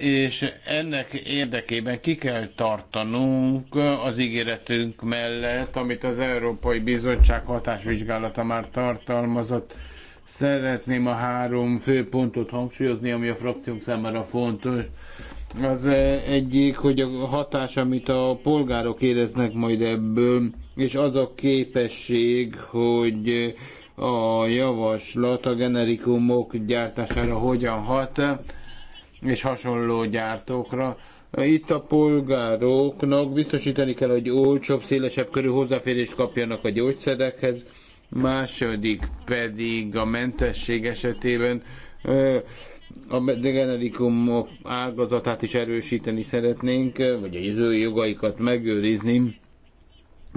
és ennek érdekében ki kell tartanunk az ígéretünk mellett, amit az Európai Bizottság hatásvizsgálata már tartalmazott, Szeretném a három fő pontot hangsúlyozni, ami a frakciónk számára fontos. Az eh, egyik, hogy a hatás, amit a polgárok éreznek majd ebből, és az a képesség, hogy a javaslat a generikumok gyártására hogyan hat, és hasonló gyártókra. Itt a polgároknak biztosítani kell, hogy olcsóbb, szélesebb körű hozzáférést kapjanak a gyógyszerekhez, második pedig a mentesség esetében a degenerikumok ágazatát is erősíteni szeretnénk, vagy a jövő jogaikat megőrizni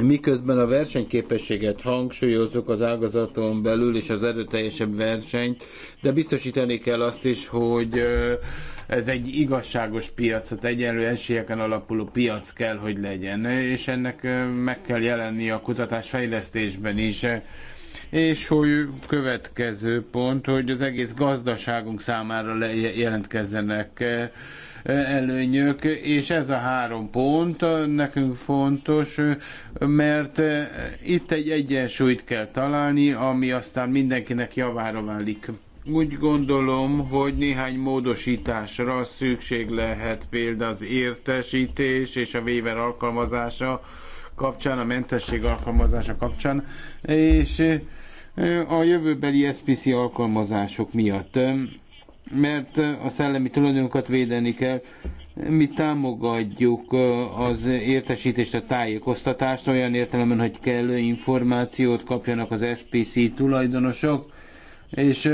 miközben a versenyképességet hangsúlyozzuk az ágazaton belül és az erőteljesebb versenyt, de biztosítani kell azt is, hogy ez egy igazságos piac, tehát egyenlő esélyeken alapuló piac kell, hogy legyen, és ennek meg kell jelenni a kutatás fejlesztésben is. És hogy következő pont, hogy az egész gazdaságunk számára jelentkezzenek előnyök, és ez a három pont nekünk fontos, mert itt egy egyensúlyt kell találni, ami aztán mindenkinek javára válik úgy gondolom, hogy néhány módosításra szükség lehet például az értesítés és a véver alkalmazása kapcsán, a mentesség alkalmazása kapcsán, és a jövőbeli SPC alkalmazások miatt mert a szellemi tulajdonokat védeni kell. Mi támogatjuk az értesítést, a tájékoztatást olyan értelemben, hogy kellő információt kapjanak az SPC tulajdonosok, és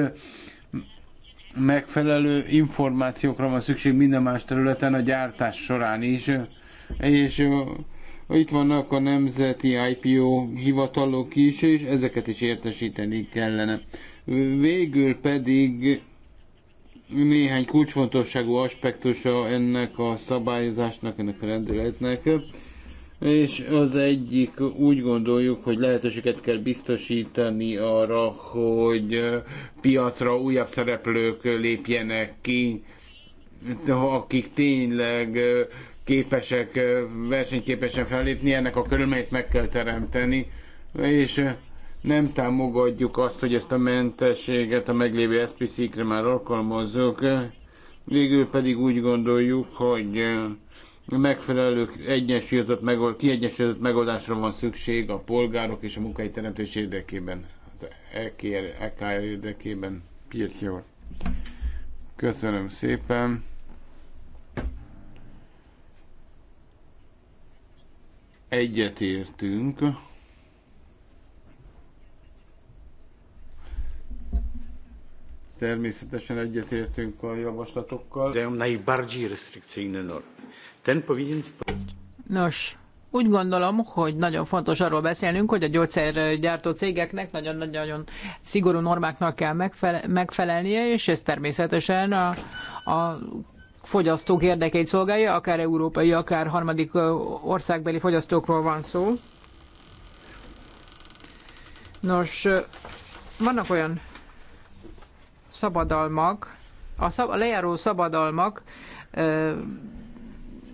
megfelelő információkra van szükség minden más területen, a gyártás során is. És itt vannak a nemzeti IPO hivatalok is, és ezeket is értesíteni kellene. Végül pedig néhány kulcsfontosságú aspektusa ennek a szabályozásnak, ennek a rendeletnek, és az egyik úgy gondoljuk, hogy lehetőséget kell biztosítani arra, hogy piacra újabb szereplők lépjenek ki, akik tényleg képesek versenyképesen fellépni, ennek a körülményt meg kell teremteni, és nem támogatjuk azt, hogy ezt a mentességet a meglévő SPC-kre már alkalmazzuk, végül pedig úgy gondoljuk, hogy megfelelő egyensúlyozott megold, kiegyensúlyozott megoldásra van szükség a polgárok és a munkai teremtés érdekében, az EK érdekében. Köszönöm szépen. Egyetértünk. Természetesen egyetértünk a javaslatokkal. De najbardziej restrikcyjne normy. Ten powinien... Nos, úgy gondolom, hogy nagyon fontos arról beszélnünk, hogy a gyógyszergyártó cégeknek nagyon-nagyon szigorú normáknak kell megfele- megfelelnie, és ez természetesen a, a fogyasztók érdekeit szolgálja, akár európai, akár harmadik országbeli fogyasztókról van szó. Nos, vannak olyan szabadalmak, a, szab, a lejáró szabadalmak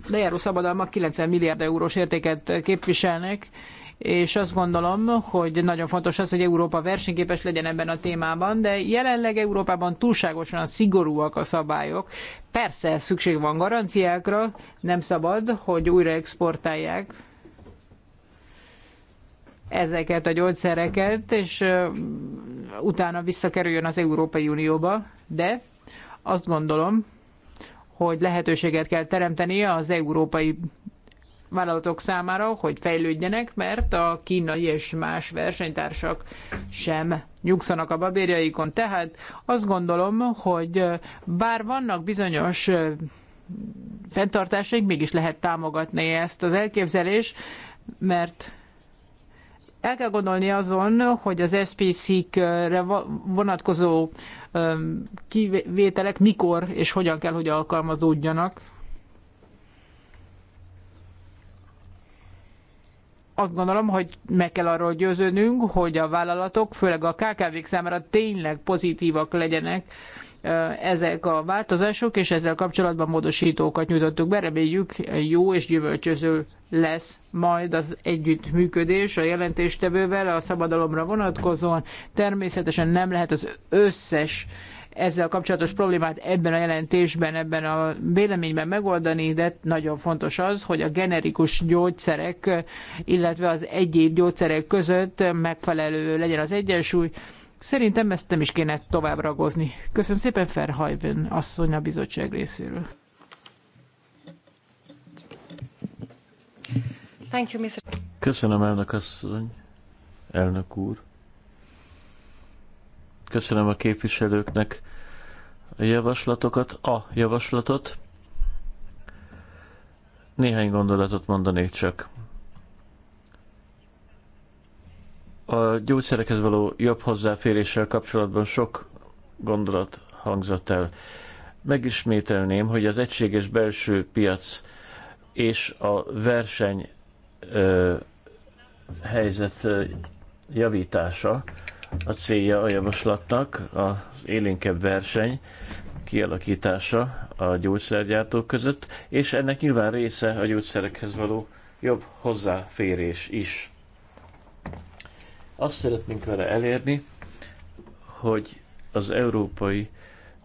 lejáró szabadalmak 90 milliárd eurós értéket képviselnek, és azt gondolom, hogy nagyon fontos az, hogy Európa versenyképes legyen ebben a témában, de jelenleg Európában túlságosan szigorúak a szabályok. Persze szükség van garanciákra, nem szabad, hogy újra exportálják ezeket a gyógyszereket, és utána visszakerüljön az Európai Unióba, de azt gondolom, hogy lehetőséget kell teremteni az európai vállalatok számára, hogy fejlődjenek, mert a kínai és más versenytársak sem nyugszanak a babérjaikon. Tehát azt gondolom, hogy bár vannak bizonyos fenntartásaink, mégis lehet támogatni ezt az elképzelést, mert el kell gondolni azon, hogy az SPC-kre vonatkozó kivételek mikor és hogyan kell, hogy alkalmazódjanak. azt gondolom, hogy meg kell arról győződnünk, hogy a vállalatok, főleg a KKV-k számára tényleg pozitívak legyenek ezek a változások, és ezzel kapcsolatban módosítókat nyújtottuk be. Reméljük jó és gyümölcsöző lesz majd az együttműködés a jelentéstevővel a szabadalomra vonatkozóan. Természetesen nem lehet az összes ezzel kapcsolatos problémát ebben a jelentésben, ebben a véleményben megoldani, de nagyon fontos az, hogy a generikus gyógyszerek, illetve az egyéb gyógyszerek között megfelelő legyen az egyensúly. Szerintem ezt nem is kéne tovább ragozni. Köszönöm szépen Ferhajven asszony a bizottság részéről. Thank you, Mr. Köszönöm, elnök asszony, elnök úr. Köszönöm a képviselőknek a javaslatokat, a javaslatot. Néhány gondolatot mondanék csak. A gyógyszerekhez való jobb hozzáféréssel kapcsolatban sok gondolat hangzott el. Megismételném, hogy az egységes belső piac és a verseny ö, helyzet ö, javítása a célja a javaslatnak, az élénkebb verseny kialakítása a gyógyszergyártók között, és ennek nyilván része a gyógyszerekhez való jobb hozzáférés is. Azt szeretnénk vele elérni, hogy az európai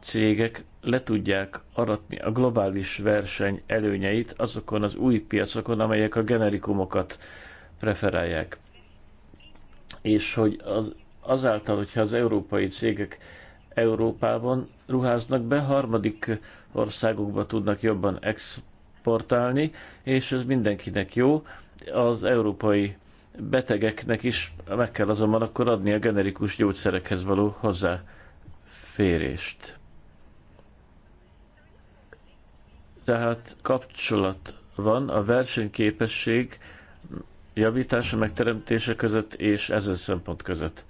cégek le tudják aratni a globális verseny előnyeit azokon az új piacokon, amelyek a generikumokat preferálják. És hogy az, azáltal, hogyha az európai cégek Európában ruháznak be, harmadik országokba tudnak jobban exportálni, és ez mindenkinek jó. Az európai betegeknek is meg kell azonban akkor adni a generikus gyógyszerekhez való hozzáférést. Tehát kapcsolat van a versenyképesség javítása, megteremtése között és ezen szempont között.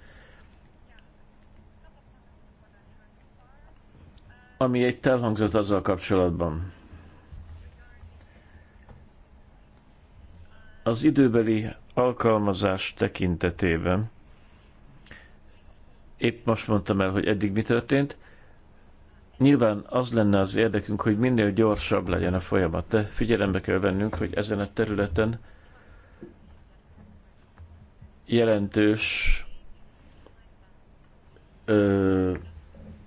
Ami egy elhangzott azzal kapcsolatban. Az időbeli alkalmazás tekintetében épp most mondtam el, hogy eddig mi történt. Nyilván az lenne az érdekünk, hogy minél gyorsabb legyen a folyamat, de figyelembe kell vennünk, hogy ezen a területen jelentős ö,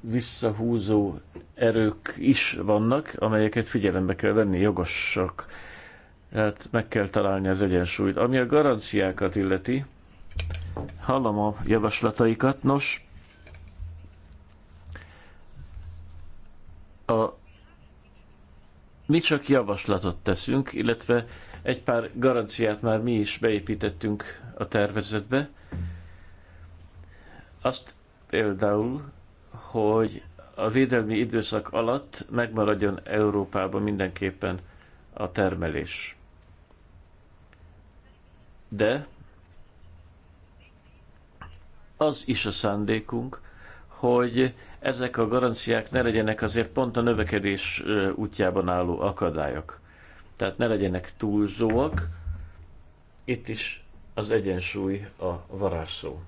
visszahúzó erők is vannak, amelyeket figyelembe kell venni, jogosak hát meg kell találni az egyensúlyt. Ami a garanciákat illeti, hallom a javaslataikat, nos, a, mi csak javaslatot teszünk, illetve egy pár garanciát már mi is beépítettünk a tervezetbe. Azt például, hogy a védelmi időszak alatt megmaradjon Európában mindenképpen a termelés de az is a szándékunk, hogy ezek a garanciák ne legyenek azért pont a növekedés útjában álló akadályok. Tehát ne legyenek túlzóak. Itt is az egyensúly a varázsszó.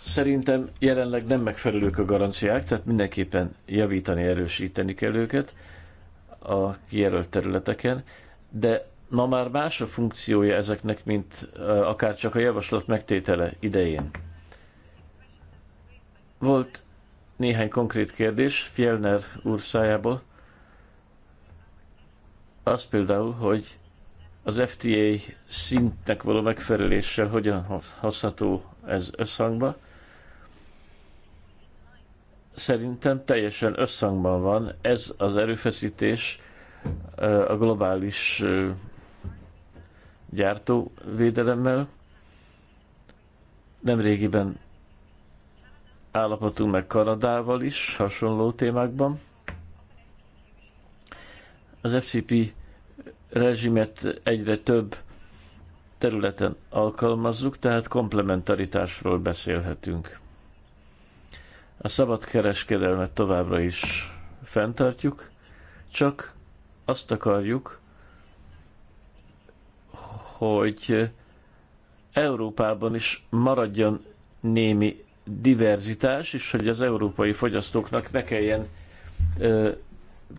Szerintem jelenleg nem megfelelők a garanciák, tehát mindenképpen javítani, erősíteni kell őket a kijelölt területeken, de ma már más a funkciója ezeknek, mint akár csak a javaslat megtétele idején. Volt néhány konkrét kérdés Fjellner úr szájából. Az például, hogy az FTA szintnek való megfeleléssel hogyan hozható ez összhangba szerintem teljesen összhangban van ez az erőfeszítés a globális gyártóvédelemmel. Nemrégiben állapotunk meg Kanadával is hasonló témákban. Az FCP rezsimet egyre több területen alkalmazzuk, tehát komplementaritásról beszélhetünk a szabad kereskedelmet továbbra is fenntartjuk, csak azt akarjuk, hogy Európában is maradjon némi diverzitás, és hogy az európai fogyasztóknak ne kelljen ö,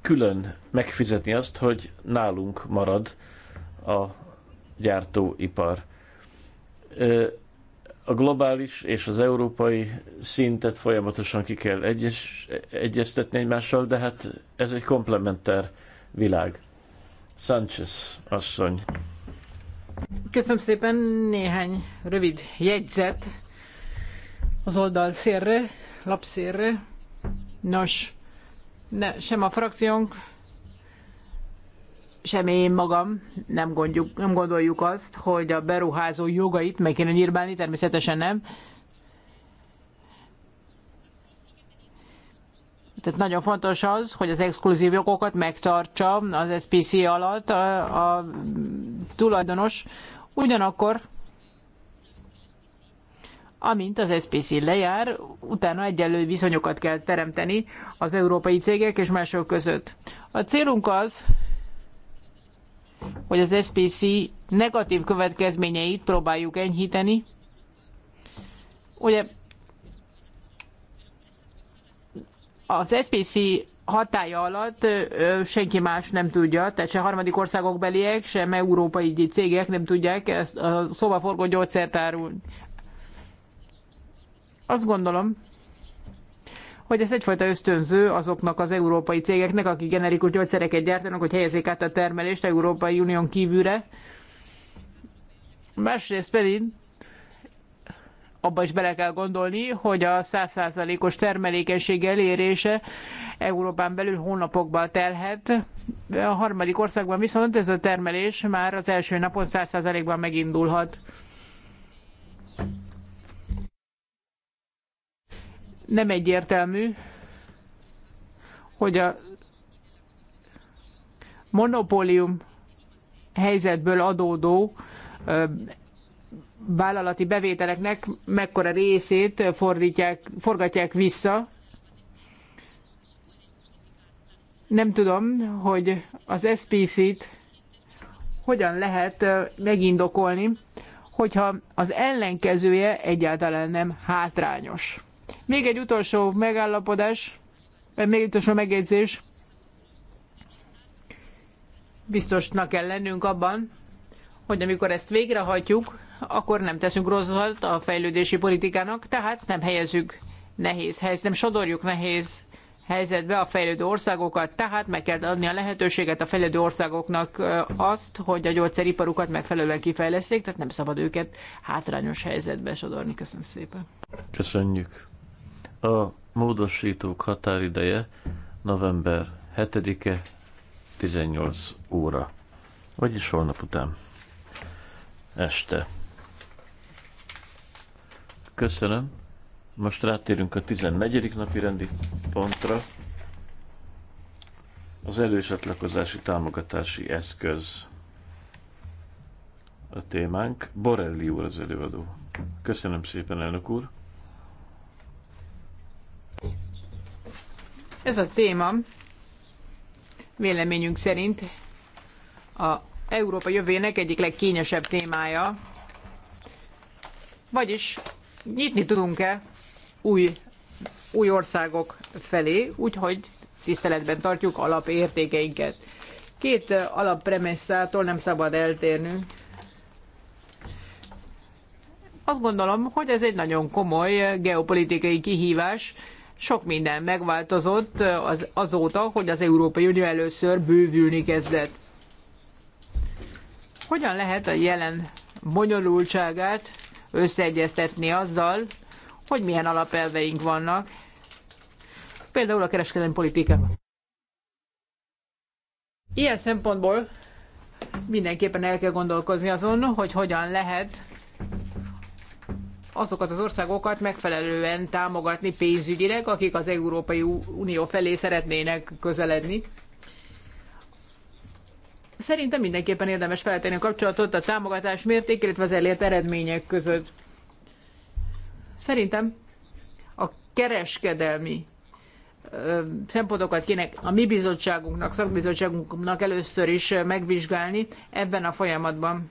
külön megfizetni azt, hogy nálunk marad a gyártóipar. Ö, a globális és az európai szintet folyamatosan ki kell egyes, egyeztetni egymással, de hát ez egy komplementer világ. Sánchez asszony. Köszönöm szépen néhány rövid jegyzet az oldal szélre, lapszérre. Nos, ne, sem a frakciónk, sem én magam nem, gondjuk, nem gondoljuk azt, hogy a beruházó jogait meg kéne nyírbálni, természetesen nem. Tehát nagyon fontos az, hogy az exkluzív jogokat megtartsa az SPC alatt a, a tulajdonos, ugyanakkor amint az SPC lejár, utána egyenlő viszonyokat kell teremteni az európai cégek és mások között. A célunk az, hogy az SPC negatív következményeit próbáljuk enyhíteni. Ugye az SPC hatája alatt senki más nem tudja, tehát se harmadik országok beliek, sem európai cégek nem tudják ezt a szobaforgó gyógyszertárul. Azt gondolom, hogy ez egyfajta ösztönző azoknak az európai cégeknek, akik generikus gyógyszereket gyártanak, hogy helyezzék át a termelést Európai Unión kívülre. Másrészt pedig abba is bele kell gondolni, hogy a 100%-os termelékenység elérése Európán belül hónapokban telhet. A harmadik országban viszont ez a termelés már az első napon 100%-ban megindulhat. nem egyértelmű, hogy a monopólium helyzetből adódó vállalati bevételeknek mekkora részét fordítják, forgatják vissza. Nem tudom, hogy az SPC-t hogyan lehet megindokolni, hogyha az ellenkezője egyáltalán nem hátrányos. Még egy utolsó megállapodás, még egy utolsó megjegyzés. Biztosnak kell lennünk abban, hogy amikor ezt végrehajtjuk, akkor nem teszünk rosszat a fejlődési politikának, tehát nem helyezzük nehéz helyzet, nem sodorjuk nehéz helyzetbe a fejlődő országokat, tehát meg kell adni a lehetőséget a fejlődő országoknak azt, hogy a gyógyszeriparukat megfelelően kifejleszték, tehát nem szabad őket hátrányos helyzetbe sodorni. Köszönöm szépen. Köszönjük. A módosítók határideje november 7-e 18 óra, vagyis holnap után este. Köszönöm. Most rátérünk a 14. napi rendi pontra. Az elősatlakozási támogatási eszköz a témánk. Borelli úr az előadó. Köszönöm szépen, elnök úr. Ez a téma véleményünk szerint a Európa jövőjének egyik legkényesebb témája, vagyis nyitni tudunk-e új, új országok felé, úgyhogy tiszteletben tartjuk alapértékeinket. Két alappremesszától nem szabad eltérnünk. Azt gondolom, hogy ez egy nagyon komoly geopolitikai kihívás, sok minden megváltozott az, azóta, hogy az Európai Unió először bővülni kezdett. Hogyan lehet a jelen bonyolultságát összeegyeztetni azzal, hogy milyen alapelveink vannak, például a kereskedelmi politikában. Ilyen szempontból mindenképpen el kell gondolkozni azon, hogy hogyan lehet azokat az országokat megfelelően támogatni pénzügyileg, akik az Európai Unió felé szeretnének közeledni. Szerintem mindenképpen érdemes feltenni a kapcsolatot a támogatás mérték, illetve az elért eredmények között. Szerintem a kereskedelmi szempontokat kéne a mi bizottságunknak, szakbizottságunknak először is megvizsgálni ebben a folyamatban.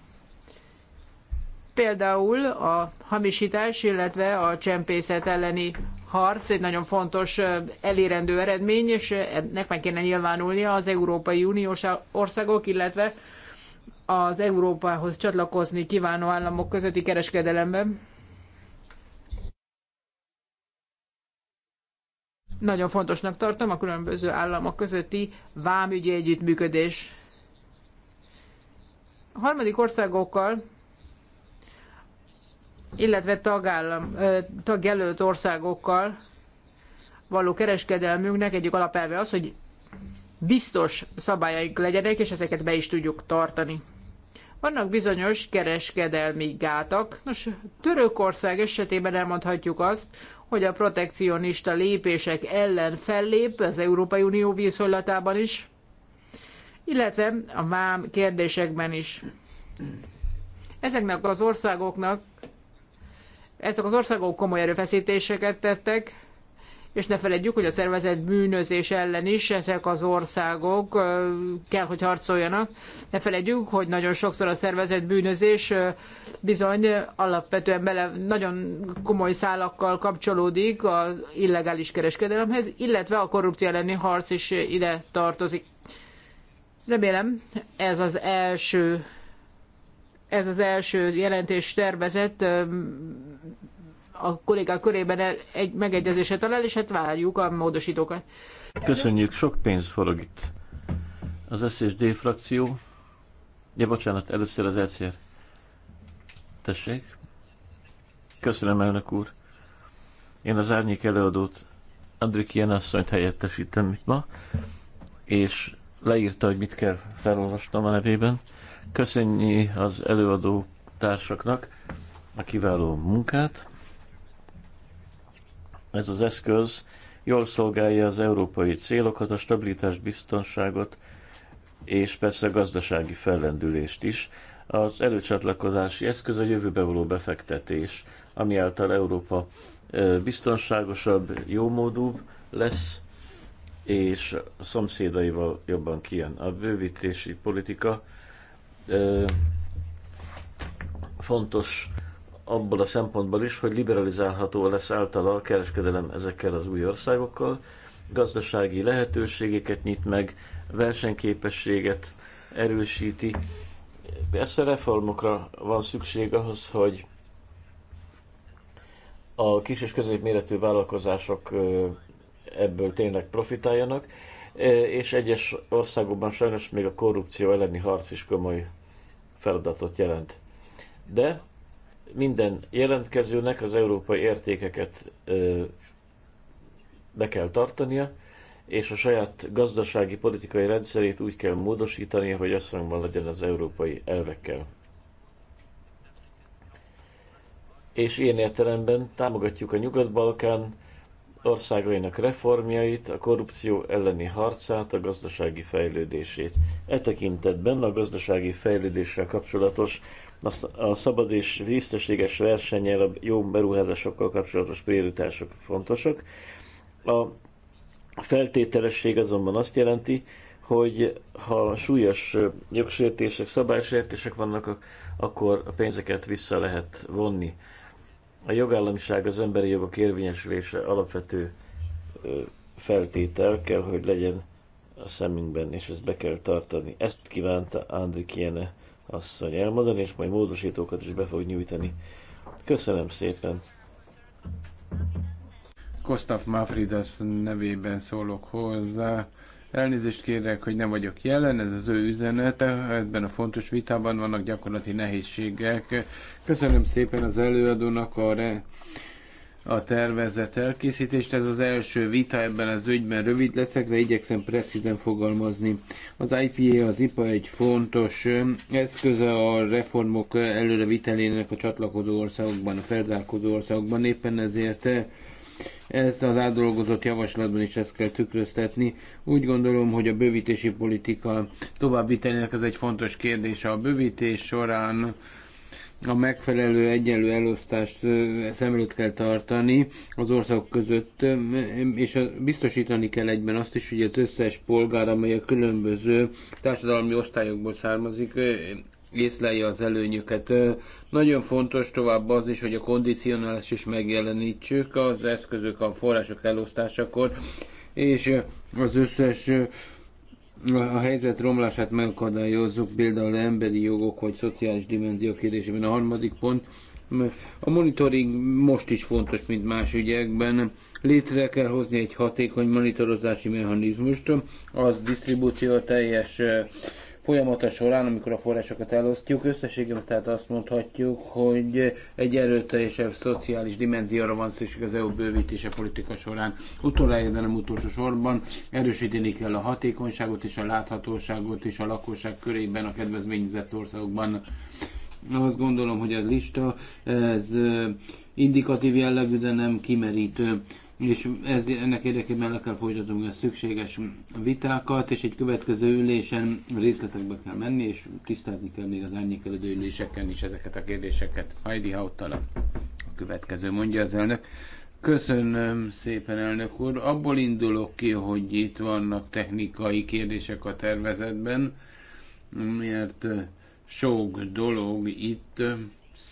Például a hamisítás, illetve a csempészet elleni harc egy nagyon fontos elérendő eredmény, és ennek meg kéne nyilvánulnia az Európai Uniós országok, illetve az Európához csatlakozni kívánó államok közötti kereskedelemben. Nagyon fontosnak tartom a különböző államok közötti vámügyi együttműködés. A harmadik országokkal illetve tagállam, tagjelölt országokkal való kereskedelmünknek egyik alapelve az, hogy biztos szabályaik legyenek, és ezeket be is tudjuk tartani. Vannak bizonyos kereskedelmi gátak. Nos, Törökország esetében elmondhatjuk azt, hogy a protekcionista lépések ellen fellép az Európai Unió viszonylatában is, illetve a vám kérdésekben is. Ezeknek az országoknak ezek az országok komoly erőfeszítéseket tettek, és ne feledjük, hogy a szervezet bűnözés ellen is ezek az országok kell, hogy harcoljanak. Ne feledjük, hogy nagyon sokszor a szervezet bűnözés bizony alapvetően bele nagyon komoly szálakkal kapcsolódik az illegális kereskedelemhez, illetve a korrupció elleni harc is ide tartozik. Remélem ez az első ez az első jelentés tervezett a kollégák körében egy megegyezésre talál, és hát várjuk a módosítókat. Köszönjük, sok pénz forog itt. Az SZSD frakció. Ja, bocsánat, először az ECR. Tessék. Köszönöm, elnök úr. Én az árnyék előadót, Andrik Ilyen asszonyt helyettesítem itt ma, és leírta, hogy mit kell felolvasnom a nevében. Köszönjük az előadó társaknak a kiváló munkát. Ez az eszköz jól szolgálja az európai célokat, a stabilitást, biztonságot és persze a gazdasági fellendülést is. Az előcsatlakozási eszköz a jövőbe való befektetés, ami által Európa biztonságosabb, jómódúbb lesz, és a szomszédaival jobban kijön. A bővítési politika fontos abból a szempontból is, hogy liberalizálható lesz általa a kereskedelem ezekkel az új országokkal, gazdasági lehetőségeket nyit meg, versenyképességet erősíti. Persze reformokra van szükség ahhoz, hogy a kis és középméretű vállalkozások ebből tényleg profitáljanak, és egyes országokban sajnos még a korrupció elleni harc is komoly feladatot jelent. De minden jelentkezőnek az európai értékeket be kell tartania, és a saját gazdasági politikai rendszerét úgy kell módosítania, hogy összhangban legyen az európai elvekkel. És ilyen értelemben támogatjuk a Nyugat-Balkán országainak reformjait, a korrupció elleni harcát, a gazdasági fejlődését. E tekintetben a gazdasági fejlődéssel kapcsolatos a szabad és tisztességes versenyel, a jó beruházásokkal kapcsolatos prioritások fontosak. A feltételesség azonban azt jelenti, hogy ha súlyos jogsértések, szabálysértések vannak, akkor a pénzeket vissza lehet vonni. A jogállamiság az emberi jogok érvényesülése alapvető feltétel kell, hogy legyen a szemünkben, és ezt be kell tartani. Ezt kívánta Andri Kiene asszony elmondani, és majd módosítókat is be fog nyújtani. Köszönöm szépen! Kostaf Mafridas nevében szólok hozzá. Elnézést kérek, hogy nem vagyok jelen, ez az ő üzenete, ebben a fontos vitában vannak gyakorlati nehézségek. Köszönöm szépen az előadónak a, re, a tervezett elkészítést. Ez az első vita ebben az ügyben rövid leszek, de igyekszem precízen fogalmazni. Az IPA, az IPA egy fontos eszköze a reformok előrevitelének a csatlakozó országokban, a felzárkozó országokban. Éppen ezért ez az átdolgozott javaslatban is ezt kell tükröztetni. Úgy gondolom, hogy a bővítési politika továbbvitelének ez egy fontos kérdése. A bővítés során a megfelelő egyenlő elosztást szem előtt kell tartani az országok között, és biztosítani kell egyben azt is, hogy az összes polgár, amely a különböző társadalmi osztályokból származik, észlelje az előnyöket. Nagyon fontos tovább az is, hogy a kondicionálást is megjelenítsük az eszközök, a források elosztásakor, és az összes a helyzet romlását megakadályozzuk, például emberi jogok vagy szociális dimenzió kérdésében. A harmadik pont, a monitoring most is fontos, mint más ügyekben. Létre kell hozni egy hatékony monitorozási mechanizmust, az distribúció teljes folyamata során, amikor a forrásokat elosztjuk, összességében tehát azt mondhatjuk, hogy egy erőteljesebb szociális dimenzióra van szükség az EU bővítése politika során. Utoljára de nem utolsó sorban erősíteni kell a hatékonyságot és a láthatóságot és a lakosság körében a kedvezményezett országokban. Azt gondolom, hogy ez lista ez eh, indikatív jellegű, de nem kimerítő és ez, ennek érdekében le kell folytatunk a szükséges vitákat, és egy következő ülésen részletekbe kell menni, és tisztázni kell még az árnyékelődő üléseken is ezeket a kérdéseket. Heidi Hautala a következő, mondja az elnök. Köszönöm szépen, elnök úr. Abból indulok ki, hogy itt vannak technikai kérdések a tervezetben, mert sok dolog itt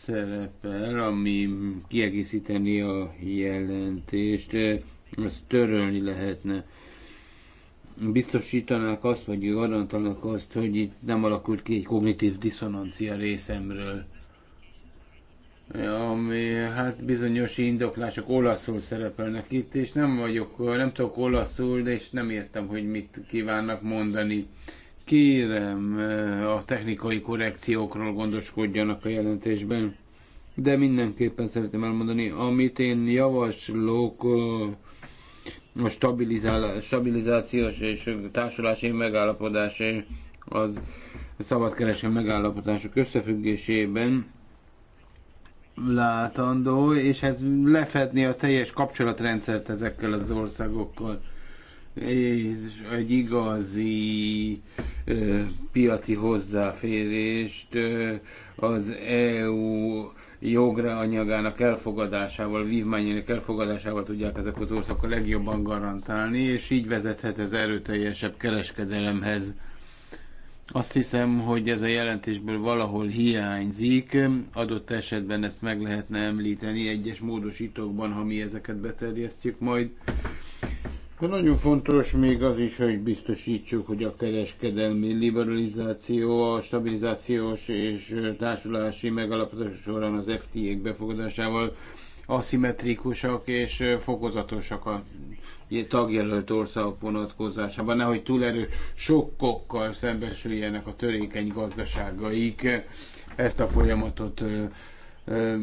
szerepel, ami kiegészíteni a jelentést, azt törölni lehetne. Biztosítanák azt, vagy garantalnak azt, hogy itt nem alakult ki egy kognitív diszonancia részemről. Ami hát bizonyos indoklások olaszul szerepelnek itt, és nem vagyok, nem tudok olaszul, de és nem értem, hogy mit kívánnak mondani. Kérem, eh, a technikai korrekciókról gondoskodjanak a jelentésben, de mindenképpen szeretném elmondani, amit én javaslok, eh, a stabilizál, stabilizációs és társulási megállapodás az szabadkeresen megállapodások összefüggésében látandó, és ez lefedni a teljes kapcsolatrendszert ezekkel az országokkal és egy igazi ö, piaci hozzáférést ö, az EU jogra anyagának elfogadásával, vívmányának elfogadásával tudják ezek az országok a legjobban garantálni, és így vezethet ez erőteljesebb kereskedelemhez. Azt hiszem, hogy ez a jelentésből valahol hiányzik, adott esetben ezt meg lehetne említeni egyes módosítókban, ha mi ezeket beterjesztjük majd. Nagyon fontos még az is, hogy biztosítsuk, hogy a kereskedelmi liberalizáció, a stabilizációs és társulási megalapozás során az FTA-k befogadásával aszimmetrikusak és fokozatosak a tagjelölt országok vonatkozásában, nehogy túl erős sokkokkal szembesüljenek a törékeny gazdaságaik. Ezt a folyamatot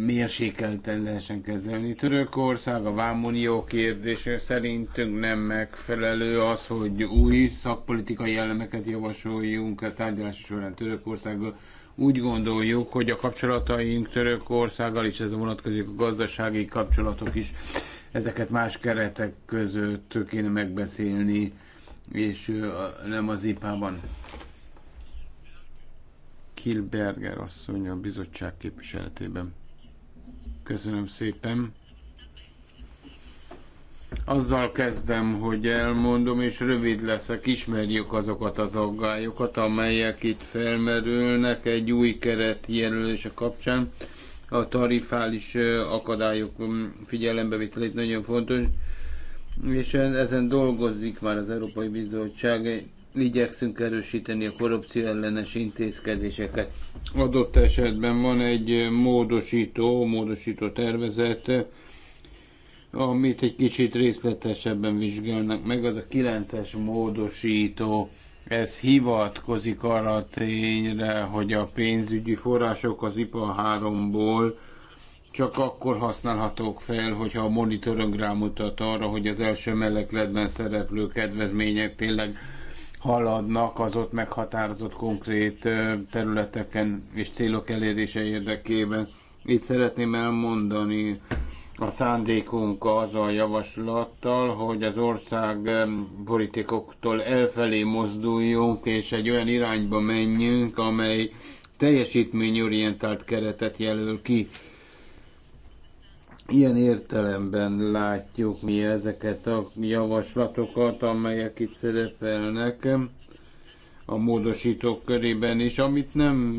mérsékelten lehessen kezelni. Törökország, a Vámunió kérdése szerintünk nem megfelelő az, hogy új szakpolitikai elemeket javasoljunk a tárgyalási során Törökországgal. Úgy gondoljuk, hogy a kapcsolataink Törökországgal, is ez vonatkozik a gazdasági kapcsolatok is, ezeket más keretek között kéne megbeszélni, és nem az IPA-ban. Kilberger asszony a bizottság képviseletében. Köszönöm szépen. Azzal kezdem, hogy elmondom, és rövid leszek, ismerjük azokat az aggályokat, amelyek itt felmerülnek egy új keret jelölése kapcsán. A tarifális akadályok figyelembevételét nagyon fontos, és ezen dolgozik már az Európai Bizottság igyekszünk erősíteni a korrupció ellenes intézkedéseket. Adott esetben van egy módosító, módosító tervezet, amit egy kicsit részletesebben vizsgálnak meg, az a 9-es módosító. Ez hivatkozik arra a tényre, hogy a pénzügyi források az IPA 3-ból csak akkor használhatók fel, hogyha a monitorunk rámutat arra, hogy az első mellékletben szereplő kedvezmények tényleg haladnak az ott meghatározott konkrét területeken és célok elérése érdekében. Itt szeretném elmondani a szándékunk az a javaslattal, hogy az ország politikoktól elfelé mozduljunk, és egy olyan irányba menjünk, amely teljesítményorientált keretet jelöl ki Ilyen értelemben látjuk mi ezeket a javaslatokat, amelyek itt szerepelnek a módosítók körében is. Amit nem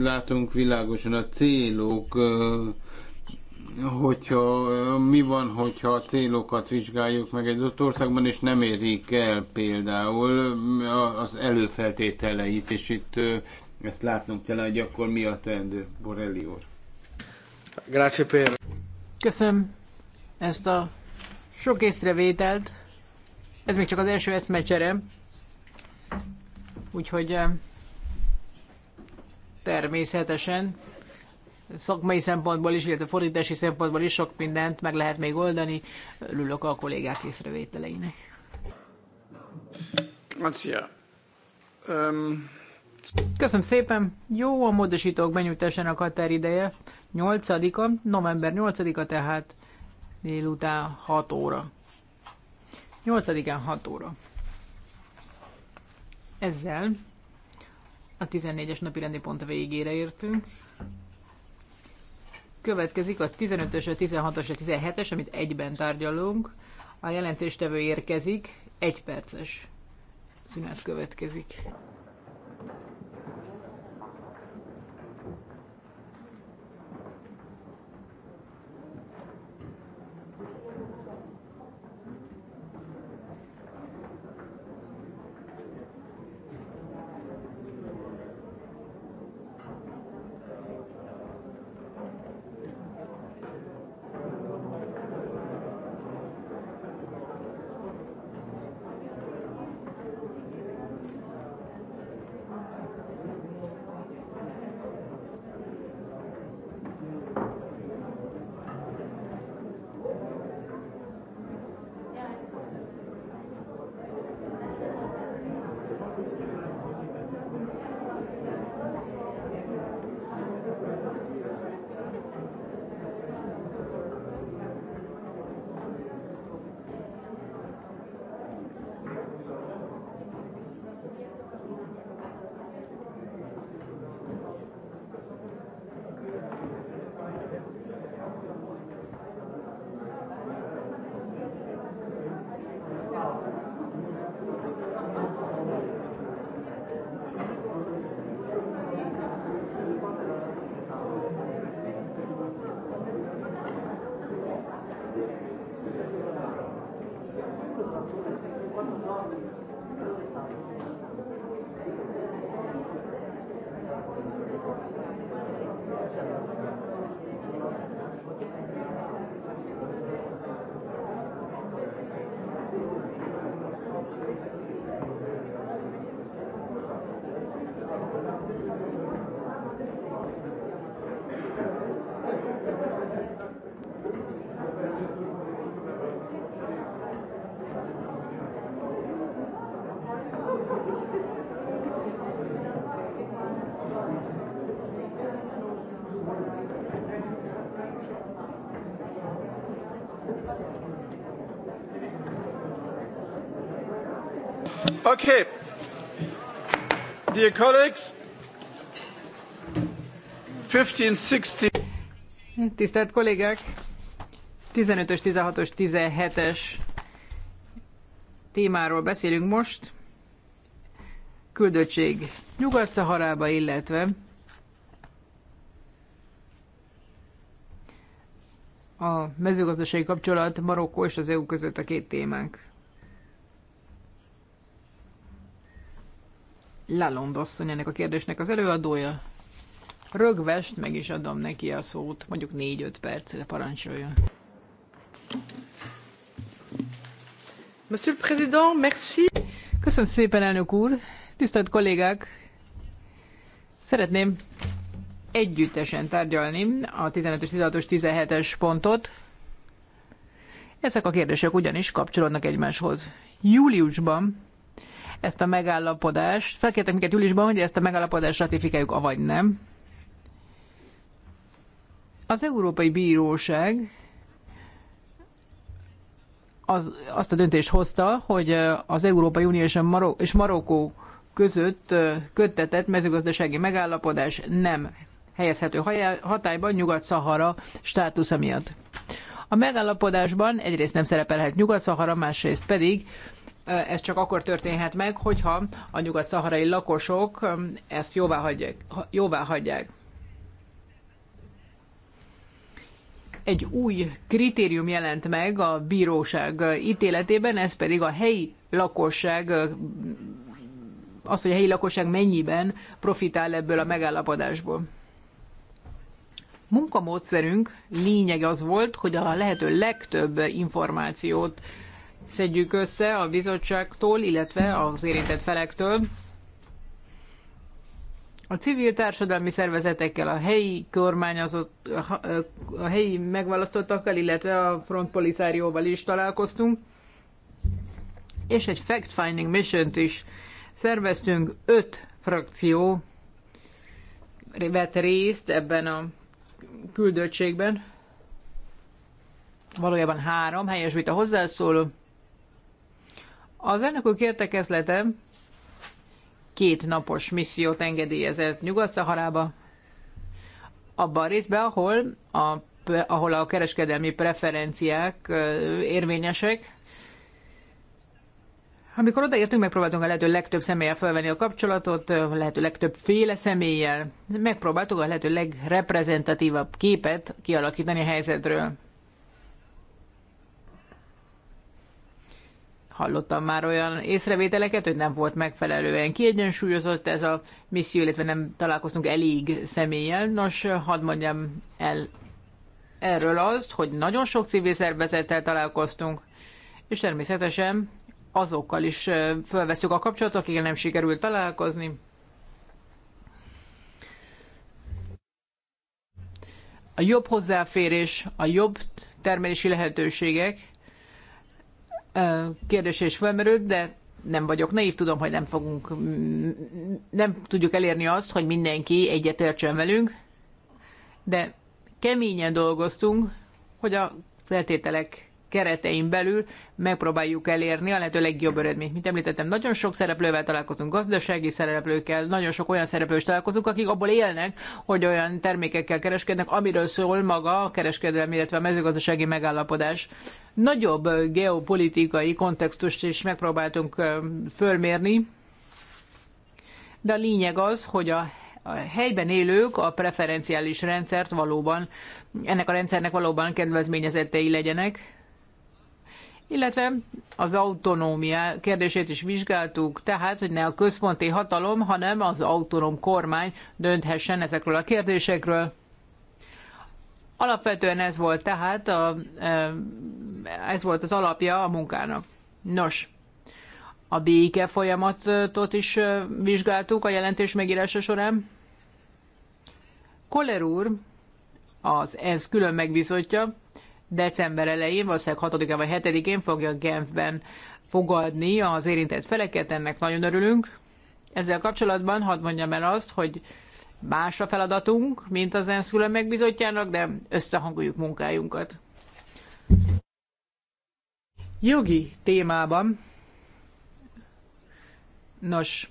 látunk világosan, a célok, hogyha mi van, hogyha a célokat vizsgáljuk meg egy ott országban, és nem érik el például az előfeltételeit, és itt ezt látnunk kell, hogy akkor mi a teendő, Borelli úr. Grazie per. Köszönöm ezt a sok észrevételt. Ez még csak az első eszmecsere. Úgyhogy eh, természetesen szakmai szempontból is, illetve fordítási szempontból is sok mindent meg lehet még oldani. Örülök a kollégák észrevételeinek. Grazie. Um... Köszönöm szépen. Jó, a módosítók benyújtásának határideje. 8-a, november 8-a tehát délután 6 óra. 8-án 6 óra. Ezzel a 14-es napi rendi pont végére értünk. Következik a 15-ös, a 16-os, a 17-es, amit egyben tárgyalunk. A jelentéstevő érkezik, egy perces szünet következik. Okay. Dear colleagues, 15, Tisztelt kollégák, 15-ös, 16-os, 17-es témáról beszélünk most. Küldöttség Nyugat-Szaharába, illetve a mezőgazdasági kapcsolat Marokkó és az EU között a két témánk. Lalond asszony ennek a kérdésnek az előadója. Rögvest meg is adom neki a szót, mondjuk 4-5 percre parancsoljon. Monsieur le Président, merci. Köszönöm szépen, elnök úr. Tisztelt kollégák, szeretném együttesen tárgyalni a 15-ös, 16-os, 17-es pontot. Ezek a kérdések ugyanis kapcsolódnak egymáshoz. Júliusban ezt a megállapodást. Felkértek minket júliusban, hogy ezt a megállapodást ratifikáljuk, avagy nem. Az Európai Bíróság az, azt a döntést hozta, hogy az Európai Unió és, Marok- és Marokkó között köttetett mezőgazdasági megállapodás nem helyezhető hatályban Nyugat-Szahara státusza miatt. A megállapodásban egyrészt nem szerepelhet Nyugat-Szahara, másrészt pedig ez csak akkor történhet meg, hogyha a nyugat-szaharai lakosok um, ezt jóvá hagyják. Jóvá hagyják. Egy új kritérium jelent meg a bíróság ítéletében, ez pedig a helyi lakosság um, az, hogy a helyi lakosság mennyiben profitál ebből a megállapodásból. Munkamódszerünk lényeg az volt, hogy a lehető legtöbb információt szedjük össze a bizottságtól, illetve az érintett felektől. A civil társadalmi szervezetekkel, a helyi kormányozott, a helyi megválasztottakkal, illetve a Front Polisárióval is találkoztunk, és egy fact-finding mission is szerveztünk. Öt frakció vett részt ebben a küldöttségben. Valójában három, helyes, mint a hozzászóló. Az úr értekezlete két napos missziót engedélyezett Nyugat-Szaharába, abban a részben, ahol a, ahol a kereskedelmi preferenciák érvényesek. Amikor odaértünk, megpróbáltunk a lehető legtöbb személlyel felvenni a kapcsolatot, a lehető legtöbb féle személlyel. Megpróbáltuk a lehető legreprezentatívabb képet kialakítani a helyzetről. Hallottam már olyan észrevételeket, hogy nem volt megfelelően kiegyensúlyozott ez a misszió, illetve nem találkoztunk elég személlyel. Nos, hadd mondjam el erről azt, hogy nagyon sok civil szervezettel találkoztunk, és természetesen azokkal is felveszünk a kapcsolatot, akikkel nem sikerült találkozni. A jobb hozzáférés, a jobb termelési lehetőségek kérdés is felmerült, de nem vagyok naív, tudom, hogy nem fogunk, nem tudjuk elérni azt, hogy mindenki egyetértsen velünk, de keményen dolgoztunk, hogy a feltételek keretein belül megpróbáljuk elérni a lehető legjobb eredményt. Mint említettem, nagyon sok szereplővel találkozunk, gazdasági szereplőkkel, nagyon sok olyan szereplővel is találkozunk, akik abból élnek, hogy olyan termékekkel kereskednek, amiről szól maga a kereskedelmi, illetve a mezőgazdasági megállapodás. Nagyobb geopolitikai kontextust is megpróbáltunk fölmérni, de a lényeg az, hogy a a helyben élők a preferenciális rendszert valóban, ennek a rendszernek valóban kedvezményezettei legyenek illetve az autonómia kérdését is vizsgáltuk, tehát, hogy ne a központi hatalom, hanem az autonóm kormány dönthessen ezekről a kérdésekről. Alapvetően ez volt tehát a, e, ez volt az alapja a munkának. Nos, a béke folyamatot is e, vizsgáltuk a jelentés megírása során. Koller úr, az ENSZ külön megbizotja, december elején, valószínűleg 6-án vagy 7-én fogja Genfben fogadni az érintett feleket, ennek nagyon örülünk. Ezzel kapcsolatban hadd mondjam el azt, hogy más a feladatunk, mint az ENSZ megbizotjának, de összehangoljuk munkájunkat. Jogi témában, nos,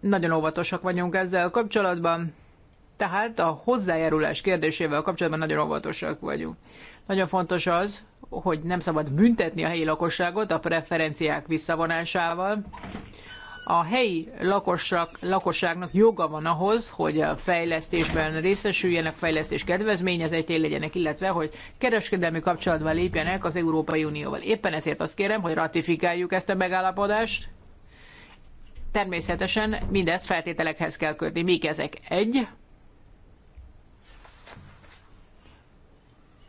nagyon óvatosak vagyunk ezzel kapcsolatban, tehát a hozzájárulás kérdésével kapcsolatban nagyon óvatosak vagyunk. Nagyon fontos az, hogy nem szabad büntetni a helyi lakosságot a preferenciák visszavonásával. A helyi lakosság, lakosságnak joga van ahhoz, hogy a fejlesztésben részesüljenek, fejlesztés kedvezményezetjei legyenek, illetve hogy kereskedelmi kapcsolatban lépjenek az Európai Unióval. Éppen ezért azt kérem, hogy ratifikáljuk ezt a megállapodást. Természetesen mindezt feltételekhez kell kötni. Mik ezek? Egy,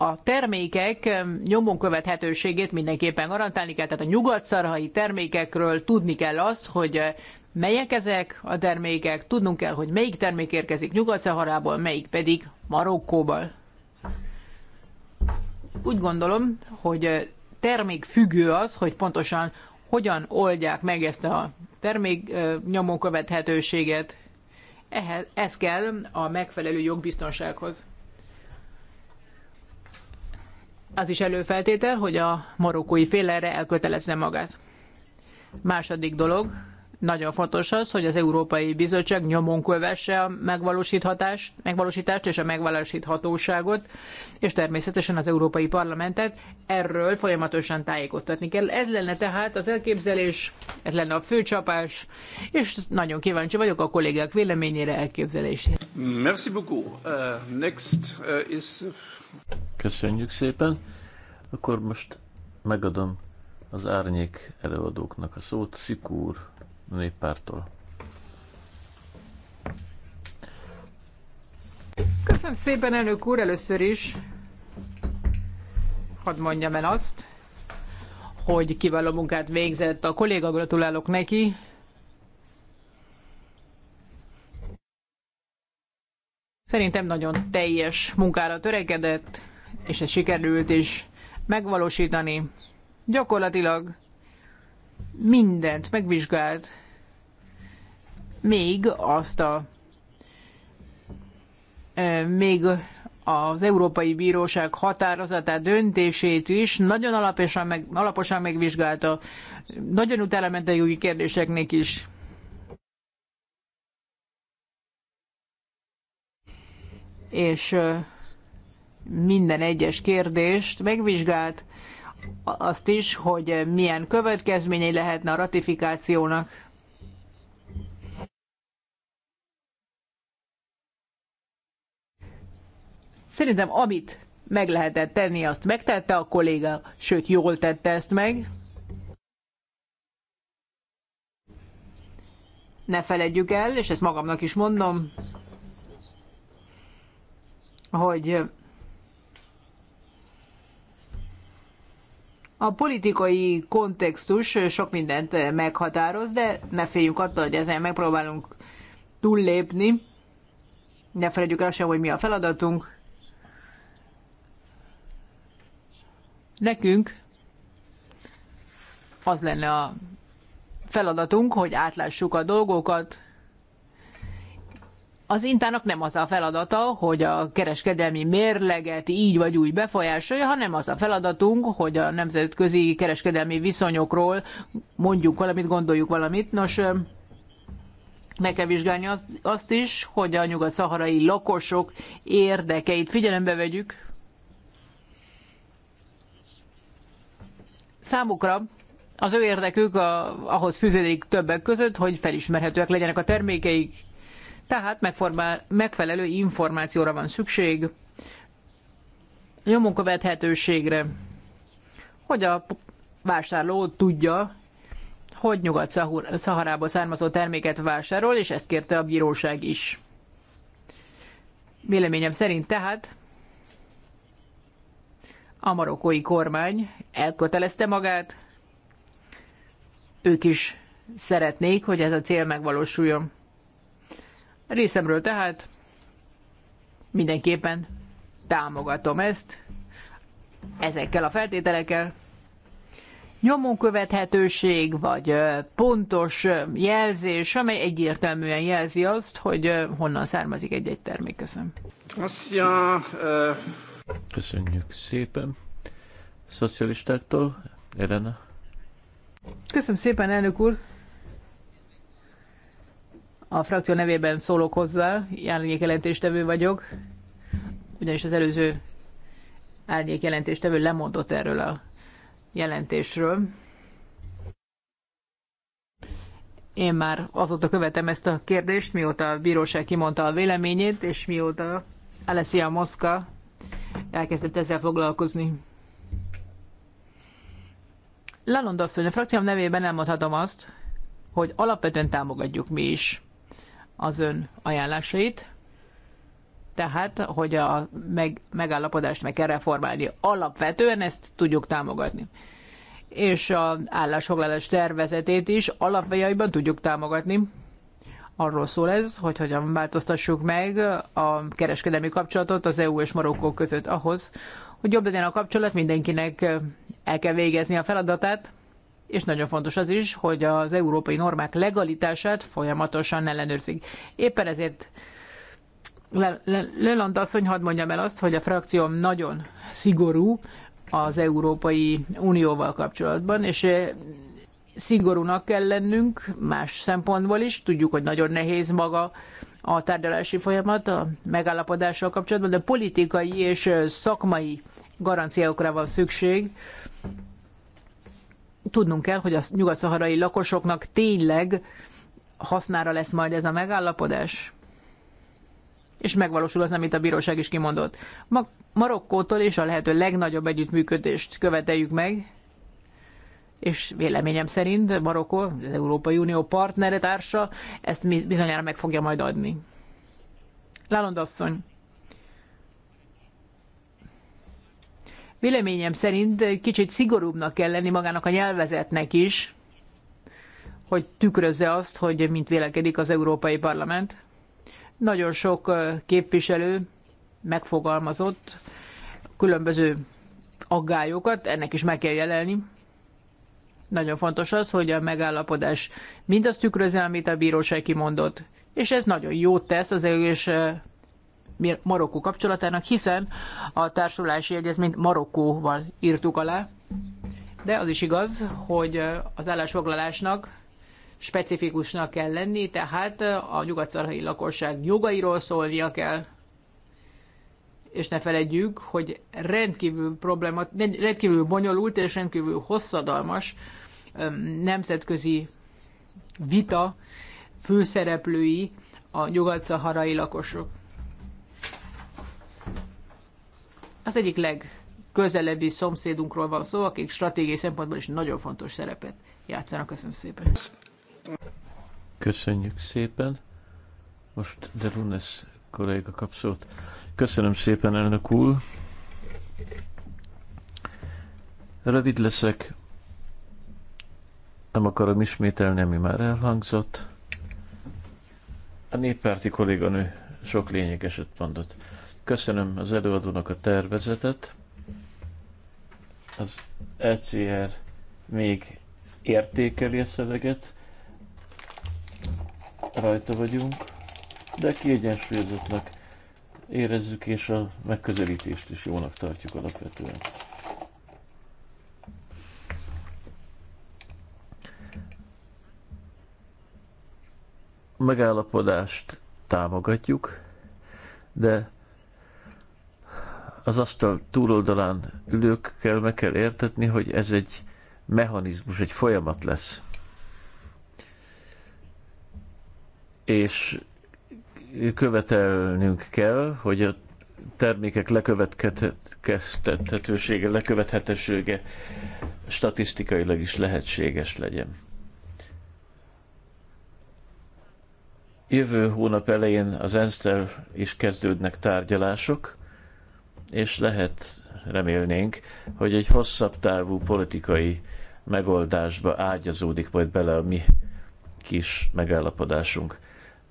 a termékek nyomon követhetőségét mindenképpen garantálni kell, tehát a nyugat-szarhai termékekről tudni kell azt, hogy eh, melyek ezek a termékek, tudnunk kell, hogy melyik termék érkezik Nyugat-Szaharából, melyik pedig Marokkóból. Úgy gondolom, hogy eh, termék függő az, hogy pontosan hogyan oldják meg ezt a termék eh, nyomon követhetőséget. Ehhez, ez kell a megfelelő jogbiztonsághoz. Az is előfeltétel, hogy a marokkói fél erre elkötelezze magát. Második dolog, nagyon fontos az, hogy az Európai Bizottság nyomon kövesse a megvalósíthatás, megvalósítást és a megvalósíthatóságot, és természetesen az Európai Parlamentet erről folyamatosan tájékoztatni kell. Ez lenne tehát az elképzelés, ez lenne a főcsapás, és nagyon kíváncsi vagyok a kollégák véleményére, elképzelésére. Merci beaucoup. Uh, next uh, is Köszönjük szépen. Akkor most megadom az árnyék előadóknak a szót. Szikúr néppártól. Köszönöm szépen, elnök úr, először is. Hadd mondjam el azt, hogy kiváló munkát végzett a kolléga, gratulálok neki. Szerintem nagyon teljes munkára törekedett, és ez sikerült is megvalósítani. Gyakorlatilag mindent megvizsgált, még azt a e, még az Európai Bíróság határozatát, döntését is nagyon alaposan, meg, alaposan megvizsgálta, nagyon utána ment a jogi kérdéseknek is. és minden egyes kérdést megvizsgált, azt is, hogy milyen következményei lehetne a ratifikációnak. Szerintem amit meg lehetett tenni, azt megtette a kolléga, sőt jól tette ezt meg. Ne feledjük el, és ezt magamnak is mondom, hogy a politikai kontextus sok mindent meghatároz, de ne féljünk attól, hogy ezen megpróbálunk túllépni. Ne felejtjük el sem, hogy mi a feladatunk. Nekünk az lenne a feladatunk, hogy átlássuk a dolgokat, az intának nem az a feladata, hogy a kereskedelmi mérleget így vagy úgy befolyásolja, hanem az a feladatunk, hogy a nemzetközi kereskedelmi viszonyokról mondjuk valamit, gondoljuk valamit. Nos, meg kell vizsgálni azt, azt is, hogy a nyugat-szaharai lakosok érdekeit figyelembe vegyük. Számukra az ő érdekük a, ahhoz fűződik többek között, hogy felismerhetőek legyenek a termékeik, tehát megfelelő információra van szükség, nyomon követhetőségre, hogy a vásárló tudja, hogy nyugat szaharába származó terméket vásárol, és ezt kérte a bíróság is. Véleményem szerint tehát a marokkói kormány elkötelezte magát, ők is szeretnék, hogy ez a cél megvalósuljon. Részemről tehát mindenképpen támogatom ezt ezekkel a feltételekkel. Nyomon követhetőség, vagy pontos jelzés, amely egyértelműen jelzi azt, hogy honnan származik egy-egy termék. Köszönöm. Köszönjük szépen. Szocialistáktól, Elena. Köszönöm szépen, elnök úr. A frakció nevében szólok hozzá, járnék jelentéstevő vagyok, ugyanis az előző árnyék jelentéstevő lemondott erről a jelentésről. Én már azóta követem ezt a kérdést, mióta a bíróság kimondta a véleményét, és mióta Alessia Moszka elkezdett ezzel foglalkozni. Lalond asszony, a frakcióm nevében elmondhatom azt, hogy alapvetően támogatjuk mi is az ön ajánlásait, tehát, hogy a meg, megállapodást meg kell reformálni. Alapvetően ezt tudjuk támogatni. És a állásfoglalás tervezetét is alapvetően tudjuk támogatni. Arról szól ez, hogy hogyan változtassuk meg a kereskedelmi kapcsolatot az EU és Marokkó között ahhoz, hogy jobb legyen a kapcsolat, mindenkinek el kell végezni a feladatát, és nagyon fontos az is, hogy az európai normák legalitását folyamatosan ellenőrzik. Éppen ezért Leland asszony, hadd mondjam el azt, hogy a frakcióm nagyon szigorú az Európai Unióval kapcsolatban, és eh, szigorúnak kell lennünk más szempontból is. Tudjuk, hogy nagyon nehéz maga a tárgyalási folyamat a megállapodással kapcsolatban, de politikai és eh, szakmai garanciákra van szükség tudnunk kell, hogy a nyugat-szaharai lakosoknak tényleg hasznára lesz majd ez a megállapodás, és megvalósul az, amit a bíróság is kimondott. Ma Marokkótól és a lehető legnagyobb együttműködést követeljük meg, és véleményem szerint Marokkó, az Európai Unió partnere, társa, ezt bizonyára meg fogja majd adni. Lálond asszony, Véleményem szerint kicsit szigorúbbnak kell lenni magának a nyelvezetnek is, hogy tükrözze azt, hogy mint vélekedik az Európai Parlament. Nagyon sok képviselő megfogalmazott különböző aggályokat, ennek is meg kell jelenni. Nagyon fontos az, hogy a megállapodás mindazt tükrözi, amit a bíróság kimondott, és ez nagyon jót tesz az EU és Marokkó kapcsolatának, hiszen a társulási egyezményt Marokkóval írtuk alá. De az is igaz, hogy az állásfoglalásnak specifikusnak kell lenni, tehát a nyugat lakosság jogairól szólnia kell, és ne feledjük, hogy rendkívül, probléma, rendkívül bonyolult és rendkívül hosszadalmas nemzetközi vita főszereplői a nyugat-szaharai lakosok. Az egyik legközelebbi szomszédunkról van szó, akik stratégiai szempontból is nagyon fontos szerepet játszanak. Köszönöm szépen. Köszönjük szépen. Most de Lunes kolléga kap szót. Köszönöm szépen, elnök úr. Rövid leszek. Nem akarom ismételni, ami már elhangzott. A néppárti kolléganő sok lényegeset mondott. Köszönöm az előadónak a tervezetet. Az ECR még értékeli a szöveget, rajta vagyunk, de kiegyensúlyozottnak érezzük, és a megközelítést is jónak tartjuk alapvetően. megállapodást támogatjuk, de az asztal túloldalán ülőkkel meg kell értetni, hogy ez egy mechanizmus, egy folyamat lesz. És követelnünk kell, hogy a termékek lekövetkeztethetősége, lekövethetősége statisztikailag is lehetséges legyen. Jövő hónap elején az ensz is kezdődnek tárgyalások, és lehet remélnénk, hogy egy hosszabb távú politikai megoldásba ágyazódik majd bele a mi kis megállapodásunk.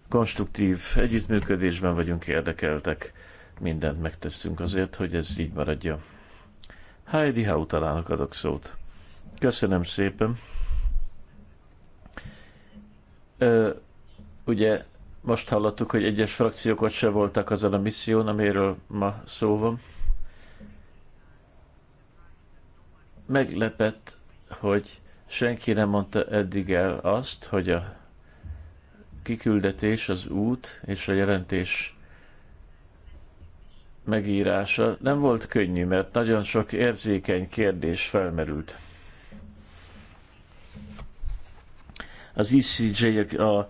Konstruktív együttműködésben vagyunk érdekeltek, mindent megteszünk azért, hogy ez így maradja. Heidi talának adok szót. Köszönöm szépen. Ö, ugye most hallottuk, hogy egyes frakciók ott se voltak azon a misszión, amiről ma szó van. Meglepett, hogy senki nem mondta eddig el azt, hogy a kiküldetés, az út és a jelentés megírása nem volt könnyű, mert nagyon sok érzékeny kérdés felmerült. Az ECJ, a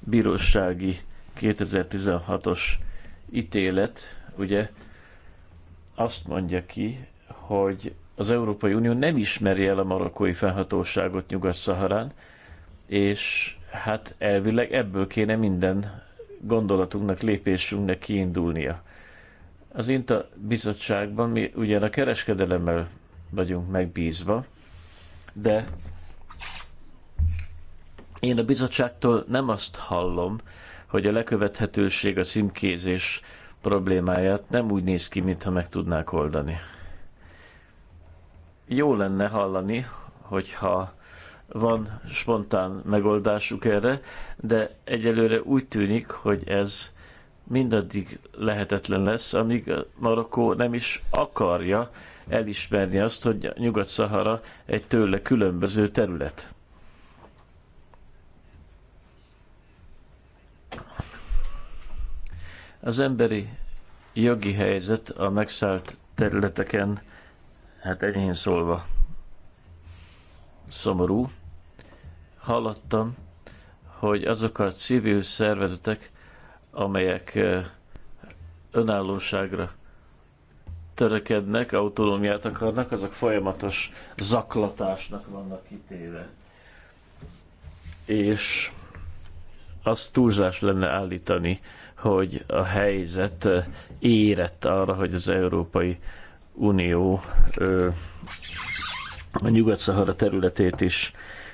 bírósági 2016-os ítélet ugye azt mondja ki, hogy az Európai Unió nem ismeri el a marokkói felhatóságot Nyugat-Szaharán, és hát elvileg ebből kéne minden gondolatunknak, lépésünknek kiindulnia. Az INTA bizottságban mi ugyan a kereskedelemmel vagyunk megbízva, de én a bizottságtól nem azt hallom, hogy a lekövethetőség, a szimkézés problémáját nem úgy néz ki, mintha meg tudnák oldani. Jó lenne hallani, hogyha van spontán megoldásuk erre, de egyelőre úgy tűnik, hogy ez mindaddig lehetetlen lesz, amíg Marokkó nem is akarja elismerni azt, hogy Nyugat-Szahara egy tőle különböző terület. Az emberi jogi helyzet a megszállt területeken, hát enyhén szólva, szomorú. Hallottam, hogy azok a civil szervezetek, amelyek eh, önállóságra törekednek, autonómiát akarnak, azok folyamatos zaklatásnak vannak kitéve. És az túlzás lenne állítani, hogy a helyzet érett arra, hogy az Európai Unió a Nyugat-Szahara területét is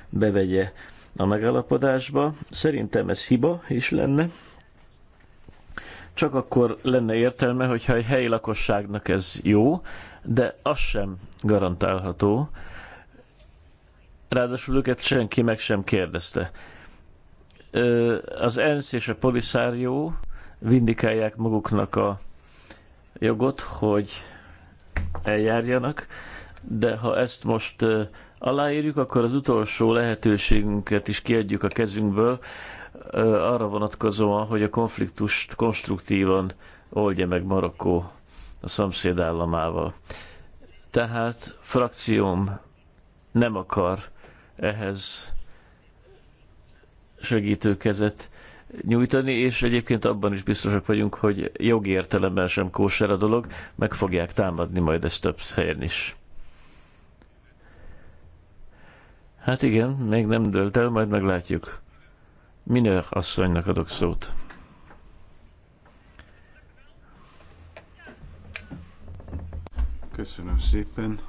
bevegye a megállapodásba. Szerintem ez hiba is lenne. Csak akkor lenne értelme, hogyha egy helyi lakosságnak ez jó, de az sem garantálható. Ráadásul őket senki meg sem kérdezte az ENSZ és a Polisárió vindikálják maguknak a jogot, hogy eljárjanak, de ha ezt most aláírjuk, akkor az utolsó lehetőségünket is kiadjuk a kezünkből, arra vonatkozóan, hogy a konfliktust konstruktívan oldja meg Marokkó a szomszéd államával. Tehát frakcióm nem akar ehhez segítő kezet nyújtani, és egyébként abban is biztosak vagyunk, hogy jogi értelemben sem kóser a dolog, meg fogják támadni majd ezt több helyen is. Hát igen, még nem dölt el, majd meglátjuk. Minőr asszonynak adok szót. Köszönöm szépen.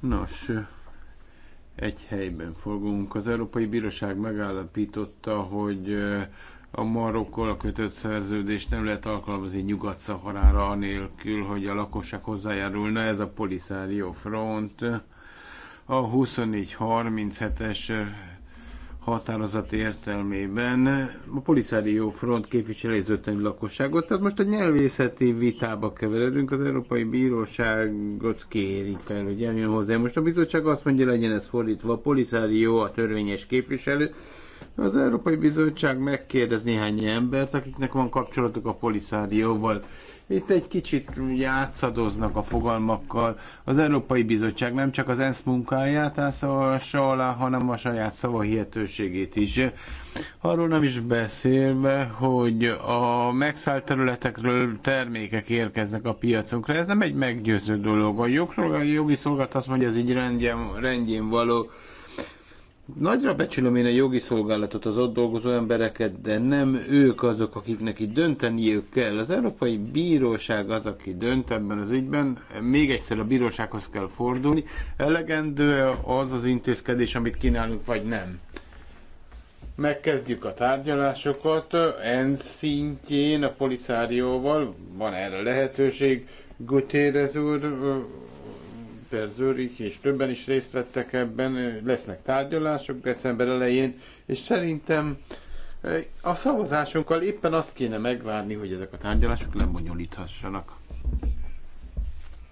Nos, egy helyben fogunk. Az Európai Bíróság megállapította, hogy a Marokkol kötött szerződést nem lehet alkalmazni Nyugat-Szaharára anélkül, hogy a lakosság hozzájárulna. Ez a Polisario Front. A 2437-es határozat értelmében a Polisario Front képviseli lakosságot, tehát most a nyelvészeti vitába keveredünk, az Európai Bíróságot kérik fel, hogy eljön hozzá. Most a bizottság azt mondja, legyen ez fordítva, a Polisario a törvényes képviselő, az Európai Bizottság megkérdez néhány embert, akiknek van kapcsolatuk a Polisárióval. Itt egy kicsit játszadoznak a fogalmakkal. Az Európai Bizottság nem csak az ENSZ munkáját átszavassa alá, hanem a saját hihetőségét is. Arról nem is beszélve, hogy a megszállt területekről termékek érkeznek a piacunkra. Ez nem egy meggyőző dolog. A jogi szolgálat azt mondja, ez így rendjén, rendjén való Nagyra becsülöm én a jogi szolgálatot, az ott dolgozó embereket, de nem ők azok, akiknek itt dönteniük kell. Az Európai Bíróság az, aki dönt ebben az ügyben. Még egyszer a bírósághoz kell fordulni. Elegendő az az intézkedés, amit kínálunk, vagy nem? Megkezdjük a tárgyalásokat En szintjén a poliszárióval. Van erre lehetőség. Gutéres úr Péter Zürich, és többen is részt vettek ebben, lesznek tárgyalások december elején, és szerintem eh, a szavazásunkkal éppen azt kéne megvárni, hogy ezek a tárgyalások lebonyolíthassanak.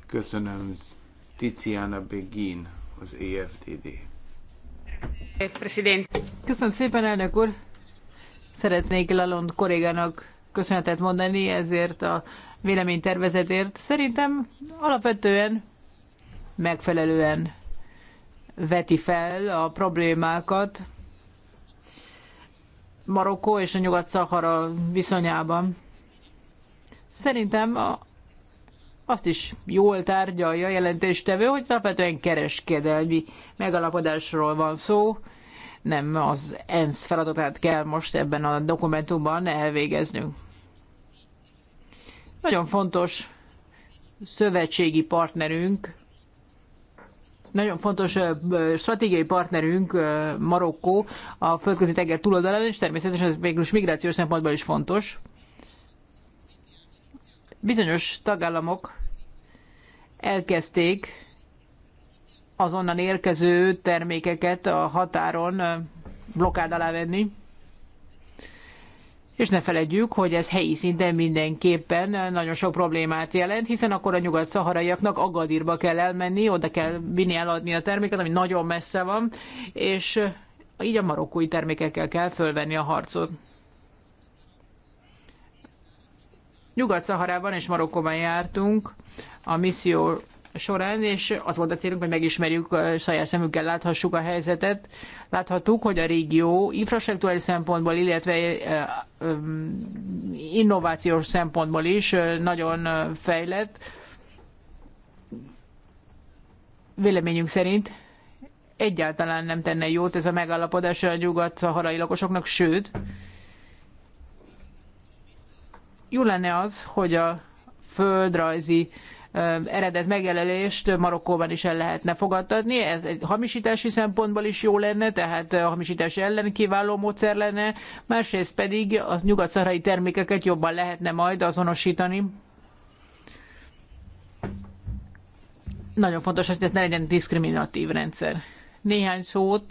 Köszönöm Tiziana Begin, az EFTD. Köszönöm szépen, elnök úr! Szeretnék Lalond kollégának köszönetet mondani ezért a véleménytervezetért. Szerintem alapvetően megfelelően veti fel a problémákat Marokkó és a Nyugat-Szahara viszonyában. Szerintem a, azt is jól tárgyalja a jelentéstevő, hogy alapvetően kereskedelmi megalapodásról van szó, nem az ENSZ feladatát kell most ebben a dokumentumban elvégeznünk. Nagyon fontos szövetségi partnerünk nagyon fontos stratégiai partnerünk Marokkó a földközi tenger túloldalán, és természetesen ez mégis migrációs szempontból is fontos. Bizonyos tagállamok elkezdték azonnan érkező termékeket a határon blokkád alá venni és ne feledjük, hogy ez helyi szinten mindenképpen nagyon sok problémát jelent, hiszen akkor a nyugat-szaharaiaknak Agadirba kell elmenni, oda kell vinni eladni a terméket, ami nagyon messze van, és így a marokkói termékekkel kell fölvenni a harcot. Nyugat-Szaharában és Marokkóban jártunk, a misszió során, és az volt a célunk, hogy megismerjük, saját szemükkel láthassuk a helyzetet. Láthattuk, hogy a régió infrastruktúrális szempontból, illetve innovációs szempontból is nagyon fejlett. Véleményünk szerint egyáltalán nem tenne jót ez a megállapodás a nyugat-szaharai lakosoknak, sőt, jó lenne az, hogy a földrajzi uh, eredet megjelölést Marokkóban is el lehetne fogadtatni. Ez egy hamisítási szempontból is jó lenne, tehát a hamisítás ellen kiváló módszer lenne, másrészt pedig a nyugat-szarai termékeket jobban lehetne majd azonosítani. Nagyon fontos, hogy ez ne legyen diszkriminatív rendszer. Néhány szót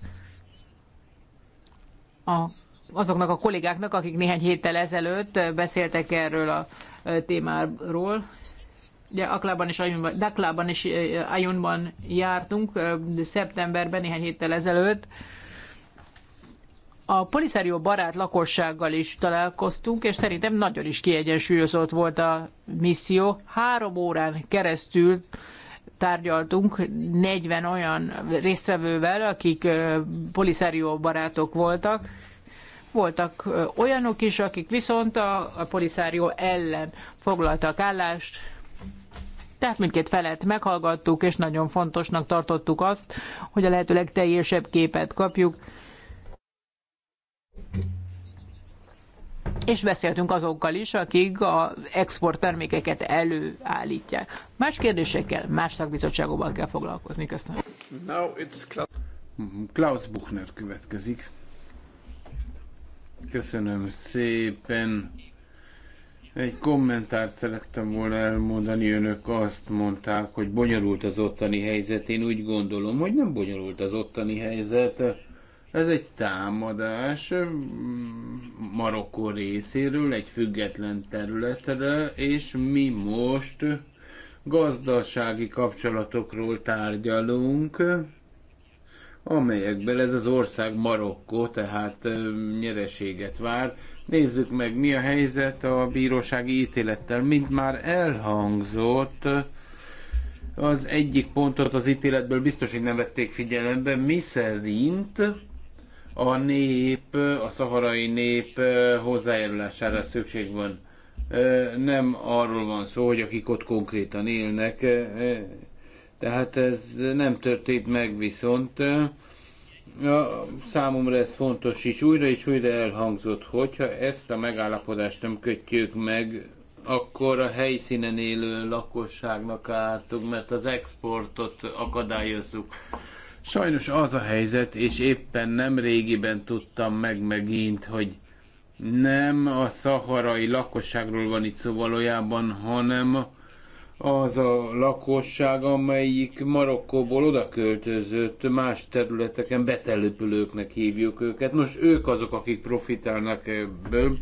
a, azoknak a kollégáknak, akik néhány héttel ezelőtt beszéltek erről a témáról ugye Aklában és Ajunban, Daklában és Ajunban jártunk szeptemberben, néhány héttel ezelőtt. A Poliszerió barát lakossággal is találkoztunk, és szerintem nagyon is kiegyensúlyozott volt a misszió. Három órán keresztül tárgyaltunk 40 olyan résztvevővel, akik Poliszerió barátok voltak, voltak olyanok is, akik viszont a, a ellen foglaltak állást, tehát mindkét felet meghallgattuk, és nagyon fontosnak tartottuk azt, hogy a lehető legteljesebb képet kapjuk. És beszéltünk azokkal is, akik a export termékeket előállítják. Más kérdésekkel, más szakbizottságokban kell foglalkozni. Köszönöm. Now it's Klaus. Klaus Buchner következik. Köszönöm szépen. Egy kommentárt szerettem volna elmondani. Önök azt mondták, hogy bonyolult az ottani helyzet. Én úgy gondolom, hogy nem bonyolult az ottani helyzet. Ez egy támadás mm, Marokkó részéről, egy független területre, és mi most gazdasági kapcsolatokról tárgyalunk, amelyekben ez az ország Marokkó, tehát mm, nyereséget vár. Nézzük meg, mi a helyzet a bírósági ítélettel. Mint már elhangzott, az egyik pontot az ítéletből biztos, hogy nem vették figyelembe, mi szerint a nép, a szaharai nép hozzájárulására szükség van. Nem arról van szó, hogy akik ott konkrétan élnek, tehát ez nem történt meg viszont számomra ez fontos, és újra és újra elhangzott, hogyha ezt a megállapodást nem kötjük meg, akkor a helyszínen élő lakosságnak ártunk, mert az exportot akadályozzuk. Sajnos az a helyzet, és éppen nem régiben tudtam meg megint, hogy nem a szaharai lakosságról van itt szó valójában, hanem a az a lakosság, amelyik Marokkóból oda költözött más területeken, betelepülőknek hívjuk őket. Most ők azok, akik profitálnak ebből.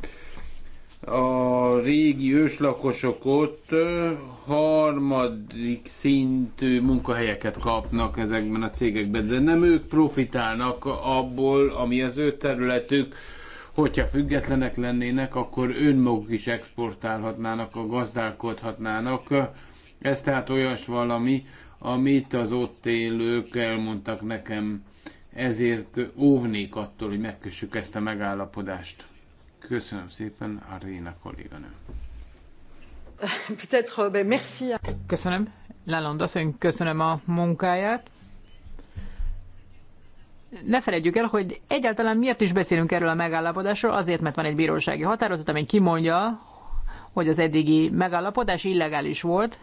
A régi őslakosok ott harmadik szintű munkahelyeket kapnak ezekben a cégekben, de nem ők profitálnak abból, ami az ő területük hogyha függetlenek lennének, akkor önmaguk is exportálhatnának, gazdálkodhatnának. Ez tehát olyas valami, amit az ott élők elmondtak nekem, ezért óvnék attól, hogy megkössük ezt a megállapodást. Köszönöm szépen, Arina kolléganő. Euh, köszönöm, Lalonda asszony, köszönöm a munkáját. Ne felejtjük el, hogy egyáltalán miért is beszélünk erről a megállapodásról, azért, mert van egy bírósági határozat, amely kimondja, hogy az eddigi megállapodás illegális volt,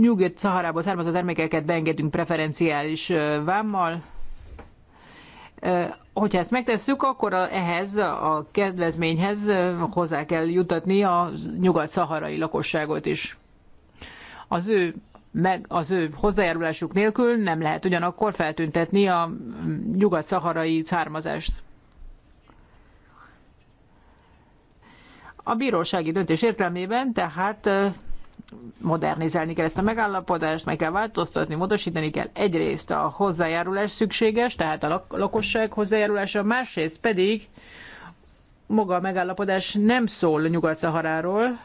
Nyugat-Szaharából származó termékeket beengedünk preferenciális vámmal. Hogyha ezt megtesszük, akkor ehhez a kedvezményhez hozzá kell jutatni a nyugat-szaharai lakosságot is. Az ő meg az ő hozzájárulásuk nélkül nem lehet ugyanakkor feltüntetni a nyugat-szaharai származást. A bírósági döntés értelmében tehát modernizálni kell ezt a megállapodást, meg kell változtatni, módosítani kell. Egyrészt a hozzájárulás szükséges, tehát a lakosság hozzájárulása, másrészt pedig maga a megállapodás nem szól Nyugat-Szaharáról,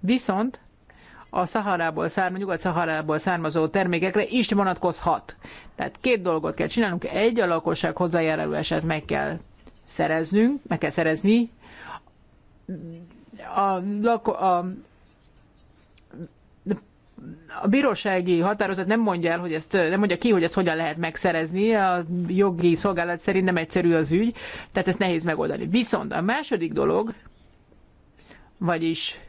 viszont a Szaharából származó, Nyugat-Szaharából származó termékekre is vonatkozhat. Tehát két dolgot kell csinálnunk. Egy, a lakosság hozzájárulását meg kell szereznünk, meg kell szerezni. A, a a bírósági határozat nem mondja el, hogy ezt, nem mondja ki, hogy ezt hogyan lehet megszerezni, a jogi szolgálat szerint nem egyszerű az ügy, tehát ezt nehéz megoldani. Viszont a második dolog, vagyis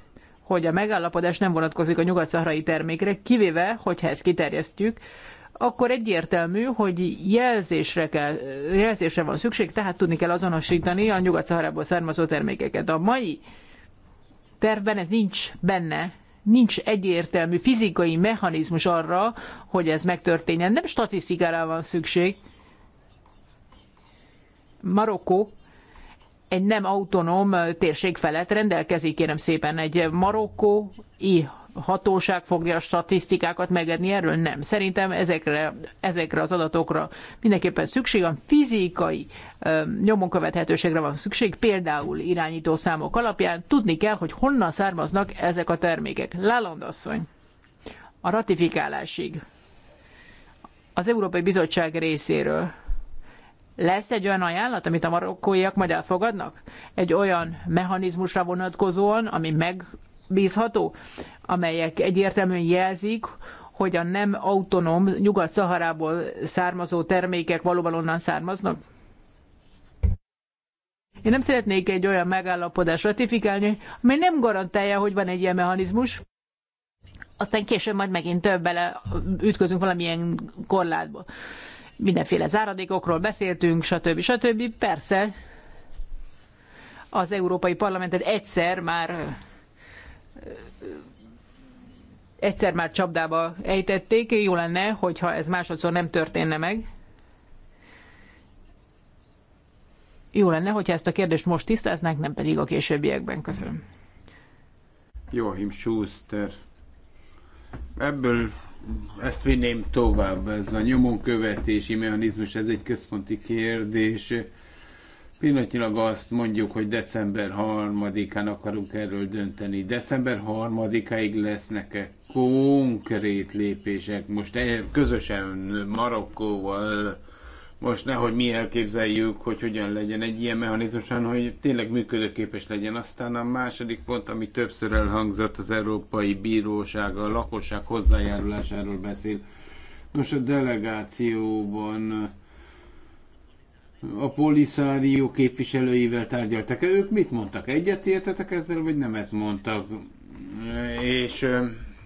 hogy a megállapodás nem vonatkozik a nyugat-szahrai termékre, kivéve, hogyha ezt kiterjesztjük, akkor egyértelmű, hogy jelzésre, kell, jelzésre van szükség, tehát tudni kell azonosítani a nyugat származó termékeket. A mai tervben ez nincs benne, nincs egyértelmű fizikai mechanizmus arra, hogy ez megtörténjen. Nem statisztikára van szükség. Marokkó egy nem autonóm térség felett rendelkezik, kérem szépen, egy marokkói hatóság fogja a statisztikákat megedni erről? Nem. Szerintem ezekre, ezekre az adatokra mindenképpen szükség van. Fizikai nyomon követhetőségre van szükség, például irányító számok alapján. Tudni kell, hogy honnan származnak ezek a termékek. Lálandasszony, a ratifikálásig az Európai Bizottság részéről lesz egy olyan ajánlat, amit a marokkóiak majd elfogadnak? Egy olyan mechanizmusra vonatkozóan, ami meg megbízható, amelyek egyértelműen jelzik, hogy a nem autonóm Nyugat-Szaharából származó termékek valóban onnan származnak? Én nem szeretnék egy olyan megállapodást ratifikálni, amely nem garantálja, hogy van egy ilyen mechanizmus, aztán később majd megint több bele ütközünk valamilyen korlátba. Mindenféle záradékokról beszéltünk, stb. stb. Persze az Európai Parlamentet egyszer már egyszer már csapdába ejtették, jó lenne, hogyha ez másodszor nem történne meg. Jó lenne, hogyha ezt a kérdést most tisztáznánk, nem pedig a későbbiekben. Köszönöm. Joachim Schuster. Ebből ezt vinném tovább, ez a nyomon követési mechanizmus, ez egy központi kérdés. Pillanatilag azt mondjuk, hogy december 3-án akarunk erről dönteni. December 3-áig lesznek-e konkrét lépések? Most e- közösen Marokkóval, most nehogy mi elképzeljük, hogy hogyan legyen egy ilyen mechanizmusan, hogy tényleg működőképes legyen. Aztán a második pont, ami többször elhangzott, az Európai Bíróság a lakosság hozzájárulásáról beszél. Nos, a delegációban a poliszárió képviselőivel tárgyaltak-e? Ők mit mondtak? értetek ezzel, vagy nemet mondtak? És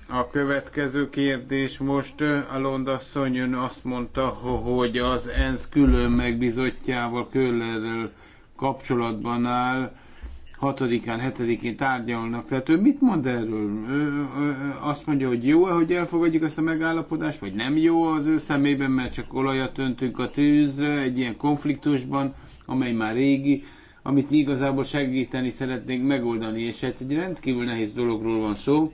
a következő kérdés most a Londasszony ön azt mondta, hogy az ENSZ külön megbizottjával, Köllerrel kapcsolatban áll, 6-án, 7-én tárgyalnak. Tehát ő mit mond erről? Ő, ő, azt mondja, hogy jó-e, hogy elfogadjuk ezt a megállapodást, vagy nem jó az ő szemében, mert csak olajat öntünk a tűzre egy ilyen konfliktusban, amely már régi, amit mi igazából segíteni szeretnénk megoldani, és hát egy rendkívül nehéz dologról van szó.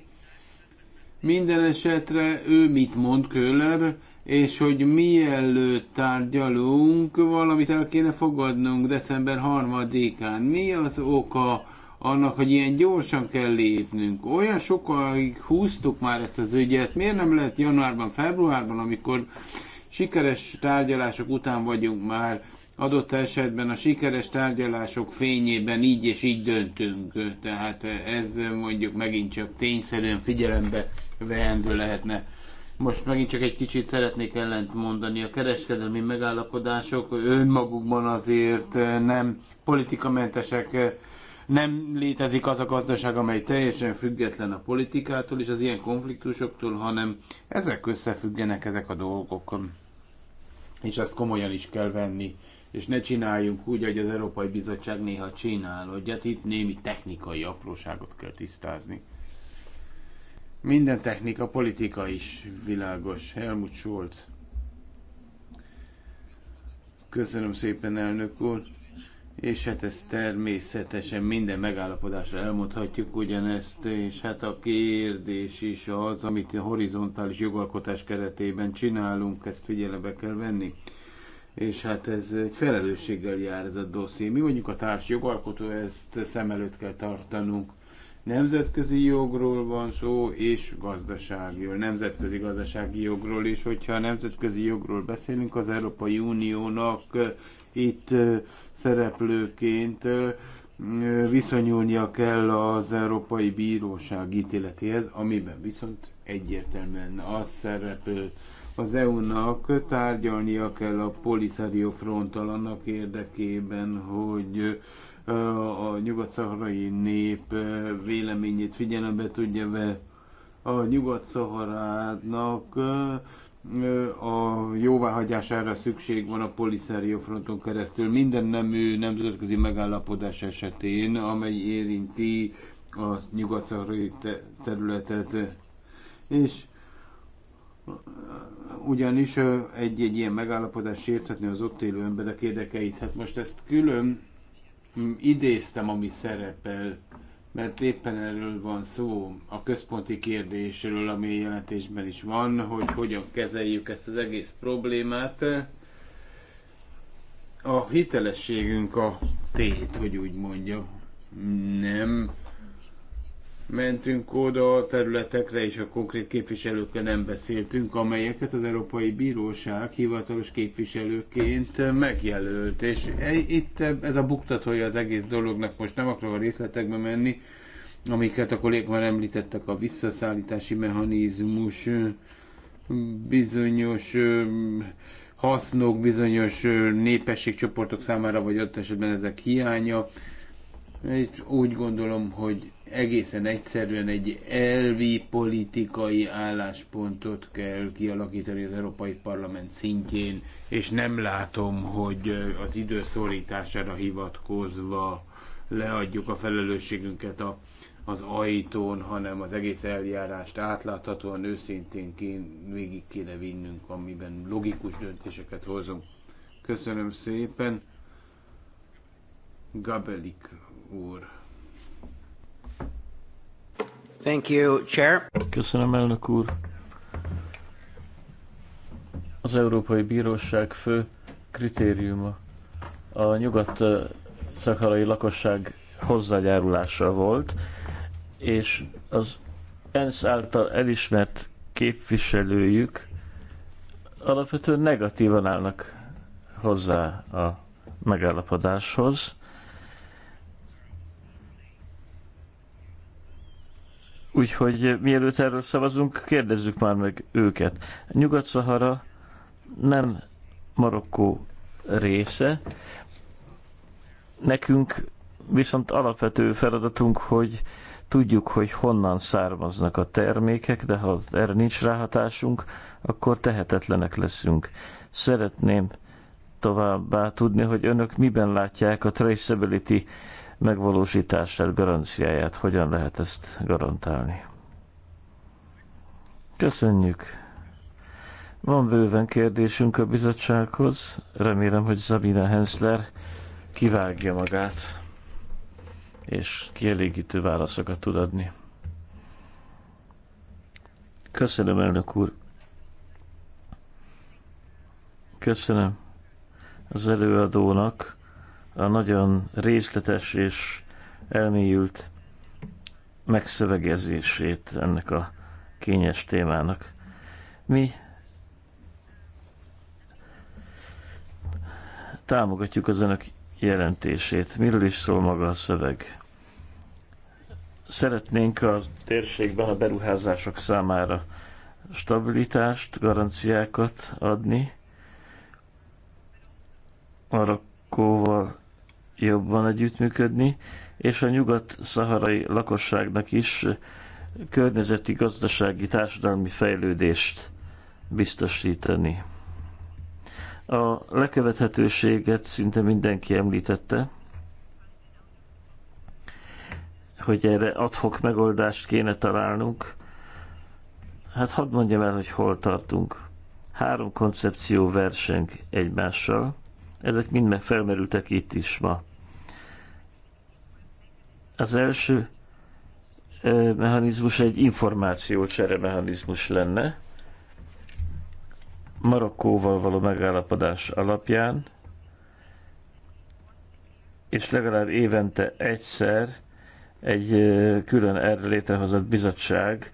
Minden esetre ő mit mond Köller? és hogy mielőtt tárgyalunk, valamit el kéne fogadnunk december 3-án. Mi az oka annak, hogy ilyen gyorsan kell lépnünk? Olyan sokáig húztuk már ezt az ügyet, miért nem lehet januárban, februárban, amikor sikeres tárgyalások után vagyunk már, adott esetben a sikeres tárgyalások fényében így és így döntünk. Tehát ez mondjuk megint csak tényszerűen figyelembe veendő lehetne. Most megint csak egy kicsit szeretnék ellent mondani. A kereskedelmi megállapodások önmagukban azért eh, nem politikamentesek, eh, nem létezik az a gazdaság, amely teljesen független a politikától és az ilyen konfliktusoktól, hanem ezek összefüggenek ezek a dolgok. És ezt komolyan is kell venni. És ne csináljunk úgy, hogy az Európai Bizottság néha csinál, hogy hát itt némi technikai apróságot kell tisztázni. Minden technika, politika is világos. Helmut Scholz. Köszönöm szépen, elnök úr. És hát ezt természetesen minden megállapodásra elmondhatjuk ugyanezt, és hát a kérdés is az, amit a horizontális jogalkotás keretében csinálunk, ezt figyelembe kell venni. És hát ez egy felelősséggel jár ez a dosszié. Mi vagyunk a társ jogalkotó, ezt szem előtt kell tartanunk nemzetközi jogról van szó, és gazdaságról, nemzetközi gazdasági jogról, és hogyha a nemzetközi jogról beszélünk, az Európai Uniónak itt szereplőként viszonyulnia kell az Európai Bíróság ítéletéhez, amiben viszont egyértelműen az szerepel, az EU-nak tárgyalnia kell a Polisario fronttal annak érdekében, hogy a nyugat nép véleményét figyelembe tudja be A nyugat-szaharának a jóváhagyására szükség van a poliszerió fronton keresztül minden nemű nemzetközi megállapodás esetén, amely érinti a nyugat területet. És ugyanis egy-egy ilyen megállapodás sérthetni az ott élő emberek érdekeit. Hát most ezt külön idéztem, ami szerepel, mert éppen erről van szó, a központi kérdésről, ami jelentésben is van, hogy hogyan kezeljük ezt az egész problémát. A hitelességünk a tét, hogy úgy mondjam. Nem mentünk oda a területekre, és a konkrét képviselőkkel nem beszéltünk, amelyeket az Európai Bíróság hivatalos képviselőként megjelölt. És e- itt ez a buktatója az egész dolognak, most nem akarok a részletekbe menni, amiket a kollég már említettek, a visszaszállítási mechanizmus, bizonyos hasznok, bizonyos népességcsoportok számára, vagy ott esetben ezek hiánya. Itt úgy gondolom, hogy egészen egyszerűen egy elvi politikai álláspontot kell kialakítani az Európai Parlament szintjén, és nem látom, hogy az időszorítására hivatkozva leadjuk a felelősségünket a, az ajtón, hanem az egész eljárást átláthatóan, őszintén kén, végig kéne vinnünk, amiben logikus döntéseket hozunk. Köszönöm szépen. Gabelik úr. Thank you, Chair. Köszönöm, elnök úr. Az Európai Bíróság fő kritériuma a nyugat szakarai lakosság hozzájárulása volt, és az ENSZ által elismert képviselőjük alapvetően negatívan állnak hozzá a megállapodáshoz. Úgyhogy eh, mielőtt erről szavazunk, kérdezzük már meg őket. Nyugat-Szahara nem Marokkó része. Nekünk viszont alapvető feladatunk, hogy tudjuk, hogy honnan származnak a termékek, de ha erre nincs ráhatásunk, akkor tehetetlenek leszünk. Szeretném továbbá tudni, hogy önök miben látják a traceability megvalósítását, garanciáját, hogyan lehet ezt garantálni. Köszönjük! Van bőven kérdésünk a bizottsághoz. Remélem, hogy Zabina Hensler kivágja magát, és kielégítő válaszokat tud adni. Köszönöm, elnök úr! Köszönöm az előadónak a nagyon részletes és elmélyült megszövegezését ennek a kényes témának. Mi támogatjuk az önök jelentését. Miről is szól maga a szöveg? Szeretnénk a térségben a beruházások számára stabilitást, garanciákat adni, arra Marokkóval jobban együttműködni, és a nyugat-szaharai lakosságnak is környezeti, gazdasági, társadalmi fejlődést biztosítani. A lekövethetőséget szinte mindenki említette, hogy erre adhok megoldást kéne találnunk. Hát hadd mondjam el, hogy hol tartunk. Három koncepció verseng egymással – ezek mind felmerültek itt is ma. Az első mechanizmus egy információcsere mechanizmus lenne. Marokkóval való megállapodás alapján, és legalább évente egyszer egy külön erre létrehozott bizottság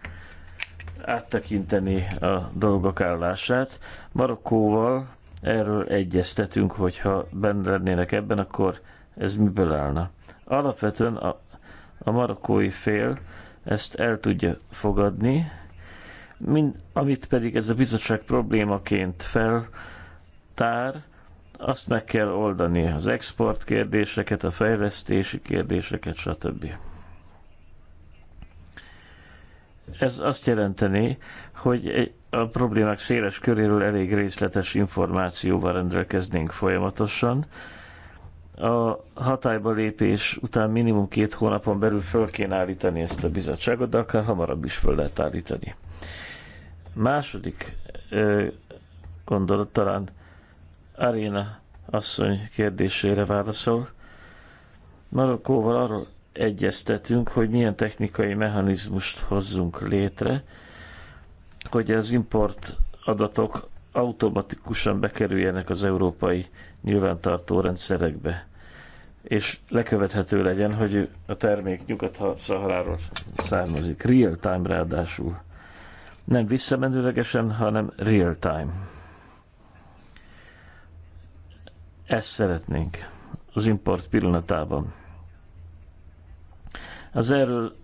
áttekinteni a dolgok állását. Marokkóval Erről egyeztetünk, hogyha benne lennének ebben, akkor ez miből állna. Alapvetően a, a marokkói fél ezt el tudja fogadni, mind, amit pedig ez a bizottság problémaként feltár, azt meg kell oldani, az export kérdéseket, a fejlesztési kérdéseket, stb. Ez azt jelenteni, hogy a problémák széles köréről elég részletes információval rendelkeznénk folyamatosan. A hatályba lépés után minimum két hónapon belül föl kéne állítani ezt a bizottságot, de akár hamarabb is föl lehet állítani. Második gondolat talán Aréna asszony kérdésére válaszol. Marokkóval arról egyeztetünk, hogy milyen technikai mechanizmust hozzunk létre, hogy az import adatok automatikusan bekerüljenek az európai nyilvántartó rendszerekbe, és lekövethető legyen, hogy a termék Nyugat-Szaharáról származik. Real time ráadásul. Nem visszamenőlegesen, hanem real time. Ezt szeretnénk az import pillanatában. Az erről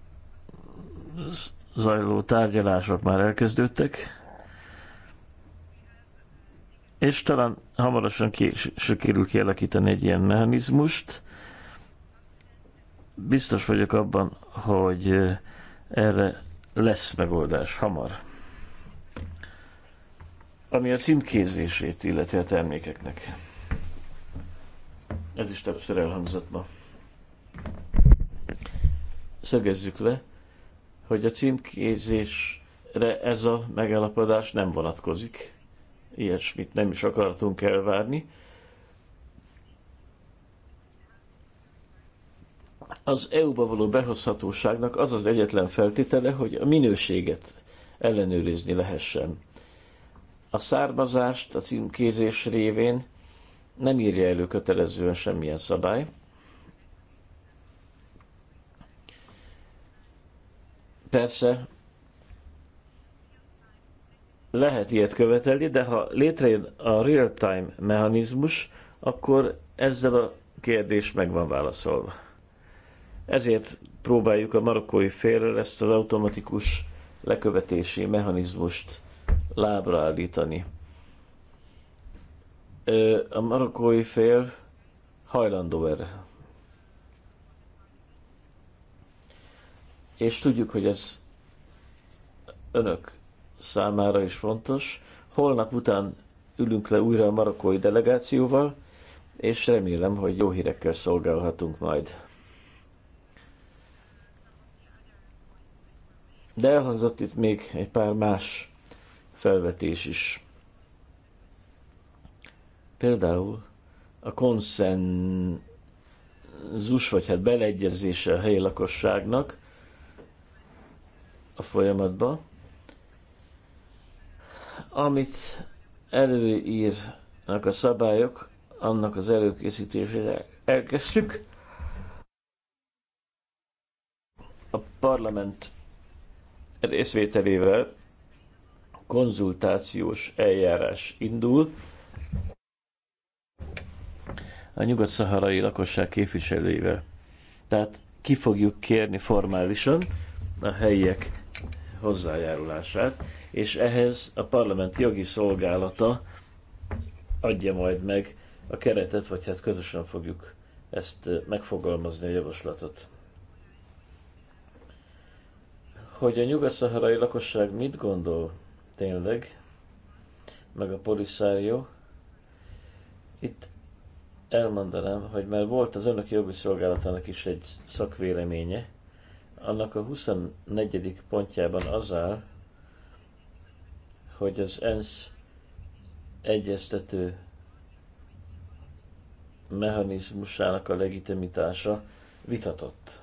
zajló tárgyalások már elkezdődtek, és talán hamarosan ki, sikerül kialakítani egy ilyen mechanizmust. Biztos vagyok abban, hogy erre lesz megoldás hamar. Ami a címkézését illeti a termékeknek. Ez is többször elhangzott ma szögezzük le, hogy a címkézésre ez a megállapodás nem vonatkozik. Ilyesmit nem is akartunk elvárni. Az EU-ba való behozhatóságnak az az egyetlen feltétele, hogy a minőséget ellenőrizni lehessen. A származást a címkézés révén nem írja elő kötelezően semmilyen szabály, Persze lehet ilyet követelni, de ha létrejön a real-time mechanizmus, akkor ezzel a kérdés meg van válaszolva. Ezért próbáljuk a marokkói félről ezt az automatikus lekövetési mechanizmust lábra állítani. A marokkói fél hajlandó erre. és tudjuk, hogy ez önök számára is fontos. Holnap után ülünk le újra a marokkói delegációval, és remélem, hogy jó hírekkel szolgálhatunk majd. De elhangzott itt még egy pár más felvetés is. Például a konszenzus, vagy hát beleegyezése a helyi lakosságnak, a folyamatba. Amit előírnak a szabályok, annak az előkészítésére elkezdtük. A parlament részvételével konzultációs eljárás indul. A nyugat-szaharai lakosság képviselőivel. Tehát ki fogjuk kérni formálisan a helyiek hozzájárulását, és ehhez a parlament jogi szolgálata adja majd meg a keretet, vagy hát közösen fogjuk ezt megfogalmazni a javaslatot. Hogy a nyugat-szaharai lakosság mit gondol tényleg, meg a poliszárió, itt elmondanám, hogy már volt az önök jogi szolgálatának is egy szakvéleménye, annak a 24. pontjában az áll, hogy az ENSZ egyeztető mechanizmusának a legitimitása vitatott.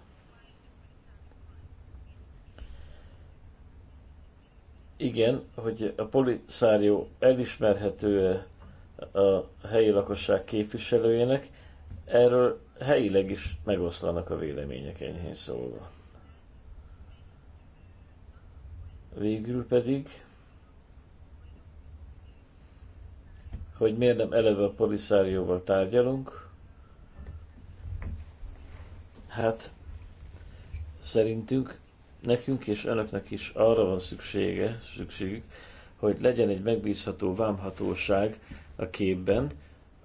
Igen, hogy a poliszárió elismerhető a helyi lakosság képviselőjének, erről helyileg is megoszlanak a vélemények enyhén szólva. Végül pedig, hogy miért nem eleve a poliszárióval tárgyalunk, hát szerintünk nekünk és önöknek is arra van szüksége, szükségük, hogy legyen egy megbízható vámhatóság a képben,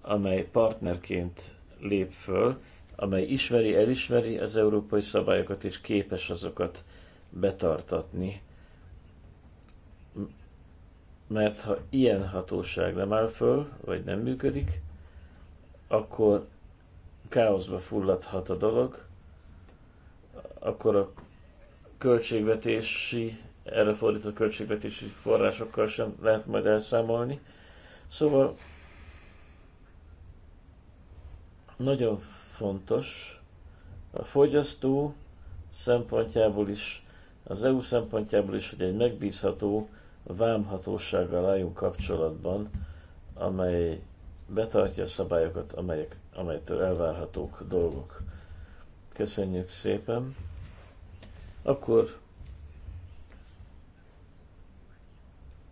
amely partnerként lép föl, amely ismeri, elismeri az európai szabályokat, és képes azokat betartatni mert ha ilyen hatóság nem áll föl, vagy nem működik, akkor káoszba fulladhat a dolog, akkor a költségvetési, erre fordított költségvetési forrásokkal sem lehet majd elszámolni. Szóval nagyon fontos a fogyasztó szempontjából is, az EU szempontjából is, hogy egy megbízható vámhatósággal álljunk kapcsolatban, amely betartja a szabályokat, amelyek, amelytől elvárhatók dolgok. Köszönjük szépen! Akkor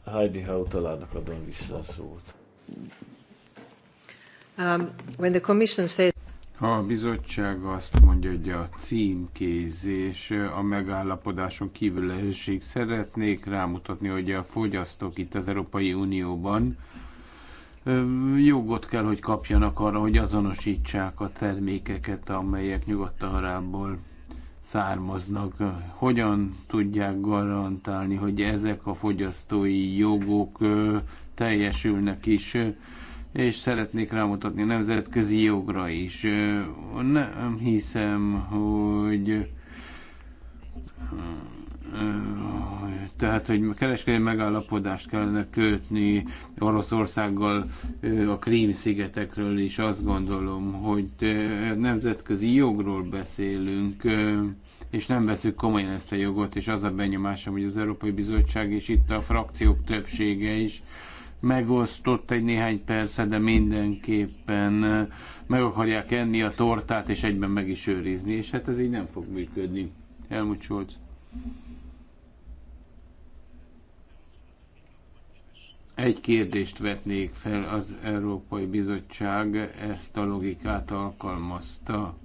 Heidi Hautalának adom vissza a szót. Um, when the commission says a bizottság azt mondja, hogy a címkézés a megállapodáson kívül esik. Szeretnék rámutatni, hogy a fogyasztók itt az Európai Unióban jogot kell, hogy kapjanak arra, hogy azonosítsák a termékeket, amelyek nyugat származnak. Hogyan tudják garantálni, hogy ezek a fogyasztói jogok teljesülnek is? és szeretnék rámutatni nemzetközi jogra is. Nem hiszem, hogy tehát, hogy kereskedelmi megállapodást kellene kötni Oroszországgal a Krím-szigetekről is, azt gondolom, hogy nemzetközi jogról beszélünk, és nem veszük komolyan ezt a jogot, és az a benyomásom, hogy az Európai Bizottság és itt a frakciók többsége is megosztott egy néhány percet, de mindenképpen meg akarják enni a tortát, és egyben meg is őrizni, és hát ez így nem fog működni. Helmut Scholz. Egy kérdést vetnék fel, az Európai Bizottság ezt a logikát alkalmazta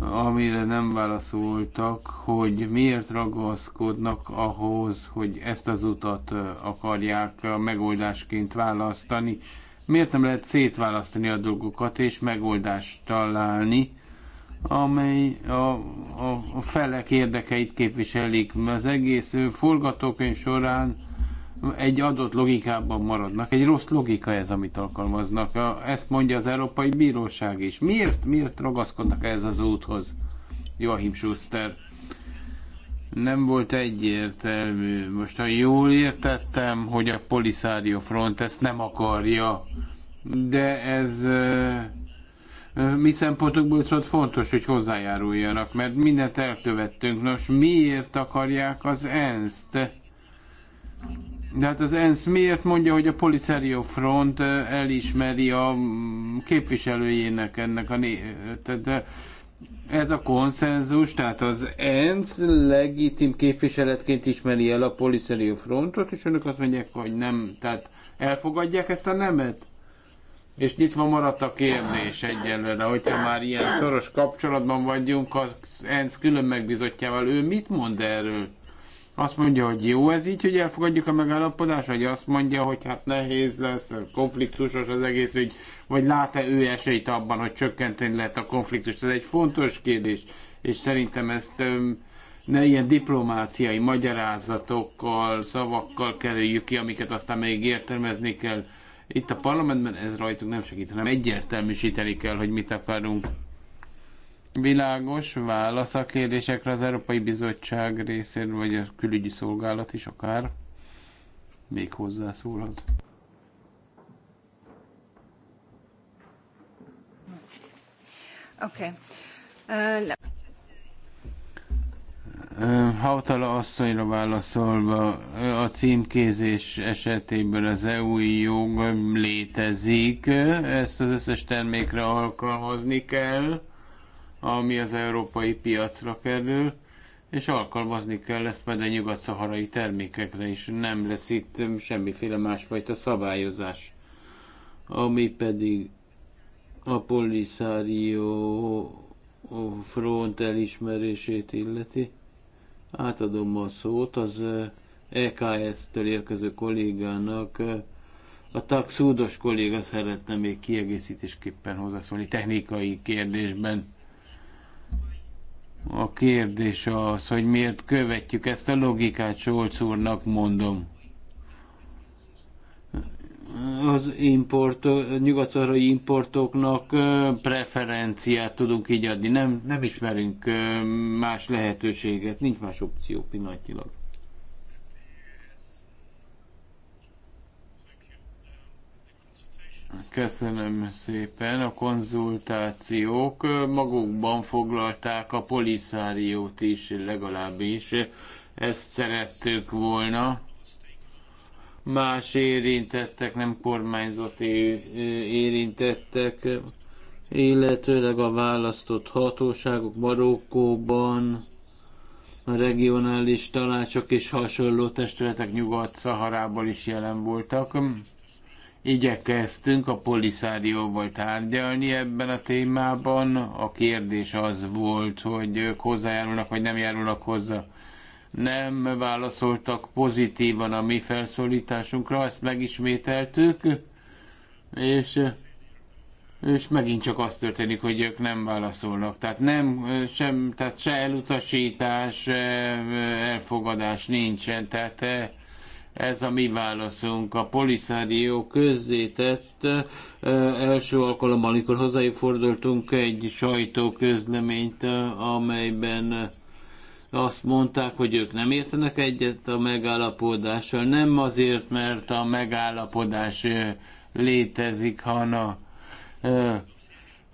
amire nem válaszoltak, hogy miért ragaszkodnak ahhoz, hogy ezt az utat akarják megoldásként választani. Miért nem lehet szétválasztani a dolgokat és megoldást találni, amely a, a, a felek érdekeit képviselik. Az egész forgatókönyv során egy adott logikában maradnak. Egy rossz logika ez, amit alkalmaznak. Ezt mondja az Európai Bíróság is. Miért, miért ragaszkodnak ez az úthoz? Joachim Schuster. Nem volt egyértelmű. Most, ha jól értettem, hogy a Polisario Front ezt nem akarja, de ez mi szempontokból viszont fontos, hogy hozzájáruljanak, mert mindent elkövettünk. Nos, miért akarják az ENSZ-t? De hát az ENSZ miért mondja, hogy a Polisario Front elismeri a mm, képviselőjének ennek a né- tehát ez a konszenzus, tehát az ENSZ legitim képviseletként ismeri el a Polisario Frontot, és önök azt mondják, hogy nem, tehát elfogadják ezt a nemet? És nyitva maradt a kérdés egyelőre, hogyha már ilyen szoros kapcsolatban vagyunk az ENSZ külön megbizottjával, ő mit mond erről? azt mondja, hogy jó ez így, hogy elfogadjuk a megállapodást, vagy azt mondja, hogy hát nehéz lesz, konfliktusos az egész hogy, vagy lát-e ő esélyt abban, hogy csökkenteni lehet a konfliktust? Ez egy fontos kérdés, és szerintem ezt ne ilyen diplomáciai magyarázatokkal, szavakkal kerüljük ki, amiket aztán még értelmezni kell. Itt a parlamentben ez rajtunk nem segít, hanem egyértelműsíteni kell, hogy mit akarunk világos válasz a kérdésekre az Európai Bizottság részéről, vagy a külügyi szolgálat is akár még hozzászólhat. Oké. Okay. Uh, Hautala asszonyra válaszolva, a címkézés esetében az EU jog létezik, ezt az összes termékre alkalmazni kell ami az európai piacra kerül, és alkalmazni kell ezt majd a nyugat-szaharai termékekre is. Nem lesz itt semmiféle másfajta szabályozás. Ami pedig a Polisario front elismerését illeti. Átadom a szót az EKS-től érkező kollégának. A taxúdos kolléga szeretne még kiegészítésképpen hozzászólni technikai kérdésben. A kérdés az, hogy miért követjük ezt a logikát, Solc úrnak mondom. Az import, nyugat importoknak preferenciát tudunk így adni. Nem, nem ismerünk más lehetőséget, nincs más opció pillanatnyilag. Köszönöm szépen. A konzultációk magukban foglalták a poliszáriót is, legalábbis ezt szerettük volna. Más érintettek, nem kormányzati érintettek, illetőleg a választott hatóságok Marokkóban, a regionális tanácsok és hasonló testületek nyugat szaharában is jelen voltak igyekeztünk a poliszárióval tárgyalni ebben a témában. A kérdés az volt, hogy ők hozzájárulnak, vagy nem járulnak hozzá. Nem válaszoltak pozitívan a mi felszólításunkra, ezt megismételtük, és, és megint csak az történik, hogy ők nem válaszolnak. Tehát, nem, sem, tehát se elutasítás, se elfogadás nincsen. Tehát eh, ez a mi válaszunk. A Polisario közzétett első alkalommal, amikor fordultunk egy sajtóközleményt, amelyben azt mondták, hogy ők nem értenek egyet a megállapodással. Nem azért, mert a megállapodás létezik, hanem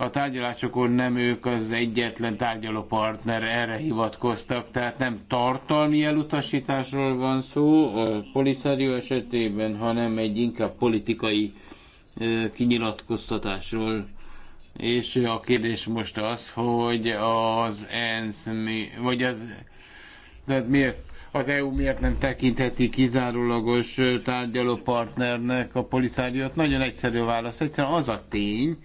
a tárgyalásokon nem ők az egyetlen tárgyaló partner, erre hivatkoztak, tehát nem tartalmi elutasításról van szó a Polisario esetében, hanem egy inkább politikai kinyilatkoztatásról. És a kérdés most az, hogy az ENSZ, mi, vagy az, tehát miért az EU miért nem tekintheti kizárólagos tárgyaló partnernek a poliszáriót? Nagyon egyszerű válasz. Egyszerűen az a tény,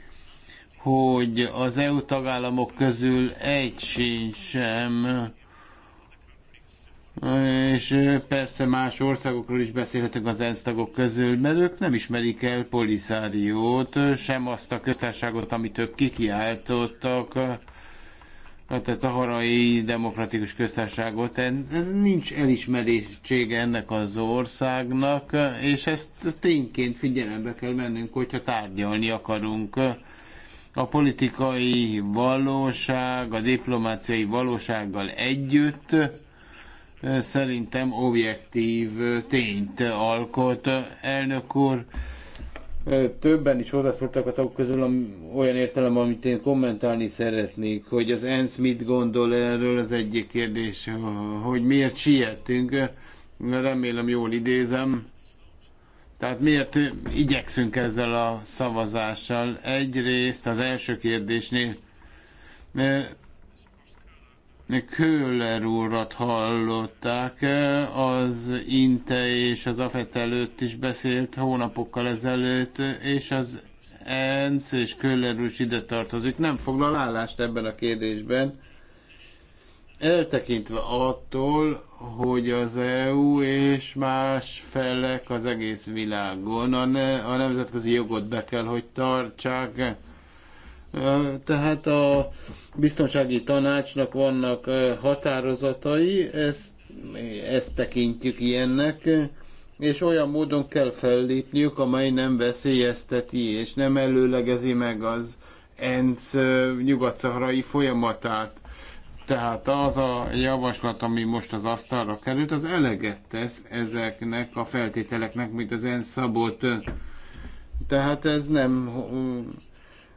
hogy az EU tagállamok közül egy sem és persze más országokról is beszélhetünk az ENSZ tagok közül, mert ők nem ismerik el Polisáriót, sem azt a köztársaságot, amit ők kikiáltottak, tehát a harai demokratikus köztársaságot. Ez nincs elismerésége ennek az országnak, és ezt tényként figyelembe kell mennünk, hogyha tárgyalni akarunk a politikai valóság, a diplomáciai valósággal együtt szerintem objektív tényt alkot. Elnök úr, többen is hozzászóltak a tagok közül olyan értelem, amit én kommentálni szeretnék, hogy az ENSZ mit gondol erről, az egyik kérdés, hogy miért sietünk. Remélem jól idézem. Tehát miért igyekszünk ezzel a szavazással? Egyrészt az első kérdésnél Köhler úrat hallották, az Inte és az Afet előtt is beszélt hónapokkal ezelőtt, és az Enc és Köhler úr is ide tartozik. Nem foglal állást ebben a kérdésben, eltekintve attól, hogy az EU és más felek az egész világon a, ne, a nemzetközi jogot be kell, hogy tartsák. Tehát a biztonsági tanácsnak vannak határozatai, ezt, ezt tekintjük ilyennek, és olyan módon kell fellépniük, amely nem veszélyezteti és nem előlegezi meg az ENSZ nyugat folyamatát tehát az a javaslat, ami most az asztalra került, az eleget tesz ezeknek a feltételeknek, mint az ENSZ szabott. Tehát ez nem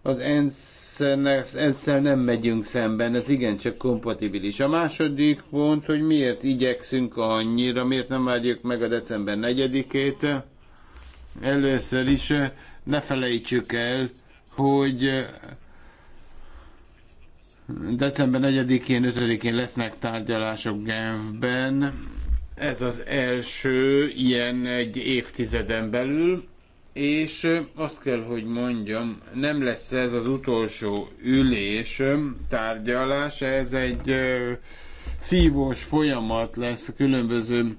az ENSZ-szel nem megyünk szemben, ez igencsak kompatibilis. A második pont, hogy miért igyekszünk annyira, miért nem várjuk meg a december 4-ét. Először is ne felejtsük el, hogy December 4-én, 5-én lesznek tárgyalások Genfben. Ez az első ilyen egy évtizeden belül, és azt kell, hogy mondjam, nem lesz ez az utolsó ülés, tárgyalás, ez egy szívós folyamat lesz, különböző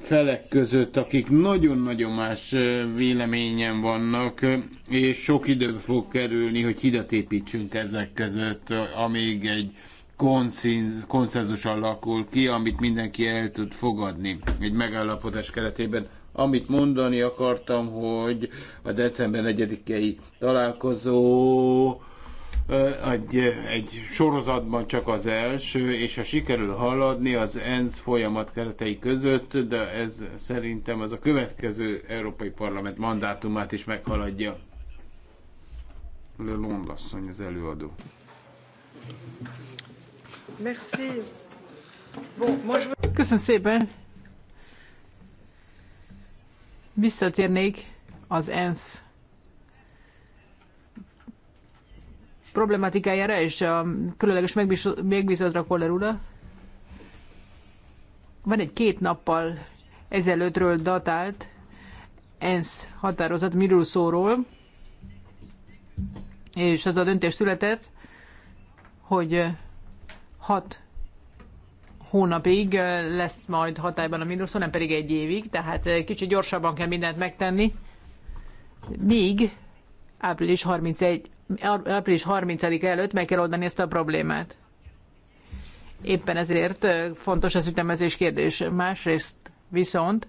felek között, akik nagyon-nagyon más véleményen vannak, és sok idő fog kerülni, hogy hidat építsünk ezek között, amíg egy konszenzus alakul ki, amit mindenki el tud fogadni egy megállapodás keretében. Amit mondani akartam, hogy a december 4-i találkozó egy, egy sorozatban csak az első, és ha sikerül haladni az ENSZ folyamat keretei között, de ez szerintem az a következő Európai Parlament mandátumát is meghaladja. Le Londasszony az előadó. Merci. Köszönöm szépen. Visszatérnék az ENSZ problematikájára és a különleges megbízatra Kollerúra. Van egy két nappal ezelőttről datált ENSZ határozat szóról, és az a döntés született, hogy hat hónapig lesz majd hatályban a minusz, nem pedig egy évig, tehát kicsit gyorsabban kell mindent megtenni, míg április 31 április 30 előtt meg kell oldani ezt a problémát. Éppen ezért fontos az ütemezés kérdés. Másrészt viszont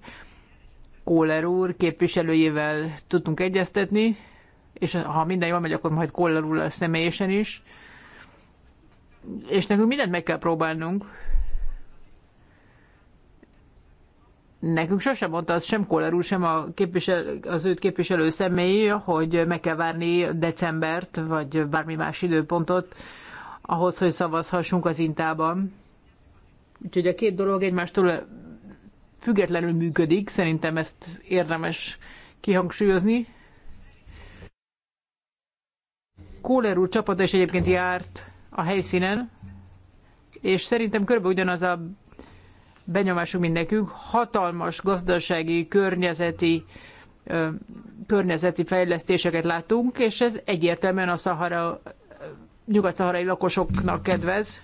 Kóler úr képviselőjével tudtunk egyeztetni, és ha minden jól megy, akkor majd Kóler úr személyesen is. És nekünk mindent meg kell próbálnunk, Nekünk sosem mondta az sem Kohler úr, sem a képvisel, az őt képviselő személy, hogy meg kell várni decembert, vagy bármi más időpontot ahhoz, hogy szavazhassunk az intában. Úgyhogy a két dolog egymástól függetlenül működik, szerintem ezt érdemes kihangsúlyozni. Kohler úr csapata is egyébként járt a helyszínen, és szerintem körülbelül ugyanaz a benyomásunk mindenkünk, hatalmas gazdasági, környezeti, környezeti fejlesztéseket látunk, és ez egyértelműen a Szahara, nyugat-szaharai lakosoknak kedvez.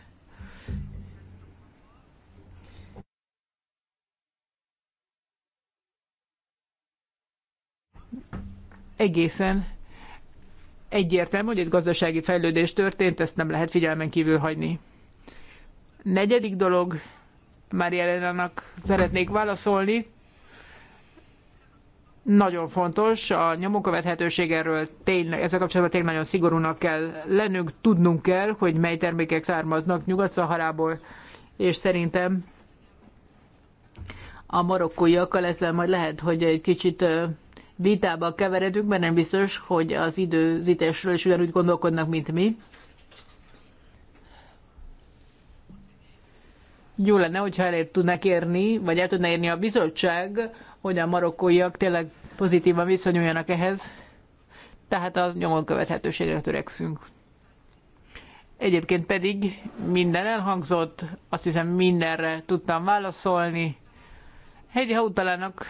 Egészen egyértelmű, hogy egy gazdasági fejlődés történt, ezt nem lehet figyelmen kívül hagyni. Negyedik dolog, Mária Elenának szeretnék válaszolni. Nagyon fontos, a nyomonkövethetőség erről tényleg, ezzel kapcsolatban tényleg nagyon szigorúnak kell lennünk, tudnunk kell, hogy mely termékek származnak Nyugat-Szaharából, és szerintem a marokkóiakkal ezzel majd lehet, hogy egy kicsit vitába keveredünk, mert nem biztos, hogy az időzítésről is ugyanúgy gondolkodnak, mint mi. jó lenne, hogyha elért tudnak érni, vagy el tudna érni a bizottság, hogy a marokkóiak tényleg pozitívan viszonyuljanak ehhez. Tehát a nyomon követhetőségre törekszünk. Egyébként pedig minden elhangzott, azt hiszem mindenre tudtam válaszolni. Hegyi Hautalának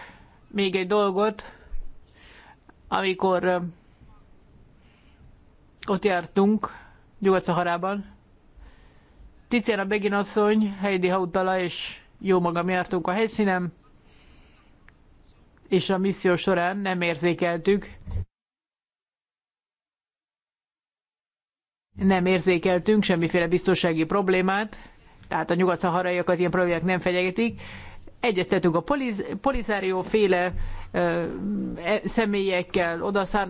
még egy dolgot, amikor ott jártunk, Nyugat-Szaharában, Tiziana Begin asszony, Heidi Hautala és jó magam jártunk a helyszínen, és a misszió során nem érzékeltük, nem érzékeltünk semmiféle biztonsági problémát, tehát a nyugat-szaharaiakat ilyen problémák nem fenyegetik. Egyeztetünk a poliz, polizárió féle E, személyekkel,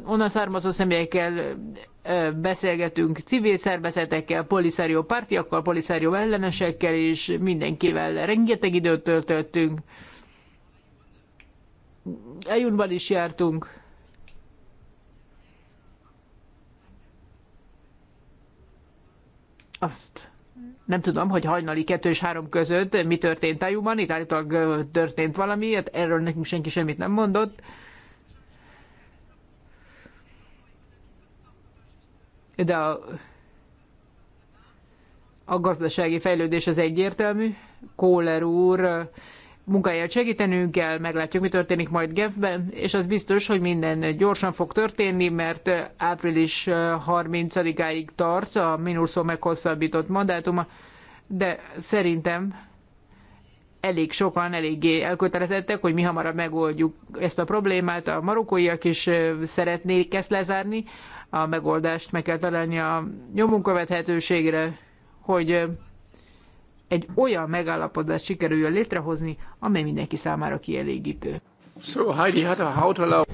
onnan származó személyekkel beszélgetünk, civil szervezetekkel, poliszerió pártiakkal, poliszerió ellenesekkel, és mindenkivel rengeteg időt töltöttünk. Ejunban is jártunk. Azt nem tudom, hogy hajnali kettő és három között mi történt Tajúban, itt állítólag történt valami, hát erről nekünk senki semmit nem mondott. De a, a gazdasági fejlődés az egyértelmű. Kóler úr munkáját segítenünk kell, meglátjuk, mi történik majd Genfben, és az biztos, hogy minden gyorsan fog történni, mert április 30-áig tart a Minurszó meghosszabbított mandátuma, de szerintem elég sokan eléggé elkötelezettek, hogy mi hamarabb megoldjuk ezt a problémát. A marokkóiak is szeretnék ezt lezárni, a megoldást meg kell találni a nyomunkövethetőségre, hogy egy olyan megállapodást sikerüljön létrehozni, amely mindenki számára kielégítő. So Heidi hat a Hautala...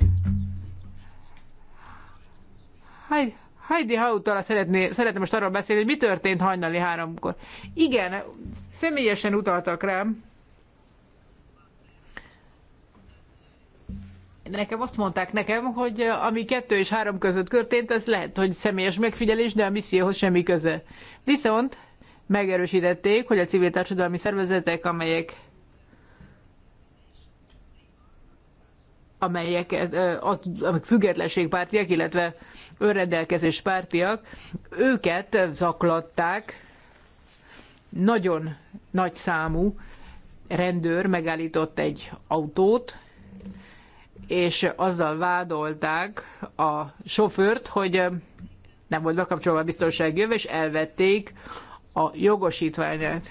Heidi, Heidi Hautala szeretné, szeretném most arról beszélni, hogy mi történt hajnali háromkor. Igen, személyesen utaltak rám. Nekem azt mondták nekem, hogy ami kettő és három között történt, ez lehet, hogy személyes megfigyelés, de a misszióhoz semmi köze. Viszont megerősítették, hogy a civil társadalmi szervezetek, amelyek amelyek, az, amik függetlenségpártiak, illetve önrendelkezés pártiak, őket zaklatták nagyon nagy számú rendőr megállított egy autót, és azzal vádolták a sofőrt, hogy nem volt bekapcsolva a biztonsági jövő, és elvették a jogosítványát.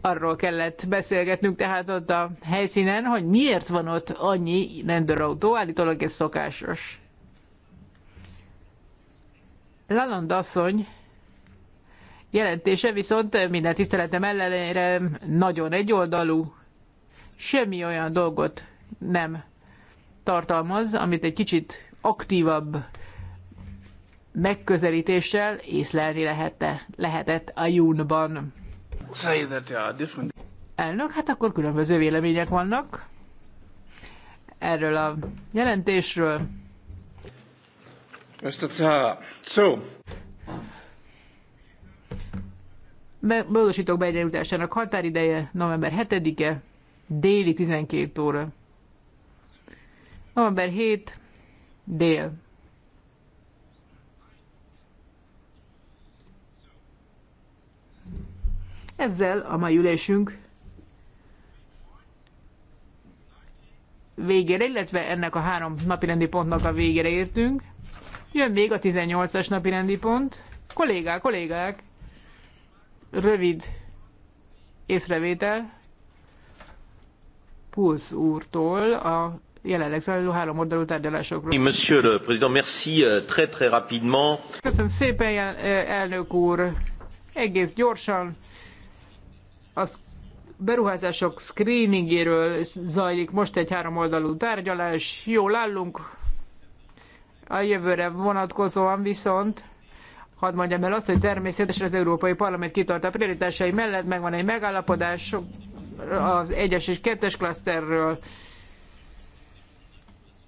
Arról kellett beszélgetnünk tehát ott a helyszínen, hogy miért van ott annyi rendőrautó, állítólag ez szokásos. Laland asszony jelentése viszont minden tiszteletem ellenére nagyon egyoldalú, semmi olyan dolgot nem tartalmaz, amit egy kicsit aktívabb megközelítéssel észlelni lehette, lehetett a júnban. Elnök, hát akkor különböző vélemények vannak erről a jelentésről. Mr. Zahara, so. Módosítók beegyenlításának határideje november 7-e, déli 12 óra. November 7, dél. Ezzel a mai ülésünk végére, illetve ennek a három napirendi pontnak a végére értünk. Jön még a 18-as napirendi pont. Kollégák, kollégák, rövid észrevétel Pulsz úrtól a jelenleg zajló három oldalú tárgyalásokról. Monsieur le Président, merci euh, très très rapidement. Köszönöm szépen, euh, elnök úr. Egész gyorsan, a beruházások screeningéről zajlik most egy háromoldalú tárgyalás, jól állunk. A jövőre vonatkozóan viszont hadd mondjam el azt, hogy természetesen az Európai Parlament kitart a prioritásai mellett, megvan egy megállapodás az egyes és kettes klaszterről,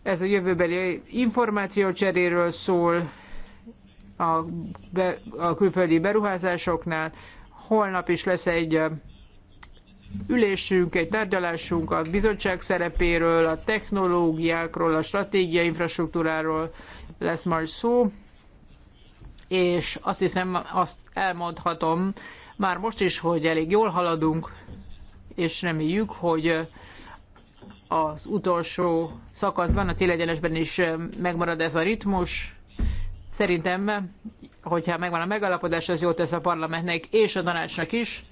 ez a jövőbeli információcseréről szól a, be, a külföldi beruházásoknál. Holnap is lesz egy ülésünk, egy tárgyalásunk a bizottság szerepéről, a technológiákról, a stratégiai infrastruktúráról lesz majd szó, és azt hiszem, azt elmondhatom már most is, hogy elég jól haladunk, és reméljük, hogy az utolsó szakaszban, a télegyenesben is megmarad ez a ritmus. Szerintem, hogyha megvan a megalapodás, az jót tesz a parlamentnek és a tanácsnak is.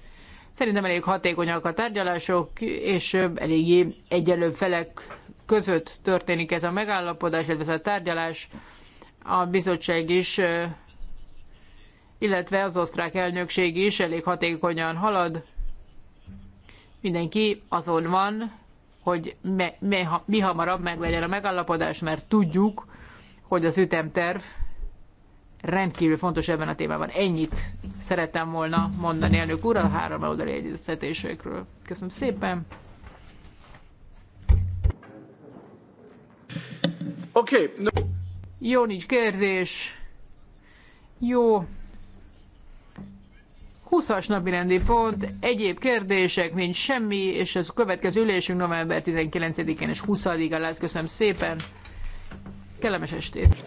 Szerintem elég hatékonyak a tárgyalások, és eléggé egyelő felek között történik ez a megállapodás, illetve ez a tárgyalás. A bizottság is, illetve az osztrák elnökség is elég hatékonyan halad. Mindenki azon van, hogy mi hamarabb meglegyen a megállapodás, mert tudjuk, hogy az ütemterv rendkívül fontos ebben a témában. Ennyit szerettem volna mondani elnök úr a három oldali egyeztetésekről. Köszönöm szépen! Oké. Okay. Jó, nincs kérdés. Jó. 20-as napi rendi pont, egyéb kérdések, nincs semmi, és ez a következő ülésünk november 19-én és 20-án lesz. Köszönöm szépen. Kellemes estét.